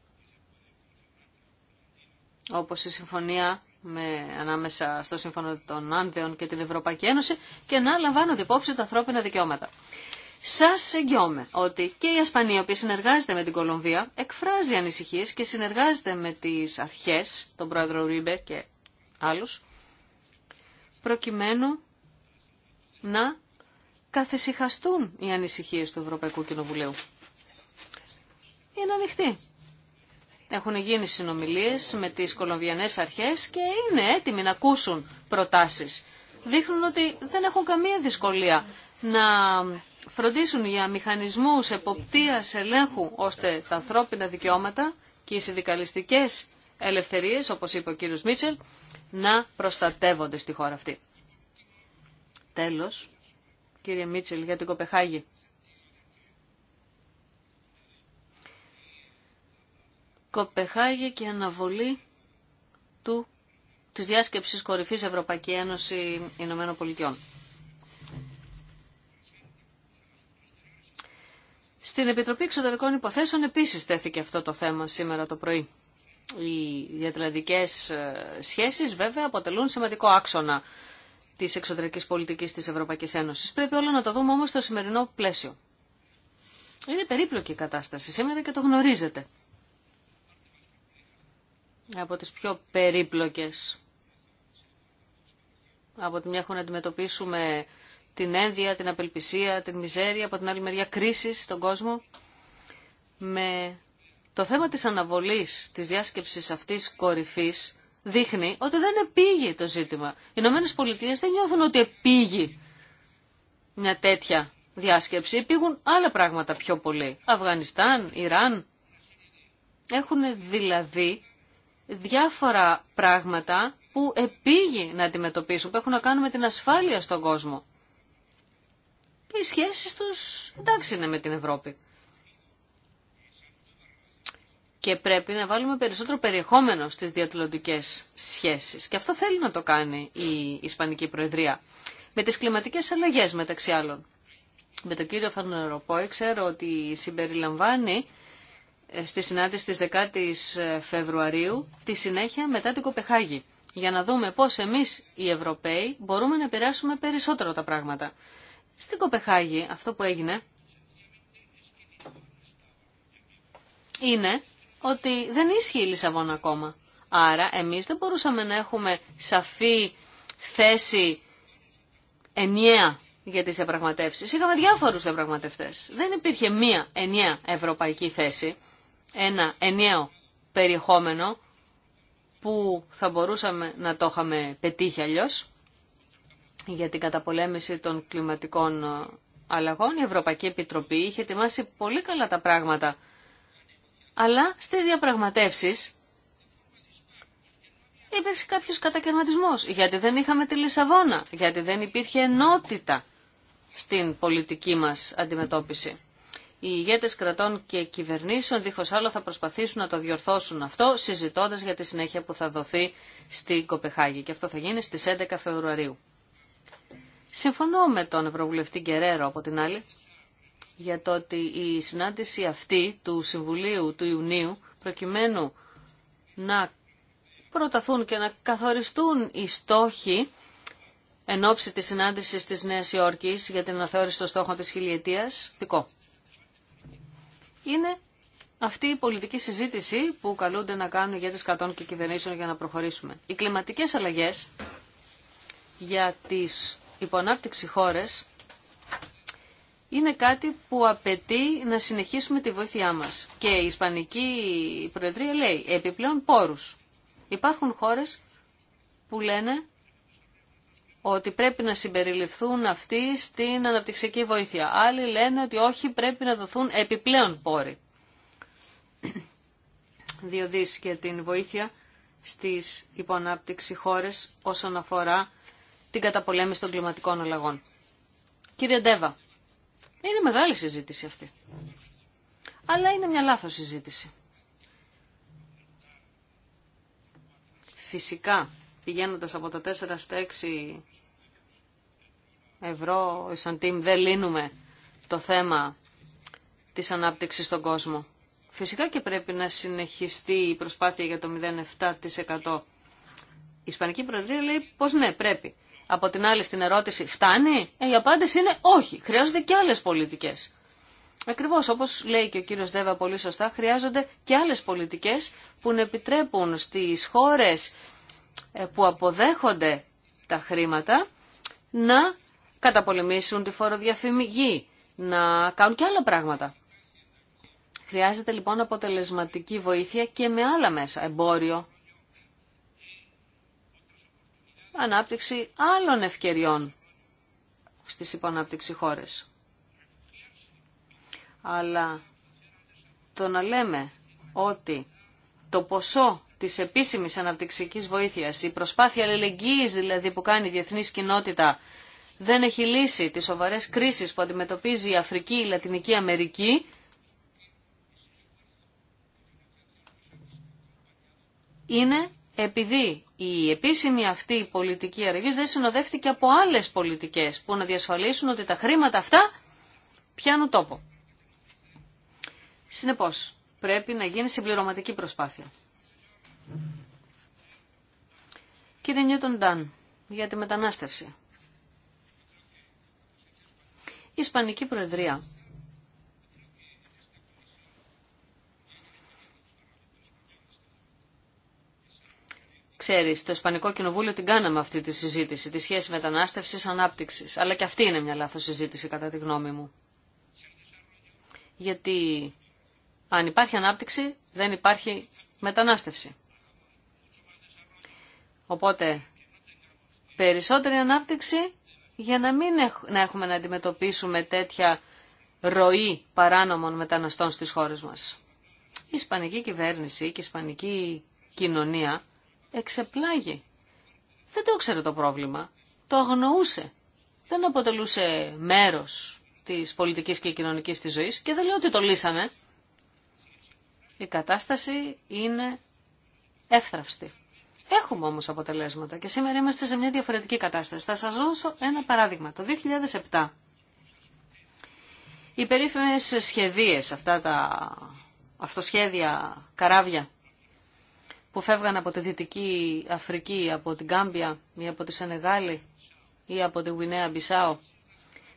όπως η συμφωνία με, ανάμεσα στο Σύμφωνο των Άνδεων και την Ευρωπαϊκή Ένωση και να λαμβάνονται υπόψη τα ανθρώπινα δικαιώματα. Σας εγγυώμαι ότι και η Ασπανία, η οποία συνεργάζεται με την Κολομβία, εκφράζει ανησυχίες και συνεργάζεται με τις αρχές, τον πρόεδρο Ρίμπερ και άλλους, προκειμένου να καθησυχαστούν οι ανησυχίες του Ευρωπαϊκού Κοινοβουλίου. Είναι ανοιχτή. Έχουν γίνει συνομιλίες με τις κολομβιανές αρχές και είναι έτοιμοι να ακούσουν προτάσεις. Δείχνουν ότι δεν έχουν καμία δυσκολία να φροντίσουν για μηχανισμούς εποπτείας ελέγχου ώστε τα ανθρώπινα δικαιώματα και οι συνδικαλιστικές ελευθερίες, όπως είπε ο κύριος Μίτσελ, να προστατεύονται στη χώρα αυτή. Τέλος, κύριε Μίτσελ, για την Κοπεχάγη. Κοπεχάγη και αναβολή του, της διάσκεψης κορυφής Ευρωπαϊκή Ένωση Ηνωμένων Πολιτειών. Στην Επιτροπή Εξωτερικών Υποθέσεων επίσης τέθηκε αυτό το θέμα σήμερα το πρωί. Οι διατλαντικές ε, σχέσεις βέβαια αποτελούν σημαντικό άξονα της εξωτερικής πολιτικής της Ευρωπαϊκής Ένωσης. Πρέπει όλο να το δούμε όμως στο σημερινό πλαίσιο. Είναι περίπλοκη η κατάσταση σήμερα και το γνωρίζετε. Από τις πιο περίπλοκες. Από τη μια έχουν να αντιμετωπίσουμε την ένδια, την απελπισία, την μιζέρια, από την άλλη μεριά κρίση στον κόσμο. Με το θέμα της αναβολής της διάσκεψης αυτής κορυφής δείχνει ότι δεν επήγει το ζήτημα. Οι Ηνωμένε Πολιτείε δεν νιώθουν ότι επήγει μια τέτοια διάσκεψη. Επήγουν άλλα πράγματα πιο πολύ. Αφγανιστάν, Ιράν. Έχουν δηλαδή διάφορα πράγματα που επήγει να αντιμετωπίσουν, που έχουν να κάνουν με την ασφάλεια στον κόσμο και οι σχέσεις τους εντάξει είναι με την Ευρώπη. Και πρέπει να βάλουμε περισσότερο περιεχόμενο στις διατλαντικές σχέσεις. Και αυτό θέλει να το κάνει η Ισπανική Προεδρία. Με τις κλιματικές αλλαγές μεταξύ άλλων. Με τον κύριο Φανεροπόη ξέρω ότι συμπεριλαμβάνει ε, στη συνάντηση της 10ης ε, Φεβρουαρίου τη συνέχεια μετά την Κοπεχάγη για να δούμε πώς εμείς οι Ευρωπαίοι μπορούμε να επηρεάσουμε περισσότερο τα πράγματα. Στην Κοπεχάγη αυτό που έγινε είναι ότι δεν ίσχυε η Λισαβόνα ακόμα. Άρα εμείς δεν μπορούσαμε να έχουμε σαφή θέση ενιαία για τις διαπραγματεύσεις. Είχαμε διάφορους διαπραγματευτές. Δεν υπήρχε μία ενιαία ευρωπαϊκή θέση, ένα ενιαίο περιεχόμενο που θα μπορούσαμε να το είχαμε πετύχει αλλιώς για την καταπολέμηση των κλιματικών ε, αλλαγών, η Ευρωπαϊκή Επιτροπή είχε ετοιμάσει πολύ καλά τα πράγματα. Αλλά στις διαπραγματεύσεις υπήρξε κάποιος κατακαιρματισμός, γιατί δεν είχαμε τη Λισαβόνα, γιατί δεν υπήρχε ενότητα στην πολιτική μας αντιμετώπιση. Οι ηγέτες κρατών και κυβερνήσεων δίχως άλλο θα προσπαθήσουν να το διορθώσουν αυτό, συζητώντας για τη συνέχεια που θα δοθεί στη Κοπεχάγη. Και αυτό θα γίνει στις 11 Φεβρουαρίου. Συμφωνώ με τον Ευρωβουλευτή Γκερέρο από την άλλη για το ότι η συνάντηση αυτή του Συμβουλίου του Ιουνίου προκειμένου να προταθούν και να καθοριστούν οι στόχοι εν ώψη της συνάντησης της Νέας Υόρκης για την αναθεώρηση των στόχων της χιλιετίας, δικό. Είναι αυτή η πολιτική συζήτηση που καλούνται να κάνουν για τις κατών και κυβερνήσεων για να προχωρήσουμε. Οι κλιματικές αλλαγές για τις υποανάπτυξη λοιπόν, χώρες είναι κάτι που απαιτεί να συνεχίσουμε τη βοήθειά μας. Και η Ισπανική Προεδρία λέει επιπλέον πόρους. Υπάρχουν χώρες που λένε ότι πρέπει να συμπεριληφθούν αυτοί στην αναπτυξιακή βοήθεια. Άλλοι λένε ότι όχι πρέπει να δοθούν επιπλέον πόροι. Διοδείς και την βοήθεια στις υποανάπτυξη λοιπόν, χώρες όσον αφορά την καταπολέμηση των κλιματικών αλλαγών. Κύριε Ντέβα, είναι μεγάλη συζήτηση αυτή. Αλλά είναι μια λάθος συζήτηση. Φυσικά, πηγαίνοντας από τα 4 στα 6 ευρώ, σαν team, δεν λύνουμε το θέμα της ανάπτυξης στον κόσμο. Φυσικά και πρέπει να συνεχιστεί η προσπάθεια για το 0,7%. Η Ισπανική Προεδρία λέει πως ναι, πρέπει. Από την άλλη στην ερώτηση φτάνει, ε, η απάντηση είναι όχι, χρειάζονται και άλλες πολιτικές. Ακριβώς όπως λέει και ο κύριος Δέβα πολύ σωστά, χρειάζονται και άλλες πολιτικές που να επιτρέπουν στις χώρες ε, που αποδέχονται τα χρήματα να καταπολεμήσουν τη φοροδιαφημιγή, να κάνουν και άλλα πράγματα. Χρειάζεται λοιπόν αποτελεσματική βοήθεια και με άλλα μέσα, εμπόριο, ανάπτυξη άλλων ευκαιριών στις υποανάπτυξη χώρες. Αλλά το να λέμε ότι το ποσό της επίσημης αναπτυξικής βοήθειας, η προσπάθεια αλληλεγγύης δηλαδή που κάνει η διεθνής κοινότητα, δεν έχει λύσει τις σοβαρές κρίσεις που αντιμετωπίζει η Αφρική, η Λατινική Αμερική, είναι επειδή η επίσημη αυτή πολιτική αργής δεν συνοδεύτηκε από άλλες πολιτικές που να διασφαλίσουν ότι τα χρήματα αυτά πιάνουν τόπο. Συνεπώς, πρέπει να γίνει συμπληρωματική προσπάθεια. Κύριε Νιούτον Ντάν, για τη μετανάστευση. Η Ισπανική Προεδρία Ξέρει, στο Ισπανικό Κοινοβούλιο την κάναμε αυτή τη συζήτηση, τη σχέση μετανάστευση-ανάπτυξη. Αλλά και αυτή είναι μια λάθο συζήτηση, κατά τη γνώμη μου. Γιατί αν υπάρχει ανάπτυξη, δεν υπάρχει μετανάστευση. Οπότε, περισσότερη ανάπτυξη για να μην να έχουμε να αντιμετωπίσουμε τέτοια ροή παράνομων μεταναστών στις χώρες μας. Η Ισπανική κυβέρνηση και η Ισπανική κοινωνία εξεπλάγει. Δεν το ήξερε το πρόβλημα. Το αγνοούσε. Δεν αποτελούσε μέρος της πολιτικής και κοινωνικής της ζωής και δεν λέω ότι το λύσαμε. Η κατάσταση είναι εύθραυστη. Έχουμε όμως αποτελέσματα και σήμερα είμαστε σε μια διαφορετική κατάσταση. Θα σας δώσω ένα παράδειγμα. Το 2007 οι περίφημες σχεδίες, αυτά τα αυτοσχέδια καράβια που φεύγαν από τη Δυτική Αφρική, από την Κάμπια ή από τη Σενεγάλη ή από τη Γουινέα Μπισάο,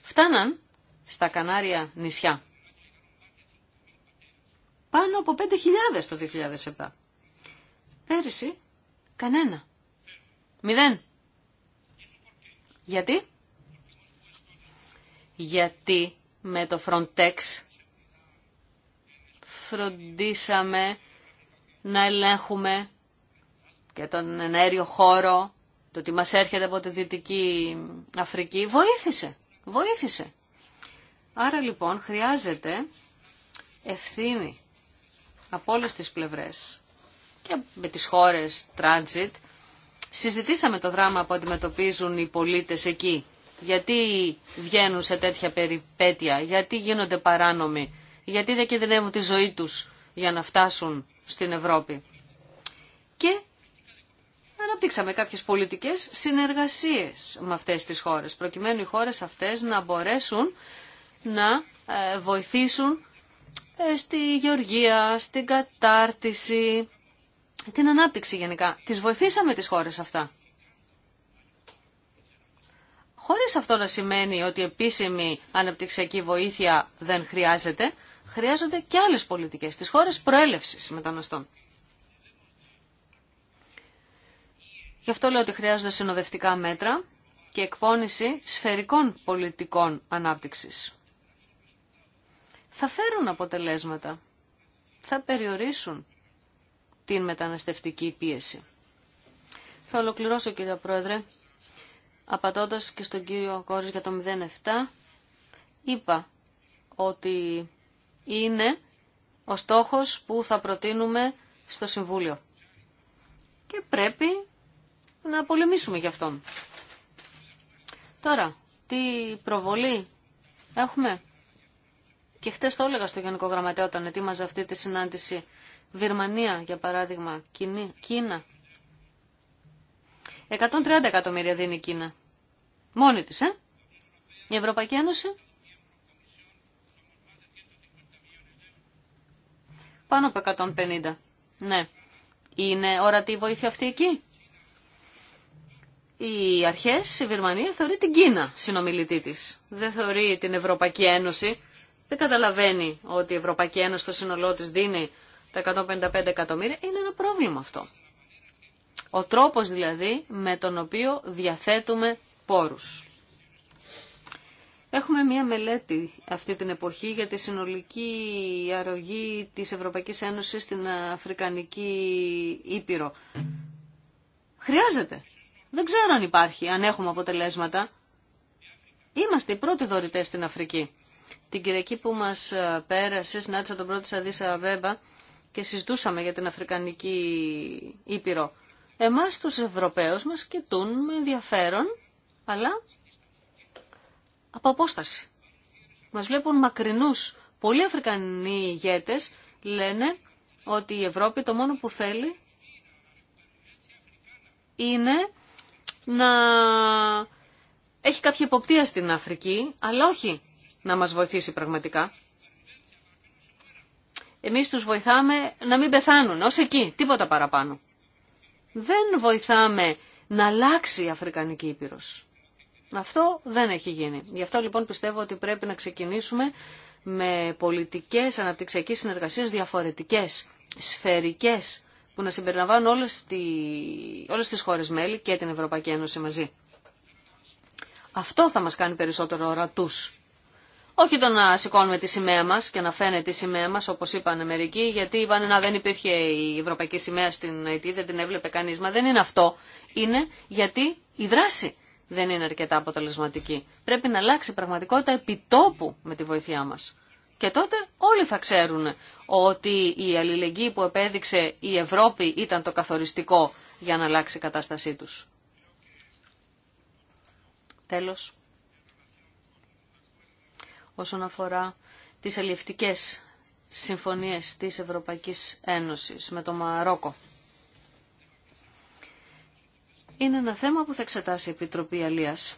φτάναν στα Κανάρια νησιά. Πάνω από 5.000 το 2007. Πέρυσι, κανένα. Μηδέν. Γιατί? Γιατί με το Frontex φροντίσαμε να ελέγχουμε και τον ενέριο χώρο, το ότι μας έρχεται από τη Δυτική Αφρική, βοήθησε, βοήθησε. Άρα λοιπόν χρειάζεται ευθύνη από όλες τις πλευρές και με τις χώρες transit. Συζητήσαμε το δράμα που αντιμετωπίζουν οι πολίτες εκεί. Γιατί βγαίνουν σε τέτοια περιπέτεια, γιατί γίνονται παράνομοι, γιατί δεν κινδυνεύουν τη ζωή τους για να φτάσουν στην Ευρώπη. Και αναπτύξαμε κάποιες πολιτικές συνεργασίες με αυτές τις χώρες, προκειμένου οι χώρες αυτές να μπορέσουν να ε, βοηθήσουν ε, στη γεωργία, στην κατάρτιση, την ανάπτυξη γενικά. Τις βοηθήσαμε τις χώρες αυτά. Χωρίς αυτό να σημαίνει ότι επίσημη αναπτυξιακή βοήθεια δεν χρειάζεται, χρειάζονται και άλλες πολιτικές, στις χώρες προέλευσης μεταναστών. Γι' αυτό λέω ότι χρειάζονται συνοδευτικά μέτρα και εκπόνηση σφαιρικών πολιτικών ανάπτυξης. Θα φέρουν αποτελέσματα. Θα περιορίσουν την μεταναστευτική πίεση. Θα ολοκληρώσω κύριε Πρόεδρε, απατώντας και στον κύριο Κόρης για το 07, είπα ότι είναι ο στόχος που θα προτείνουμε στο Συμβούλιο. Και πρέπει να πολεμήσουμε γι' αυτόν. Τώρα, τι προβολή έχουμε. Και χτες το έλεγα στο Γενικό Γραμματέα όταν ετοίμαζε αυτή τη συνάντηση. Βυρμανία, για παράδειγμα, Κίνα. 130 εκατομμύρια δίνει η Κίνα. Μόνη της, ε. Η Ευρωπαϊκή Ένωση Πάνω από 150. Ναι. Είναι ορατή η βοήθεια αυτή εκεί. Οι αρχέ η Βερμανία θεωρεί την Κίνα συνομιλητή τη. Δεν θεωρεί την Ευρωπαϊκή Ένωση. Δεν καταλαβαίνει ότι η Ευρωπαϊκή Ένωση στο σύνολό τη δίνει τα 155 εκατομμύρια. Είναι ένα πρόβλημα αυτό. Ο τρόπος δηλαδή με τον οποίο διαθέτουμε πόρους. Έχουμε μία μελέτη αυτή την εποχή για τη συνολική αρρωγή της Ευρωπαϊκής Ένωσης στην Αφρικανική Ήπειρο. Χρειάζεται. Δεν ξέρω αν υπάρχει, αν έχουμε αποτελέσματα. Είμαστε οι πρώτοι δωρητές στην Αφρική. Την Κυριακή που μας ε, πέρασε, συνάντησα τον πρώτο Σαδίσα Βέμπα και συζητούσαμε για την Αφρικανική Ήπειρο. Εμάς τους Ευρωπαίους μας κοιτούν με ενδιαφέρον, αλλά από απόσταση. Μας βλέπουν μακρινούς. Πολλοί Αφρικανοί ηγέτες λένε ότι η Ευρώπη το μόνο που θέλει είναι να έχει κάποια υποπτία στην Αφρική, αλλά όχι να μας βοηθήσει πραγματικά. Εμείς τους βοηθάμε να μην πεθάνουν, ως εκεί, τίποτα παραπάνω. Δεν βοηθάμε να αλλάξει η Αφρικανική Ήπειρος. Αυτό δεν έχει γίνει. Γι' αυτό λοιπόν πιστεύω ότι πρέπει να ξεκινήσουμε με πολιτικές αναπτυξιακές συνεργασίες διαφορετικές, σφαιρικές, που να συμπεριλαμβάνουν όλες, τη... όλες τις χώρες μέλη και την Ευρωπαϊκή Ένωση μαζί. Αυτό θα μας κάνει περισσότερο ορατούς. Όχι το να σηκώνουμε τη σημαία μας και να φαίνεται η σημαία μας, όπως είπαν μερικοί, γιατί είπαν να δεν υπήρχε η ευρωπαϊκή σημαία στην ΑΕΤ, δεν την έβλεπε κανείς. Μα δεν είναι αυτό. Είναι γιατί η δράση δεν είναι αρκετά αποτελεσματική. Πρέπει να αλλάξει η πραγματικότητα επιτόπου με τη βοήθειά μας. Και τότε όλοι θα ξέρουν ότι η αλληλεγγύη που επέδειξε η Ευρώπη ήταν το καθοριστικό για να αλλάξει η κατάστασή τους. Τέλος, όσον αφορά τις αλληλευτικές συμφωνίες της Ευρωπαϊκής Ένωσης με το Μαρόκο είναι ένα θέμα που θα εξετάσει η Επιτροπή Αλίας.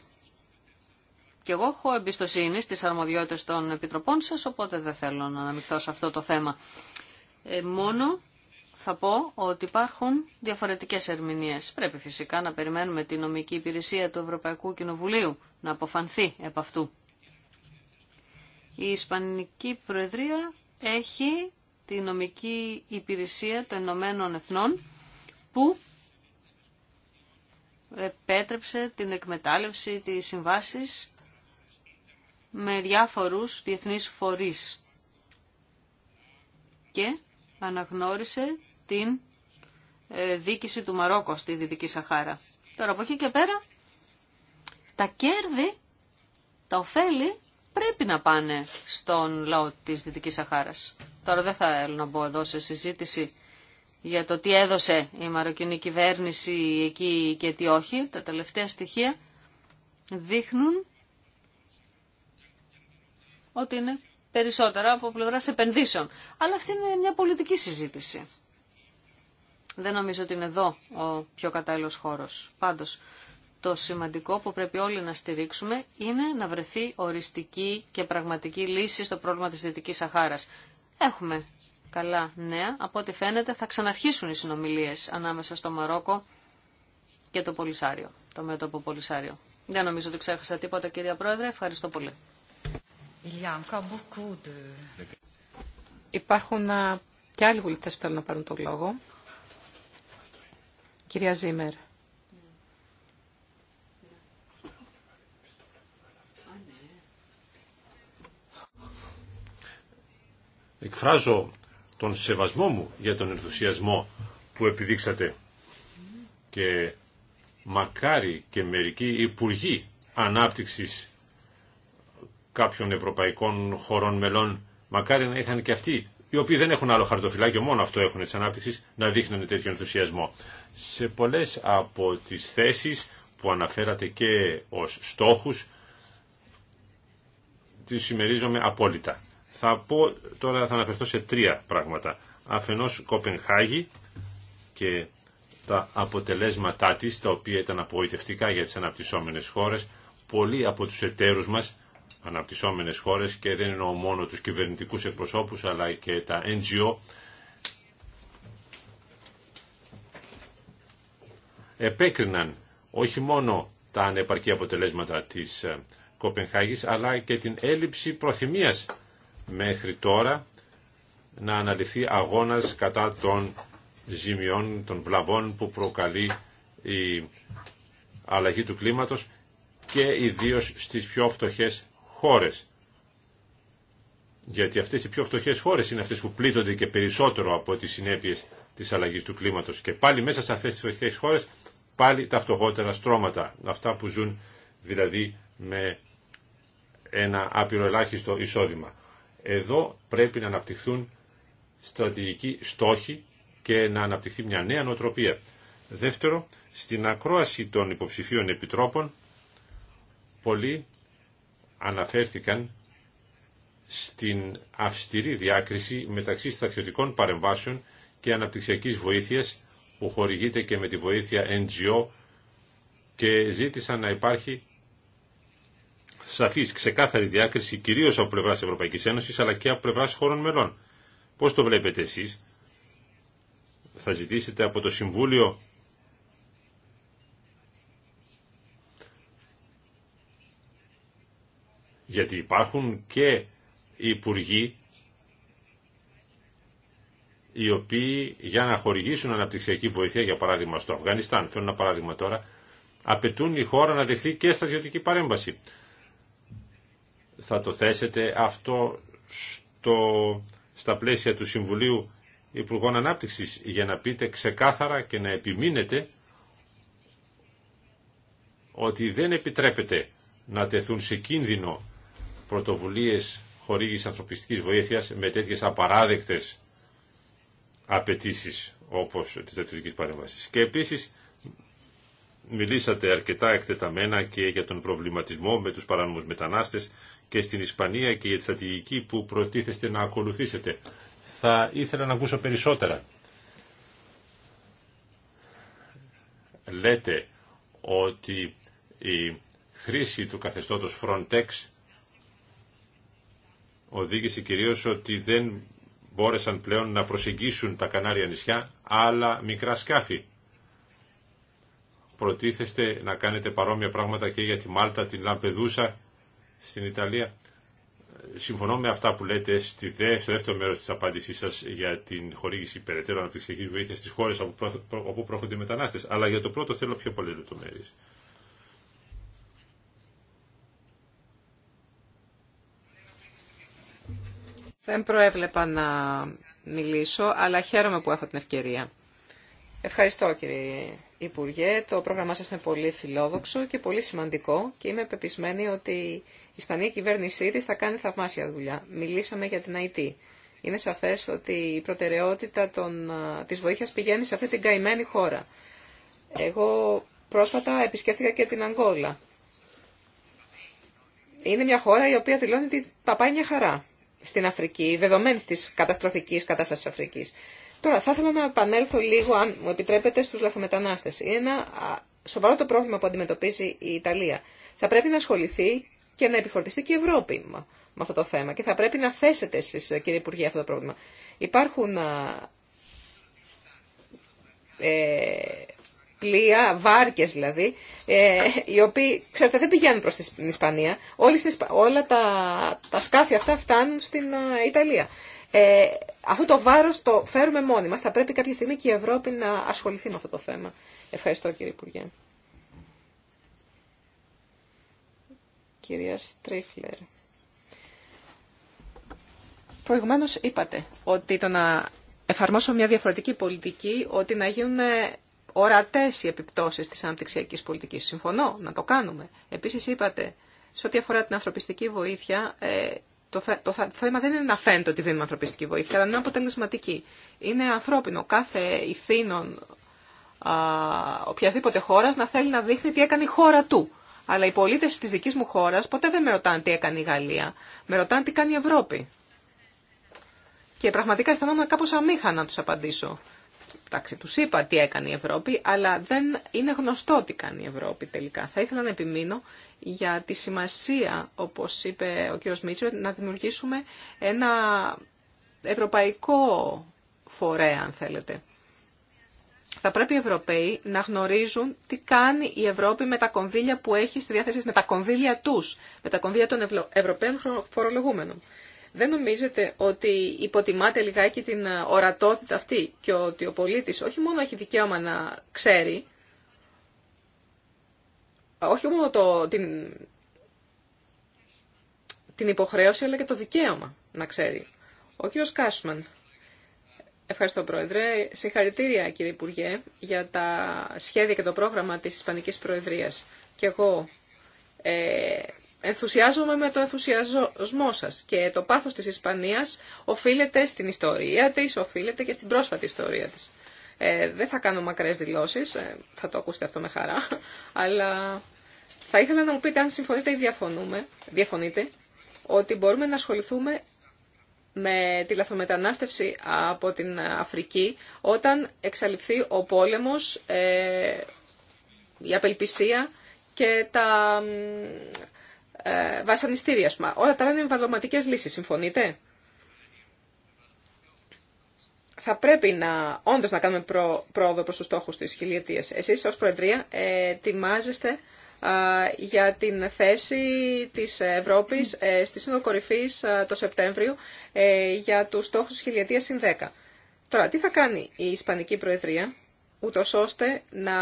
Και εγώ έχω εμπιστοσύνη στις αρμοδιότητες των επιτροπών σας, οπότε δεν θέλω να αναμειχθώ σε αυτό το θέμα. Ε, μόνο θα πω ότι υπάρχουν διαφορετικές ερμηνείες. Πρέπει φυσικά να περιμένουμε τη νομική υπηρεσία του Ευρωπαϊκού Κοινοβουλίου να αποφανθεί επ' αυτού. Η Ισπανική Προεδρία έχει τη νομική υπηρεσία των Ηνωμένων Εθνών που επέτρεψε την εκμετάλλευση της συμβάσης με διάφορους διεθνείς φορείς και αναγνώρισε την ε, δίκηση του Μαρόκο στη Δυτική Σαχάρα. Τώρα από εκεί και πέρα τα κέρδη, τα ωφέλη πρέπει να πάνε στον λαό της Δυτικής Σαχάρας. Τώρα δεν θα έλα να μπω εδώ σε συζήτηση για το τι έδωσε η μαροκινή κυβέρνηση εκεί και τι όχι. Τα τελευταία στοιχεία δείχνουν ότι είναι περισσότερα από πλευρά επενδύσεων. Αλλά αυτή είναι μια πολιτική συζήτηση. Δεν νομίζω ότι είναι εδώ ο πιο κατάλληλος χώρος. Πάντως, το σημαντικό που πρέπει όλοι να στηρίξουμε είναι να βρεθεί οριστική και πραγματική λύση στο πρόβλημα της Δυτικής Σαχάρας. Έχουμε καλά νέα. Από ό,τι φαίνεται θα ξαναρχίσουν οι συνομιλίες ανάμεσα στο Μαρόκο και το Πολυσάριο, το μέτωπο Πολυσάριο. Δεν νομίζω ότι ξέχασα τίποτα κυρία Πρόεδρε. Ευχαριστώ πολύ. Υπάρχουν και άλλοι βουλευτέ που θέλουν να πάρουν το λόγο. Κυρία Ζήμερ. Εκφράζω τον σεβασμό μου για τον ενθουσιασμό που επιδείξατε και μακάρι και μερικοί υπουργοί ανάπτυξης κάποιων ευρωπαϊκών χωρών μελών, μακάρι να είχαν και αυτοί, οι οποίοι δεν έχουν άλλο χαρτοφυλάκιο, μόνο αυτό έχουν τη ανάπτυξη, να δείχνουν τέτοιο ενθουσιασμό. Σε πολλές από τις θέσεις που αναφέρατε και ως στόχους, τις συμμερίζομαι απόλυτα. Θα πω τώρα, θα αναφερθώ σε τρία πράγματα. Αφενός Κοπενχάγη και τα αποτελέσματά της, τα οποία ήταν απογοητευτικά για τις αναπτυσσόμενες χώρες, πολλοί από τους εταίρους μας, αναπτυσσόμενες χώρες και δεν εννοώ μόνο τους κυβερνητικούς εκπροσώπους αλλά και τα NGO, επέκριναν όχι μόνο τα ανεπαρκή αποτελέσματα της ε, Κοπενχάγης αλλά και την έλλειψη προθυμίας μέχρι τώρα να αναλυθεί αγώνας κατά των ζημιών, των βλαβών που προκαλεί η αλλαγή του κλίματος και ιδίως στις πιο φτωχές χώρες. Γιατί αυτές οι πιο φτωχές χώρες είναι αυτές που πλήττονται και περισσότερο από τις συνέπειες της αλλαγής του κλίματος. Και πάλι μέσα σε αυτές τις φτωχές χώρες πάλι τα φτωχότερα στρώματα, αυτά που ζουν δηλαδή με ένα άπειρο ελάχιστο εισόδημα. Εδώ πρέπει να αναπτυχθούν στρατηγικοί στόχοι και να αναπτυχθεί μια νέα νοοτροπία. Δεύτερο, στην ακρόαση των υποψηφίων επιτρόπων, πολλοί αναφέρθηκαν στην αυστηρή διάκριση μεταξύ σταθιωτικών παρεμβάσεων και αναπτυξιακής βοήθειας που χορηγείται και με τη βοήθεια NGO και ζήτησαν να υπάρχει σαφής, ξεκάθαρη διάκριση κυρίως από πλευρά Ευρωπαϊκής Ένωσης αλλά και από πλευρά χώρων μελών. Πώς το βλέπετε εσεί, θα ζητήσετε από το Συμβούλιο γιατί υπάρχουν και υπουργοί οι οποίοι για να χορηγήσουν αναπτυξιακή βοήθεια, για παράδειγμα στο Αφγανιστάν, θέλω ένα παράδειγμα τώρα, απαιτούν η χώρα να δεχθεί και στρατιωτική παρέμβαση θα το θέσετε αυτό στο, στα πλαίσια του Συμβουλίου Υπουργών Ανάπτυξης για να πείτε ξεκάθαρα και να επιμείνετε ότι δεν επιτρέπεται να τεθούν σε κίνδυνο πρωτοβουλίες χορήγης ανθρωπιστικής βοήθειας με τέτοιες απαράδεκτες απαιτήσει όπως της δεκτυρικής παρέμβασης. Και επίσης Μιλήσατε αρκετά εκτεταμένα και για τον προβληματισμό με τους παράνομους μετανάστες και στην Ισπανία και για τη στρατηγική που προτίθεστε να ακολουθήσετε. Θα ήθελα να ακούσω περισσότερα. Λέτε ότι η χρήση του καθεστώτος Frontex οδήγησε κυρίως ότι δεν μπόρεσαν πλέον να προσεγγίσουν τα Κανάρια νησιά άλλα μικρά σκάφη προτίθεστε να κάνετε παρόμοια πράγματα και για τη Μάλτα, την Λαμπεδούσα στην Ιταλία. Συμφωνώ με αυτά που λέτε στη στο δεύτερο μέρος της απάντησής σας για την χορήγηση περαιτέρω αναπτυξιακής βοήθειας στις χώρες όπου προχωρούν οι μετανάστες. Αλλά για το πρώτο θέλω πιο πολλές λεπτομέρειες. Δεν προέβλεπα να μιλήσω, αλλά χαίρομαι που έχω την ευκαιρία. Ευχαριστώ κύριε Υπουργέ, το πρόγραμμά σας είναι πολύ φιλόδοξο και πολύ σημαντικό και είμαι πεπισμένη ότι η Ισπανία κυβέρνησή της θα κάνει θαυμάσια δουλειά. Μιλήσαμε για την ΑΕΤ. Είναι σαφές ότι η προτεραιότητα των, της βοήθειας πηγαίνει σε αυτή την καημένη χώρα. Εγώ πρόσφατα επισκέφθηκα και την Αγγόλα. Είναι μια χώρα η οποία δηλώνει ότι παπάει μια χαρά στην Αφρική, δεδομένη της καταστροφικής κατάστασης της Αφρικής. Τώρα, θα ήθελα να επανέλθω λίγο, αν μου επιτρέπετε, στους λαθομετανάστες. Είναι ένα σοβαρό το πρόβλημα που αντιμετωπίζει η Ιταλία. Θα πρέπει να ασχοληθεί και να επιφορτιστεί και η Ευρώπη με αυτό το θέμα. Και θα πρέπει να θέσετε εσείς, κύριε Υπουργέ, αυτό το πρόβλημα. Υπάρχουν ε, πλοία, βάρκες δηλαδή, ε, οι οποίοι, ξέρετε, δεν πηγαίνουν προς την Ισπανία. Όλα τα, τα σκάφη αυτά φτάνουν στην Ιταλία. Ε, αυτό το βάρο το φέρουμε μόνοι μας. Θα πρέπει κάποια στιγμή και η Ευρώπη να ασχοληθεί με αυτό το θέμα. Ευχαριστώ κύριε Υπουργέ. Κυρία Στρίφλερ. Προηγουμένως είπατε ότι το να εφαρμόσω μια διαφορετική πολιτική, ότι να γίνουν ορατές οι επιπτώσεις της αναπτυξιακής πολιτικής. Συμφωνώ να το κάνουμε. Επίσης είπατε, σε ό,τι αφορά την ανθρωπιστική βοήθεια, ε, το, το, το θέμα δεν είναι να φαίνεται ότι δίνουμε ανθρωπιστική βοήθεια, αλλά να είναι αποτελεσματική. Είναι ανθρώπινο κάθε ηθήνων οποιασδήποτε χώρα να θέλει να δείχνει τι έκανε η χώρα του. Αλλά οι πολίτε τη δική μου χώρα ποτέ δεν με ρωτάνε τι έκανε η Γαλλία. Με ρωτάνε τι κάνει η Ευρώπη. Και πραγματικά αισθανόμαι κάπω αμήχανα να του απαντήσω. Εντάξει, του είπα τι έκανε η Ευρώπη, αλλά δεν είναι γνωστό τι κάνει η Ευρώπη τελικά. Θα ήθελα να επιμείνω για τη σημασία, όπως είπε ο κ. Μίτσο, να δημιουργήσουμε ένα ευρωπαϊκό φορέα, αν θέλετε. Θα πρέπει οι Ευρωπαίοι να γνωρίζουν τι κάνει η Ευρώπη με τα κονδύλια που έχει στη διάθεση, με τα κονδύλια τους, με τα κονδύλια των Ευρωπαίων φορολογούμενων. Δεν νομίζετε ότι υποτιμάτε λιγάκι την ε, ορατότητα αυτή και ότι ο πολίτης όχι μόνο έχει δικαίωμα να ξέρει, όχι μόνο το, την, την υποχρέωση, αλλά και το δικαίωμα να ξέρει. Ο κύριος Κάσμαν. Ευχαριστώ, Πρόεδρε. Συγχαρητήρια, κύριε Υπουργέ, για τα σχέδια και το πρόγραμμα της Ισπανικής Προεδρίας. Και εγώ ε, ενθουσιάζομαι με το ενθουσιασμό σας και το πάθος της Ισπανίας οφείλεται στην ιστορία της, οφείλεται και στην πρόσφατη ιστορία της. Ε, δεν θα κάνω μακρές δηλώσεις, ε, θα το ακούσετε αυτό με χαρά, αλλά θα ήθελα να μου πείτε αν συμφωνείτε ή διαφωνούμε, διαφωνείτε ότι μπορούμε να ασχοληθούμε με τη λαθομετανάστευση από την Αφρική όταν εξαλειφθεί ο πόλεμος, ε, η απελπισία και τα βασανιστήρια. Όλα τα είναι εμβαλωματικές λύσεις, συμφωνείτε θα πρέπει να, όντως να κάνουμε πρόοδο προς τους στόχους της χιλιετίας. Εσείς ως Προεδρία ε, ετοιμάζεστε για την θέση της Ευρώπης ε, στη Σύνοδο Κορυφής το Σεπτέμβριο ε, για τους στόχους της χιλιετίας συν 10. Τώρα, τι θα κάνει η Ισπανική Προεδρία ούτω ώστε να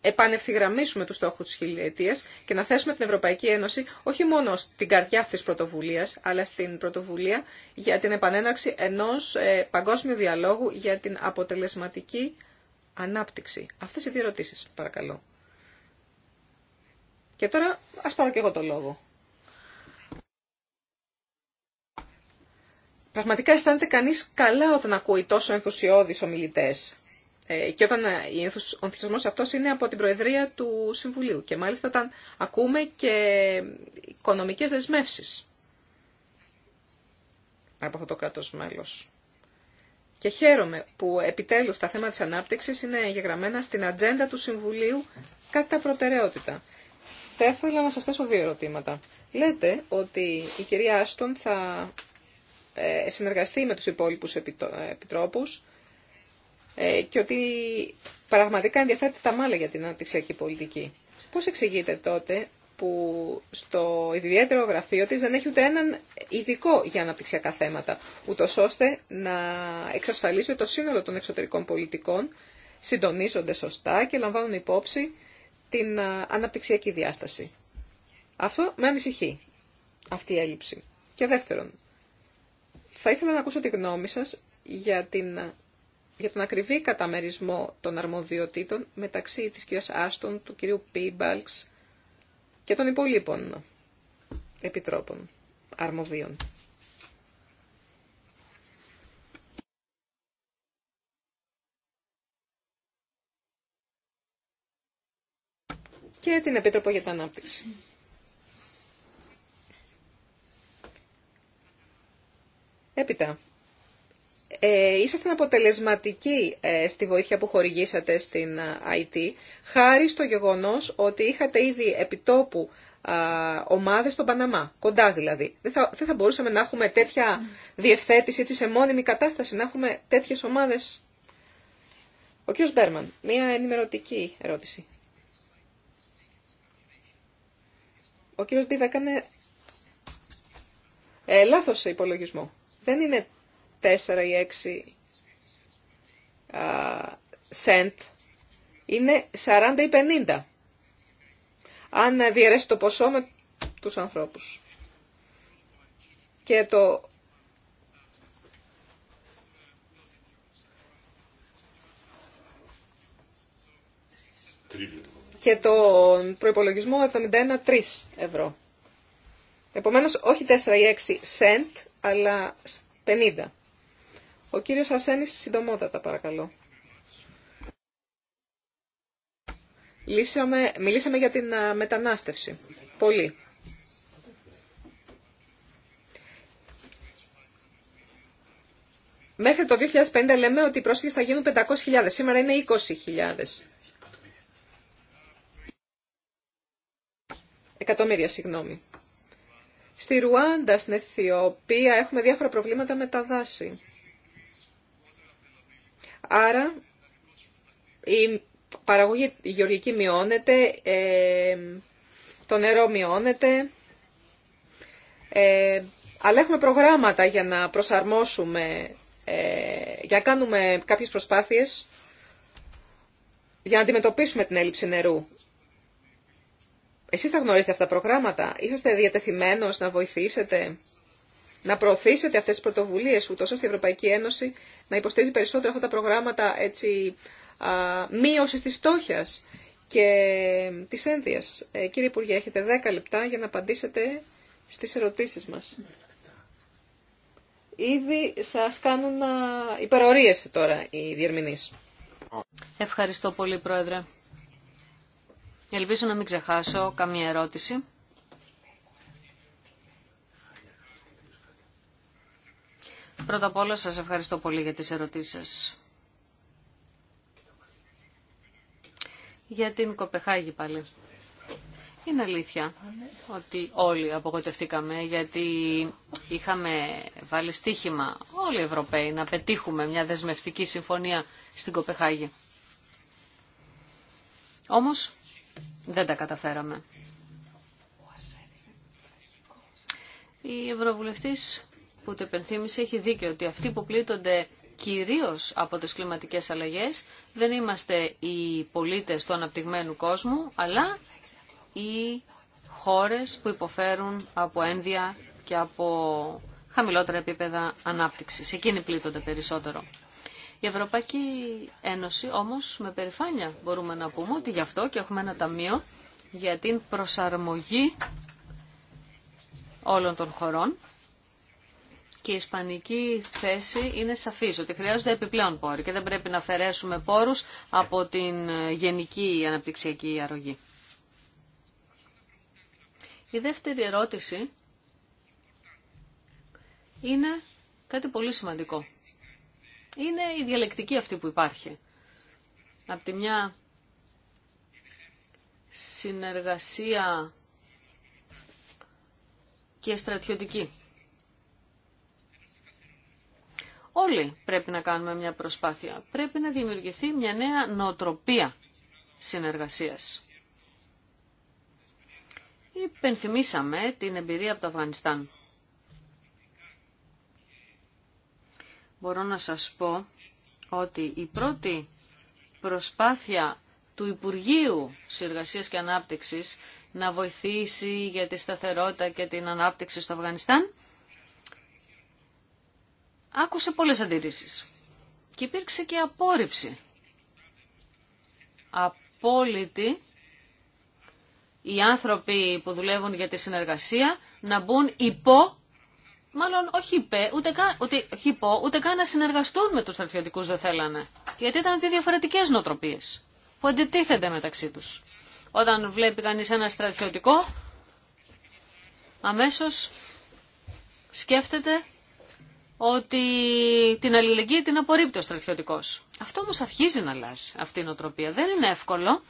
επανευθυγραμμίσουμε του στόχου τη χιλιετία και να θέσουμε την Ευρωπαϊκή Ένωση όχι μόνο στην καρδιά αυτής τη πρωτοβουλία, αλλά στην πρωτοβουλία για την επανέναρξη ενό ε, παγκόσμιου διαλόγου για την αποτελεσματική ανάπτυξη. Αυτέ οι δύο ερωτήσει, παρακαλώ. Και τώρα ας πάρω και εγώ το λόγο. Πραγματικά αισθάνεται κανείς καλά όταν ακούει τόσο ενθουσιώδεις ομιλητές ε, και όταν ε, ο ενθουσιασμός αυτός είναι από την Προεδρία του Συμβουλίου και μάλιστα όταν ακούμε και οικονομικές δεσμεύσει από αυτό το κράτος μέλος. Και χαίρομαι που επιτέλους τα θέματα της ανάπτυξης είναι γεγραμμένα στην ατζέντα του Συμβουλίου κατά προτεραιότητα. Θα ήθελα να σας θέσω δύο ερωτήματα. Λέτε ότι η κυρία Άστον θα ε, συνεργαστεί με τους υπόλοιπους επιτρόπους ε, και ότι πραγματικά ενδιαφέρεται τα μάλλα για την αναπτυξιακή πολιτική. Πώς εξηγείτε τότε που στο ιδιαίτερο γραφείο της δεν έχει ούτε έναν ειδικό για αναπτυξιακά θέματα, ούτω ώστε να εξασφαλίσει το σύνολο των εξωτερικών πολιτικών συντονίζονται σωστά και λαμβάνουν υπόψη την αναπτυξιακή διάσταση. Αυτό με ανησυχεί, αυτή η έλλειψη. Και δεύτερον, θα ήθελα να ακούσω τη γνώμη σας για την για τον ακριβή καταμερισμό των αρμοδιοτήτων μεταξύ της κυρίας Άστον, του κυρίου Πίμπαλξ και των υπολείπων επιτρόπων αρμοδίων. και την Επίτροπο για την Ανάπτυξη. Έπειτα, Είσαστε ήσασταν αποτελεσματικοί ε, στη βοήθεια που χορηγήσατε στην IT, ε, χάρη στο γεγονός ότι είχατε ήδη επιτόπου ε, ομάδες στον Παναμά, κοντά δηλαδή. Δεν θα, δεν θα μπορούσαμε να έχουμε τέτοια διευθέτηση έτσι, σε μόνιμη κατάσταση, να έχουμε τέτοιες ομάδες. Ο κ. Μπέρμαν, μία ενημερωτική ερώτηση. Ο κ. Ντίβα έκανε ε, υπολογισμό. Δεν είναι 4 ή 6 σεντ, είναι 40 ή 50. Αν διαιρέσει το ποσό με τους ανθρώπους. Και το... Και τον προϋπολογισμό 71,3 ευρώ. Επομένως, όχι 4 ή 6 σεντ, αλλά 50. Ο κύριος Ασένης, συντομότατα παρακαλώ. Λύσαμε, μιλήσαμε για την μετανάστευση. Πολύ. Μέχρι το 2050 λέμε ότι οι πρόσφυγες θα γίνουν 500.000. Σήμερα είναι 20.000. Εκατομμύρια, συγγνώμη. Στη Ρουάντα, στην Αιθιοπία, έχουμε διάφορα προβλήματα με τα δάση. Άρα η παραγωγή γεωργική μειώνεται, ε, το νερό μειώνεται, ε, αλλά έχουμε προγράμματα για να προσαρμόσουμε, ε, για να κάνουμε κάποιες προσπάθειες για να αντιμετωπίσουμε την έλλειψη νερού. Εσείς θα γνωρίζετε αυτά τα προγράμματα, είσαστε διατεθειμένος να βοηθήσετε να προωθήσετε αυτές τις πρωτοβουλίες, ούτως ώστε η Ευρωπαϊκή Ένωση να υποστηρίζει περισσότερο αυτά τα προγράμματα έτσι, α, μείωσης της φτώχειας και της ένδυας. Ε, κύριε Υπουργέ, έχετε 10 λεπτά για να απαντήσετε στις ερωτήσεις μας. Ήδη σας κάνουν υπερορίες τώρα οι διερμηνείς. Ευχαριστώ πολύ, Πρόεδρε. Ελπίζω να μην ξεχάσω καμία ερώτηση. Πρώτα απ' όλα σας ευχαριστώ πολύ για τις ερωτήσεις σας. Για την Κοπεχάγη πάλι. Είναι αλήθεια ότι όλοι απογοητευτήκαμε γιατί είχαμε βάλει στοίχημα όλοι οι Ευρωπαίοι να πετύχουμε μια δεσμευτική συμφωνία στην Κοπεχάγη. Όμως δεν τα καταφέραμε. Η Ευρωβουλευτής που το υπενθύμησε, έχει δίκιο ότι αυτοί που πλήττονται κυρίως από τις κλιματικές αλλαγές δεν είμαστε οι πολίτες του αναπτυγμένου κόσμου, αλλά οι χώρες που υποφέρουν από ένδια και από χαμηλότερα επίπεδα ανάπτυξης. Εκείνοι πλήττονται περισσότερο. Η Ευρωπαϊκή Ένωση όμως με περηφάνεια μπορούμε να πούμε ότι γι' αυτό και έχουμε ένα ταμείο για την προσαρμογή όλων των χωρών και η ισπανική θέση είναι σαφής ότι χρειάζονται επιπλέον πόροι και δεν πρέπει να αφαιρέσουμε πόρους από την γενική αναπτυξιακή αρρωγή. Η δεύτερη ερώτηση είναι κάτι πολύ σημαντικό. Είναι η διαλεκτική αυτή που υπάρχει. Από τη μια συνεργασία και στρατιωτική Όλοι πρέπει να κάνουμε μια προσπάθεια. Πρέπει να δημιουργηθεί μια νέα νοοτροπία συνεργασίας. Υπενθυμίσαμε την εμπειρία από το Αφγανιστάν. Μπορώ να σας πω ότι η πρώτη προσπάθεια του Υπουργείου Συνεργασίας και Ανάπτυξης να βοηθήσει για τη σταθερότητα και την ανάπτυξη στο Αφγανιστάν άκουσε πολλές αντιρρήσεις και υπήρξε και απόρριψη. Απόλυτη οι άνθρωποι που δουλεύουν για τη συνεργασία να μπουν υπό, μάλλον όχι, υπέ, ούτε καν, υπό, ούτε καν να συνεργαστούν με τους στρατιωτικούς δεν θέλανε. Γιατί ήταν δύο διαφορετικές νοοτροπίες που αντιτίθενται μεταξύ τους. Όταν βλέπει κανείς ένα στρατιωτικό, αμέσως σκέφτεται ότι την αλληλεγγύη την απορρίπτει ο στρατιωτικός. Αυτό όμω αρχίζει να αλλάζει αυτή η νοοτροπία. Δεν είναι εύκολο,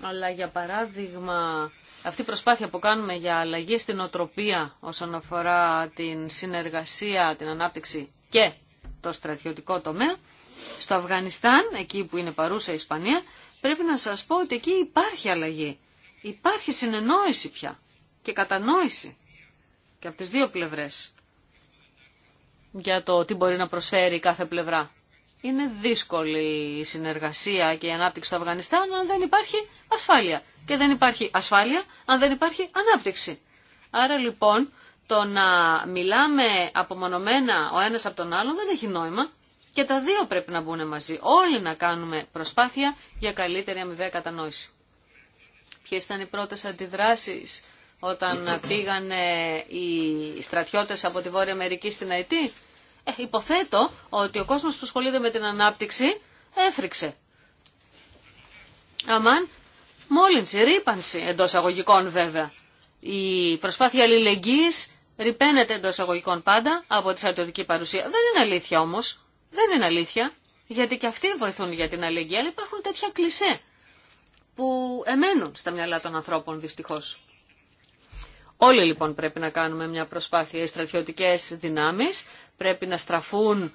αλλά για παράδειγμα αυτή η προσπάθεια που κάνουμε για αλλαγή στην νοοτροπία όσον αφορά την συνεργασία, την ανάπτυξη και το στρατιωτικό τομέα, στο Αφγανιστάν, εκεί που είναι παρούσα η Ισπανία, πρέπει να σας πω ότι εκεί υπάρχει αλλαγή. Υπάρχει συνεννόηση πια και κατανόηση και από τις δύο πλευρές για το τι μπορεί να προσφέρει κάθε πλευρά. Είναι δύσκολη η συνεργασία και η ανάπτυξη του Αφγανιστάν αν δεν υπάρχει ασφάλεια. Και δεν υπάρχει ασφάλεια αν δεν υπάρχει ανάπτυξη. Άρα λοιπόν το να μιλάμε απομονωμένα ο ένας από τον άλλον δεν έχει νόημα. Και τα δύο πρέπει να μπουν μαζί. Όλοι να κάνουμε προσπάθεια για καλύτερη αμοιβαία κατανόηση. Ποιες ήταν οι πρώτες αντιδράσεις όταν λοιπόν. πήγαν οι στρατιώτες από τη Βόρεια Αμερική στην Αιτή. Ε, υποθέτω ότι ο κόσμος που ασχολείται με την ανάπτυξη έφρυξε. Αμάν, μόλυνση, ρήπανση, εντός αγωγικών βέβαια. Η προσπάθεια αλληλεγγύης ρηπαίνεται εντός αγωγικών πάντα από τη στρατιωτική παρουσία. Δεν είναι αλήθεια όμως. Δεν είναι αλήθεια. Γιατί και αυτοί βοηθούν για την αλληλεγγύη, αλλά υπάρχουν τέτοια κλισέ που εμένουν στα μυαλά των ανθρώπων δυστυχώς. Όλοι λοιπόν πρέπει να κάνουμε μια προσπάθεια. Οι στρατιωτικές δυνάμεις πρέπει να στραφούν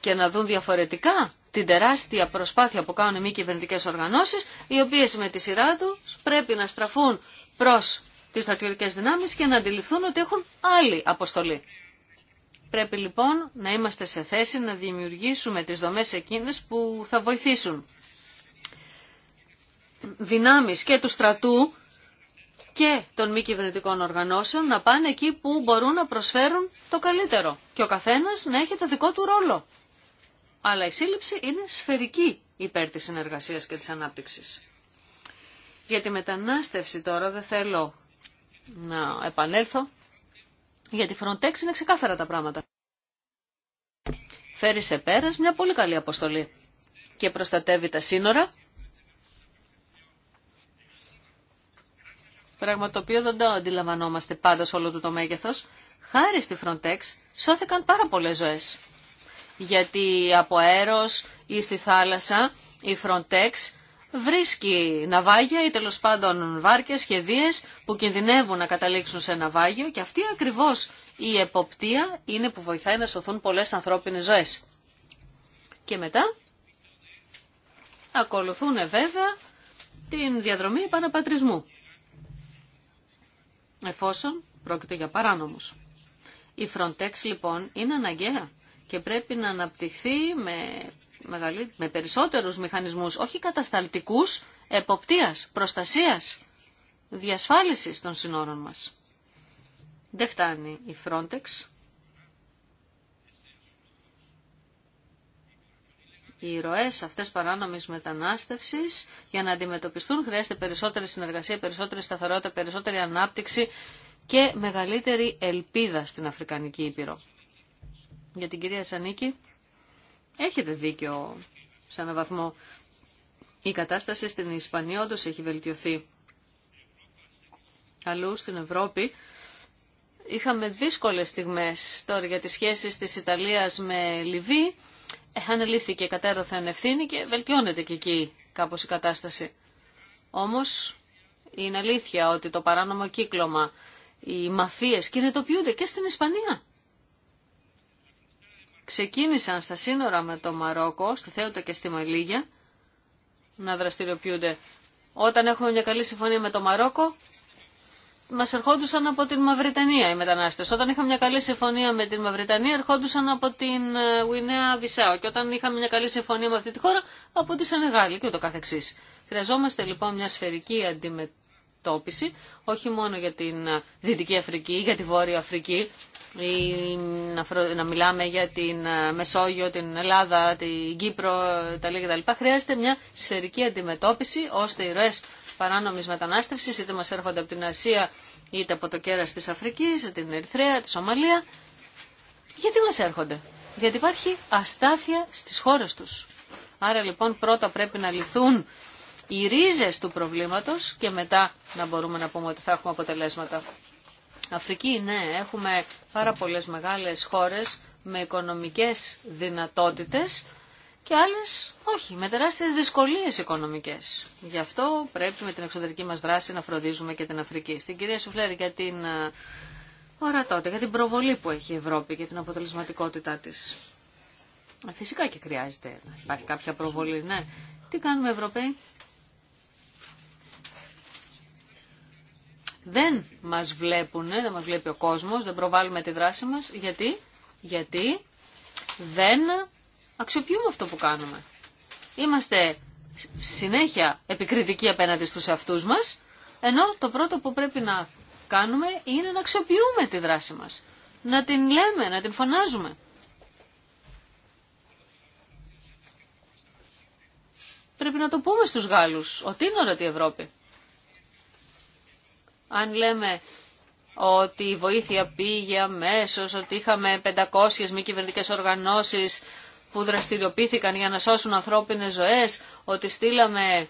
και να δουν διαφορετικά την τεράστια προσπάθεια που κάνουν οι μη κυβερνητικέ οργανώσει, οι οποίε με τη σειρά του πρέπει να στραφούν προ τι στρατιωτικέ δυνάμει και να αντιληφθούν ότι έχουν άλλη αποστολή. Πρέπει λοιπόν να είμαστε σε θέση να δημιουργήσουμε τις δομές εκείνες που θα βοηθήσουν δυνάμεις και του στρατού και των μη κυβερνητικών οργανώσεων να πάνε εκεί που μπορούν να προσφέρουν το καλύτερο και ο καθένας να έχει το δικό του ρόλο. Αλλά η σύλληψη είναι σφαιρική υπέρ της συνεργασίας και της ανάπτυξης. Για τη μετανάστευση τώρα δεν θέλω να επανέλθω, γιατί Frontex είναι ξεκάθαρα τα πράγματα. Φέρει σε πέρας μια πολύ καλή αποστολή και προστατεύει τα σύνορα πράγμα το οποίο δεν το αντιλαμβανόμαστε πάντα σε όλο του το μέγεθος, χάρη στη Frontex σώθηκαν πάρα πολλές ζωές. Γιατί από αέρος ή στη θάλασσα η Frontex βρίσκει ναυάγια ή τέλο πάντων βάρκες, σχεδίες που κινδυνεύουν να καταλήξουν σε ναυάγιο και αυτή ακριβώς η εποπτεία είναι που βοηθάει να σωθούν πολλές ανθρώπινες ζωές. Και μετά ακολουθούν βέβαια την διαδρομή επαναπατρισμού εφόσον πρόκειται για παράνομους. Η Frontex λοιπόν είναι αναγκαία και πρέπει να αναπτυχθεί με, με περισσότερους μηχανισμούς, όχι κατασταλτικούς, εποπτείας, προστασίας, διασφάλισης των συνόρων μας. Δεν φτάνει η Frontex οι ροές αυτές παράνομης μετανάστευσης για να αντιμετωπιστούν χρειάζεται περισσότερη συνεργασία, περισσότερη σταθερότητα, περισσότερη ανάπτυξη και μεγαλύτερη ελπίδα στην Αφρικανική Ήπειρο. Για την κυρία Σανίκη, έχετε δίκιο σε έναν βαθμό. Η κατάσταση στην Ισπανία όντω έχει βελτιωθεί. Αλλού στην Ευρώπη είχαμε δύσκολες στιγμές τώρα για τις σχέσεις της Ιταλίας με Λιβύη λύθηκε κατέρωθεν ευθύνη και βελτιώνεται και εκεί κάπως η κατάσταση. Όμως είναι αλήθεια ότι το παράνομο κύκλωμα, οι μαφίες κινητοποιούνται και στην Ισπανία. Ξεκίνησαν στα σύνορα με το Μαρόκο, στο Θέουτα και στη Μαλίγια, να δραστηριοποιούνται. Όταν έχουμε μια καλή συμφωνία με το Μαρόκο, Μα ερχόντουσαν από την Μαυριτανία οι μετανάστες. Όταν είχαμε μια καλή συμφωνία με την Μαυριτανία ερχόντουσαν από την ε, Γουινέα Βισάο και όταν είχαμε μια καλή συμφωνία με αυτή τη χώρα από τη Σενεγάλη και ούτω καθεξής. Χρειαζόμαστε λοιπόν μια σφαιρική αντιμετώπιση όχι μόνο για την ε, Δυτική Αφρική, ή για τη Βόρεια Αφρική ή να μιλάμε για την ε, Μεσόγειο, την Ελλάδα, την Κύπρο, τα λίγα κτλ. Χρειάζεται μια σφαιρική αντιμετώπιση ώστε οι ροές Παράνομη μετανάστευση, είτε μας έρχονται από την Ασία, είτε από το κέρας της Αφρικής, την Ερυθρέα, τη Σομαλία. Γιατί μας έρχονται. Γιατί υπάρχει αστάθεια στις χώρες τους. Άρα λοιπόν πρώτα πρέπει να λυθούν οι ρίζες του προβλήματος και μετά να μπορούμε να πούμε ότι θα έχουμε αποτελέσματα. Αφρική, ναι, έχουμε πάρα πολλέ μεγάλες χώρες με οικονομικές δυνατότητες και άλλες όχι, με τεράστιες δυσκολίες οικονομικές. Γι' αυτό πρέπει με την εξωτερική μας δράση να φροντίζουμε και την Αφρική. Στην κυρία Σουφλέρη για την ορατότητα, ε, για την προβολή που έχει η Ευρώπη και την αποτελεσματικότητά της. Φυσικά και χρειάζεται να υπάρχει κάποια προβολή, ναι. Τι κάνουμε Ευρωπαίοι. Δεν μας βλέπουν, δεν μας βλέπει ο κόσμος, δεν προβάλλουμε τη δράση μας. Γιατί, γιατί δεν αξιοποιούμε αυτό που κάνουμε. Είμαστε συνέχεια επικριτικοί απέναντι στους αυτούς μας, ενώ το πρώτο που πρέπει να κάνουμε είναι να αξιοποιούμε τη δράση μας. Να την λέμε, να την φωνάζουμε. Πρέπει να το πούμε στους Γάλλους ότι είναι όλα η Ευρώπη. Αν λέμε ότι η βοήθεια πήγε αμέσω, ότι είχαμε 500 μη κυβερνητικέ οργανώσεις που δραστηριοποιήθηκαν για να σώσουν ανθρώπινες ζωές, ότι στείλαμε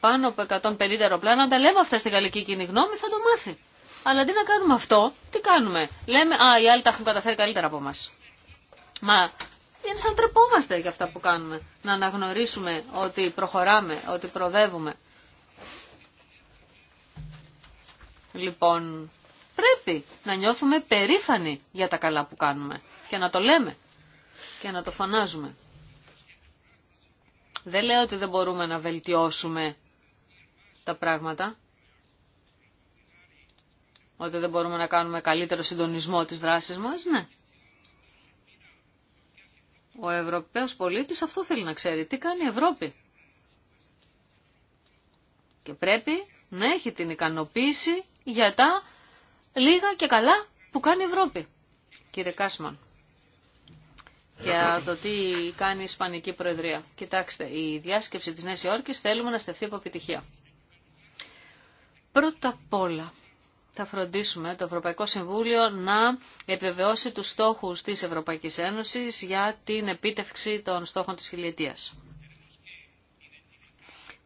πάνω από 150 αεροπλάνα, αν τα λέμε αυτά στη γαλλική κοινή γνώμη θα το μάθει. Αλλά αντί να κάνουμε αυτό, τι κάνουμε. Λέμε, α, οι άλλοι τα έχουν καταφέρει καλύτερα από μας. Μα είναι σαν τρεπόμαστε για αυτά που κάνουμε. Να αναγνωρίσουμε ότι προχωράμε, ότι προδεύουμε. Λοιπόν, πρέπει να νιώθουμε περήφανοι για τα καλά που κάνουμε και να το λέμε και να το φωνάζουμε. Δεν λέω ότι δεν μπορούμε να βελτιώσουμε τα πράγματα, ότι δεν μπορούμε να κάνουμε καλύτερο συντονισμό της δράσης μας, ναι. Ο Ευρωπαίος πολίτης αυτό θέλει να ξέρει. Τι κάνει η Ευρώπη. Και πρέπει να έχει την ικανοποίηση για τα λίγα και καλά που κάνει η Ευρώπη. Κύριε Κάσμαν για το τι κάνει η Ισπανική Προεδρία. Κοιτάξτε, η διάσκεψη της Νέας Υόρκης θέλουμε να στεφθεί από επιτυχία. Πρώτα απ' όλα, θα φροντίσουμε το Ευρωπαϊκό Συμβούλιο να επιβεβαιώσει τους στόχους της Ευρωπαϊκής Ένωσης για την επίτευξη των στόχων της χιλιετίας.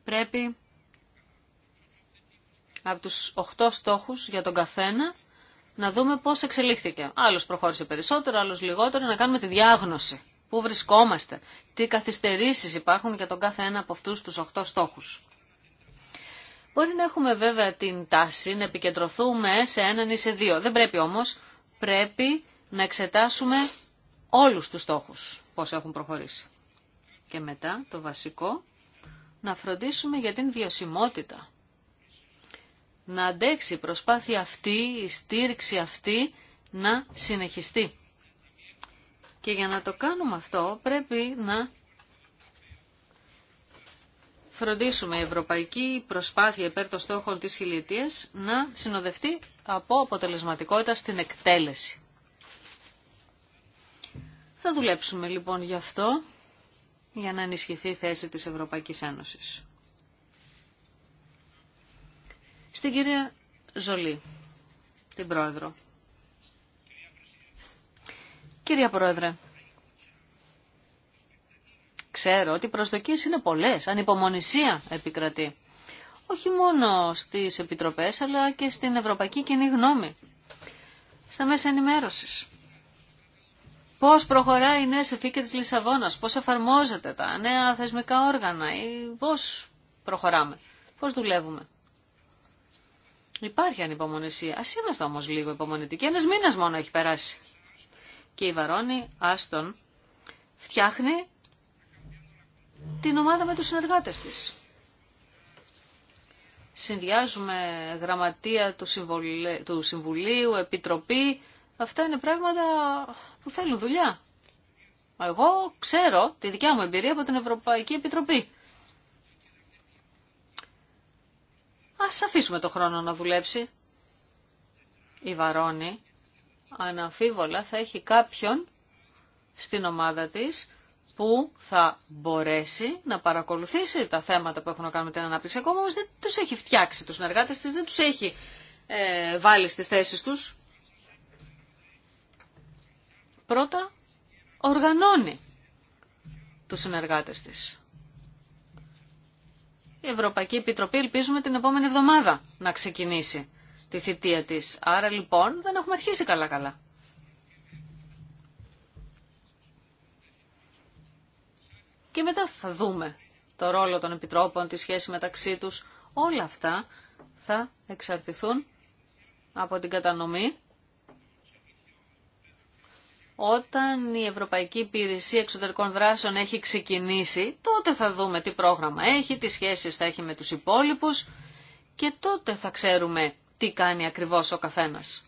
Πρέπει από τους 8 στόχους για τον καθένα να δούμε πώς εξελίχθηκε. Άλλος προχώρησε περισσότερο, άλλος λιγότερο, να κάνουμε τη διάγνωση. Πού βρισκόμαστε, τι καθυστερήσεις υπάρχουν για τον κάθε ένα από αυτούς τους 8 στόχους. Μπορεί να έχουμε βέβαια την τάση να επικεντρωθούμε σε έναν ή σε δύο. Δεν πρέπει όμως, πρέπει να εξετάσουμε όλους τους στόχους, πώς έχουν προχωρήσει. Και μετά το βασικό, να φροντίσουμε για την βιωσιμότητα να αντέξει η προσπάθεια αυτή, η στήριξη αυτή να συνεχιστεί. Και για να το κάνουμε αυτό πρέπει να φροντίσουμε η ευρωπαϊκή προσπάθεια υπέρ των στόχων της χιλιετίας να συνοδευτεί από αποτελεσματικότητα στην εκτέλεση. Θα δουλέψουμε λοιπόν γι' αυτό για να ενισχυθεί η θέση της Ευρωπαϊκής Ένωσης. Στην κυρία Ζολή, την πρόεδρο. Κυρία Πρόεδρε, ξέρω ότι οι προσδοκίες είναι πολλές, ανυπομονησία επικρατεί. Όχι μόνο στις επιτροπές, αλλά και στην ευρωπαϊκή κοινή γνώμη, στα μέσα ενημέρωσης. Πώς προχωράει η νέα συνθήκη της Λισαβόνας, πώς εφαρμόζεται τα νέα θεσμικά όργανα ή πώς προχωράμε, πώς δουλεύουμε. Υπάρχει ανυπομονησία. Α είμαστε όμω λίγο υπομονητικοί. Ένα μήνας μόνο έχει περάσει. Και η Βαρόνη Άστον φτιάχνει την ομάδα με τους συνεργάτες της. Συνδυάζουμε γραμματεία του Συμβουλίου, Επιτροπή. Αυτά είναι πράγματα που θέλουν δουλειά. Εγώ ξέρω τη δικιά μου εμπειρία από την Ευρωπαϊκή Επιτροπή. Ας αφήσουμε το χρόνο να δουλέψει. Η Βαρόνη αναμφίβολα θα έχει κάποιον στην ομάδα της που θα μπορέσει να παρακολουθήσει τα θέματα που έχουν να κάνουν με την ανάπτυξη. Ακόμα όμως δεν τους έχει φτιάξει τους συνεργάτες της, δεν τους έχει ε, βάλει στις θέσεις τους. Πρώτα οργανώνει τους συνεργάτες της η Ευρωπαϊκή Επιτροπή ελπίζουμε την επόμενη εβδομάδα να ξεκινήσει τη θητεία της. Άρα λοιπόν δεν έχουμε αρχίσει καλά-καλά. Και μετά θα δούμε το ρόλο των επιτρόπων, τη σχέση μεταξύ τους. Όλα αυτά θα εξαρτηθούν από την κατανομή όταν η Ευρωπαϊκή Υπηρεσία Εξωτερικών Δράσεων έχει ξεκινήσει, τότε θα δούμε τι πρόγραμμα έχει, τι σχέσεις θα έχει με τους υπόλοιπους και τότε θα ξέρουμε τι κάνει ακριβώς ο καθένας.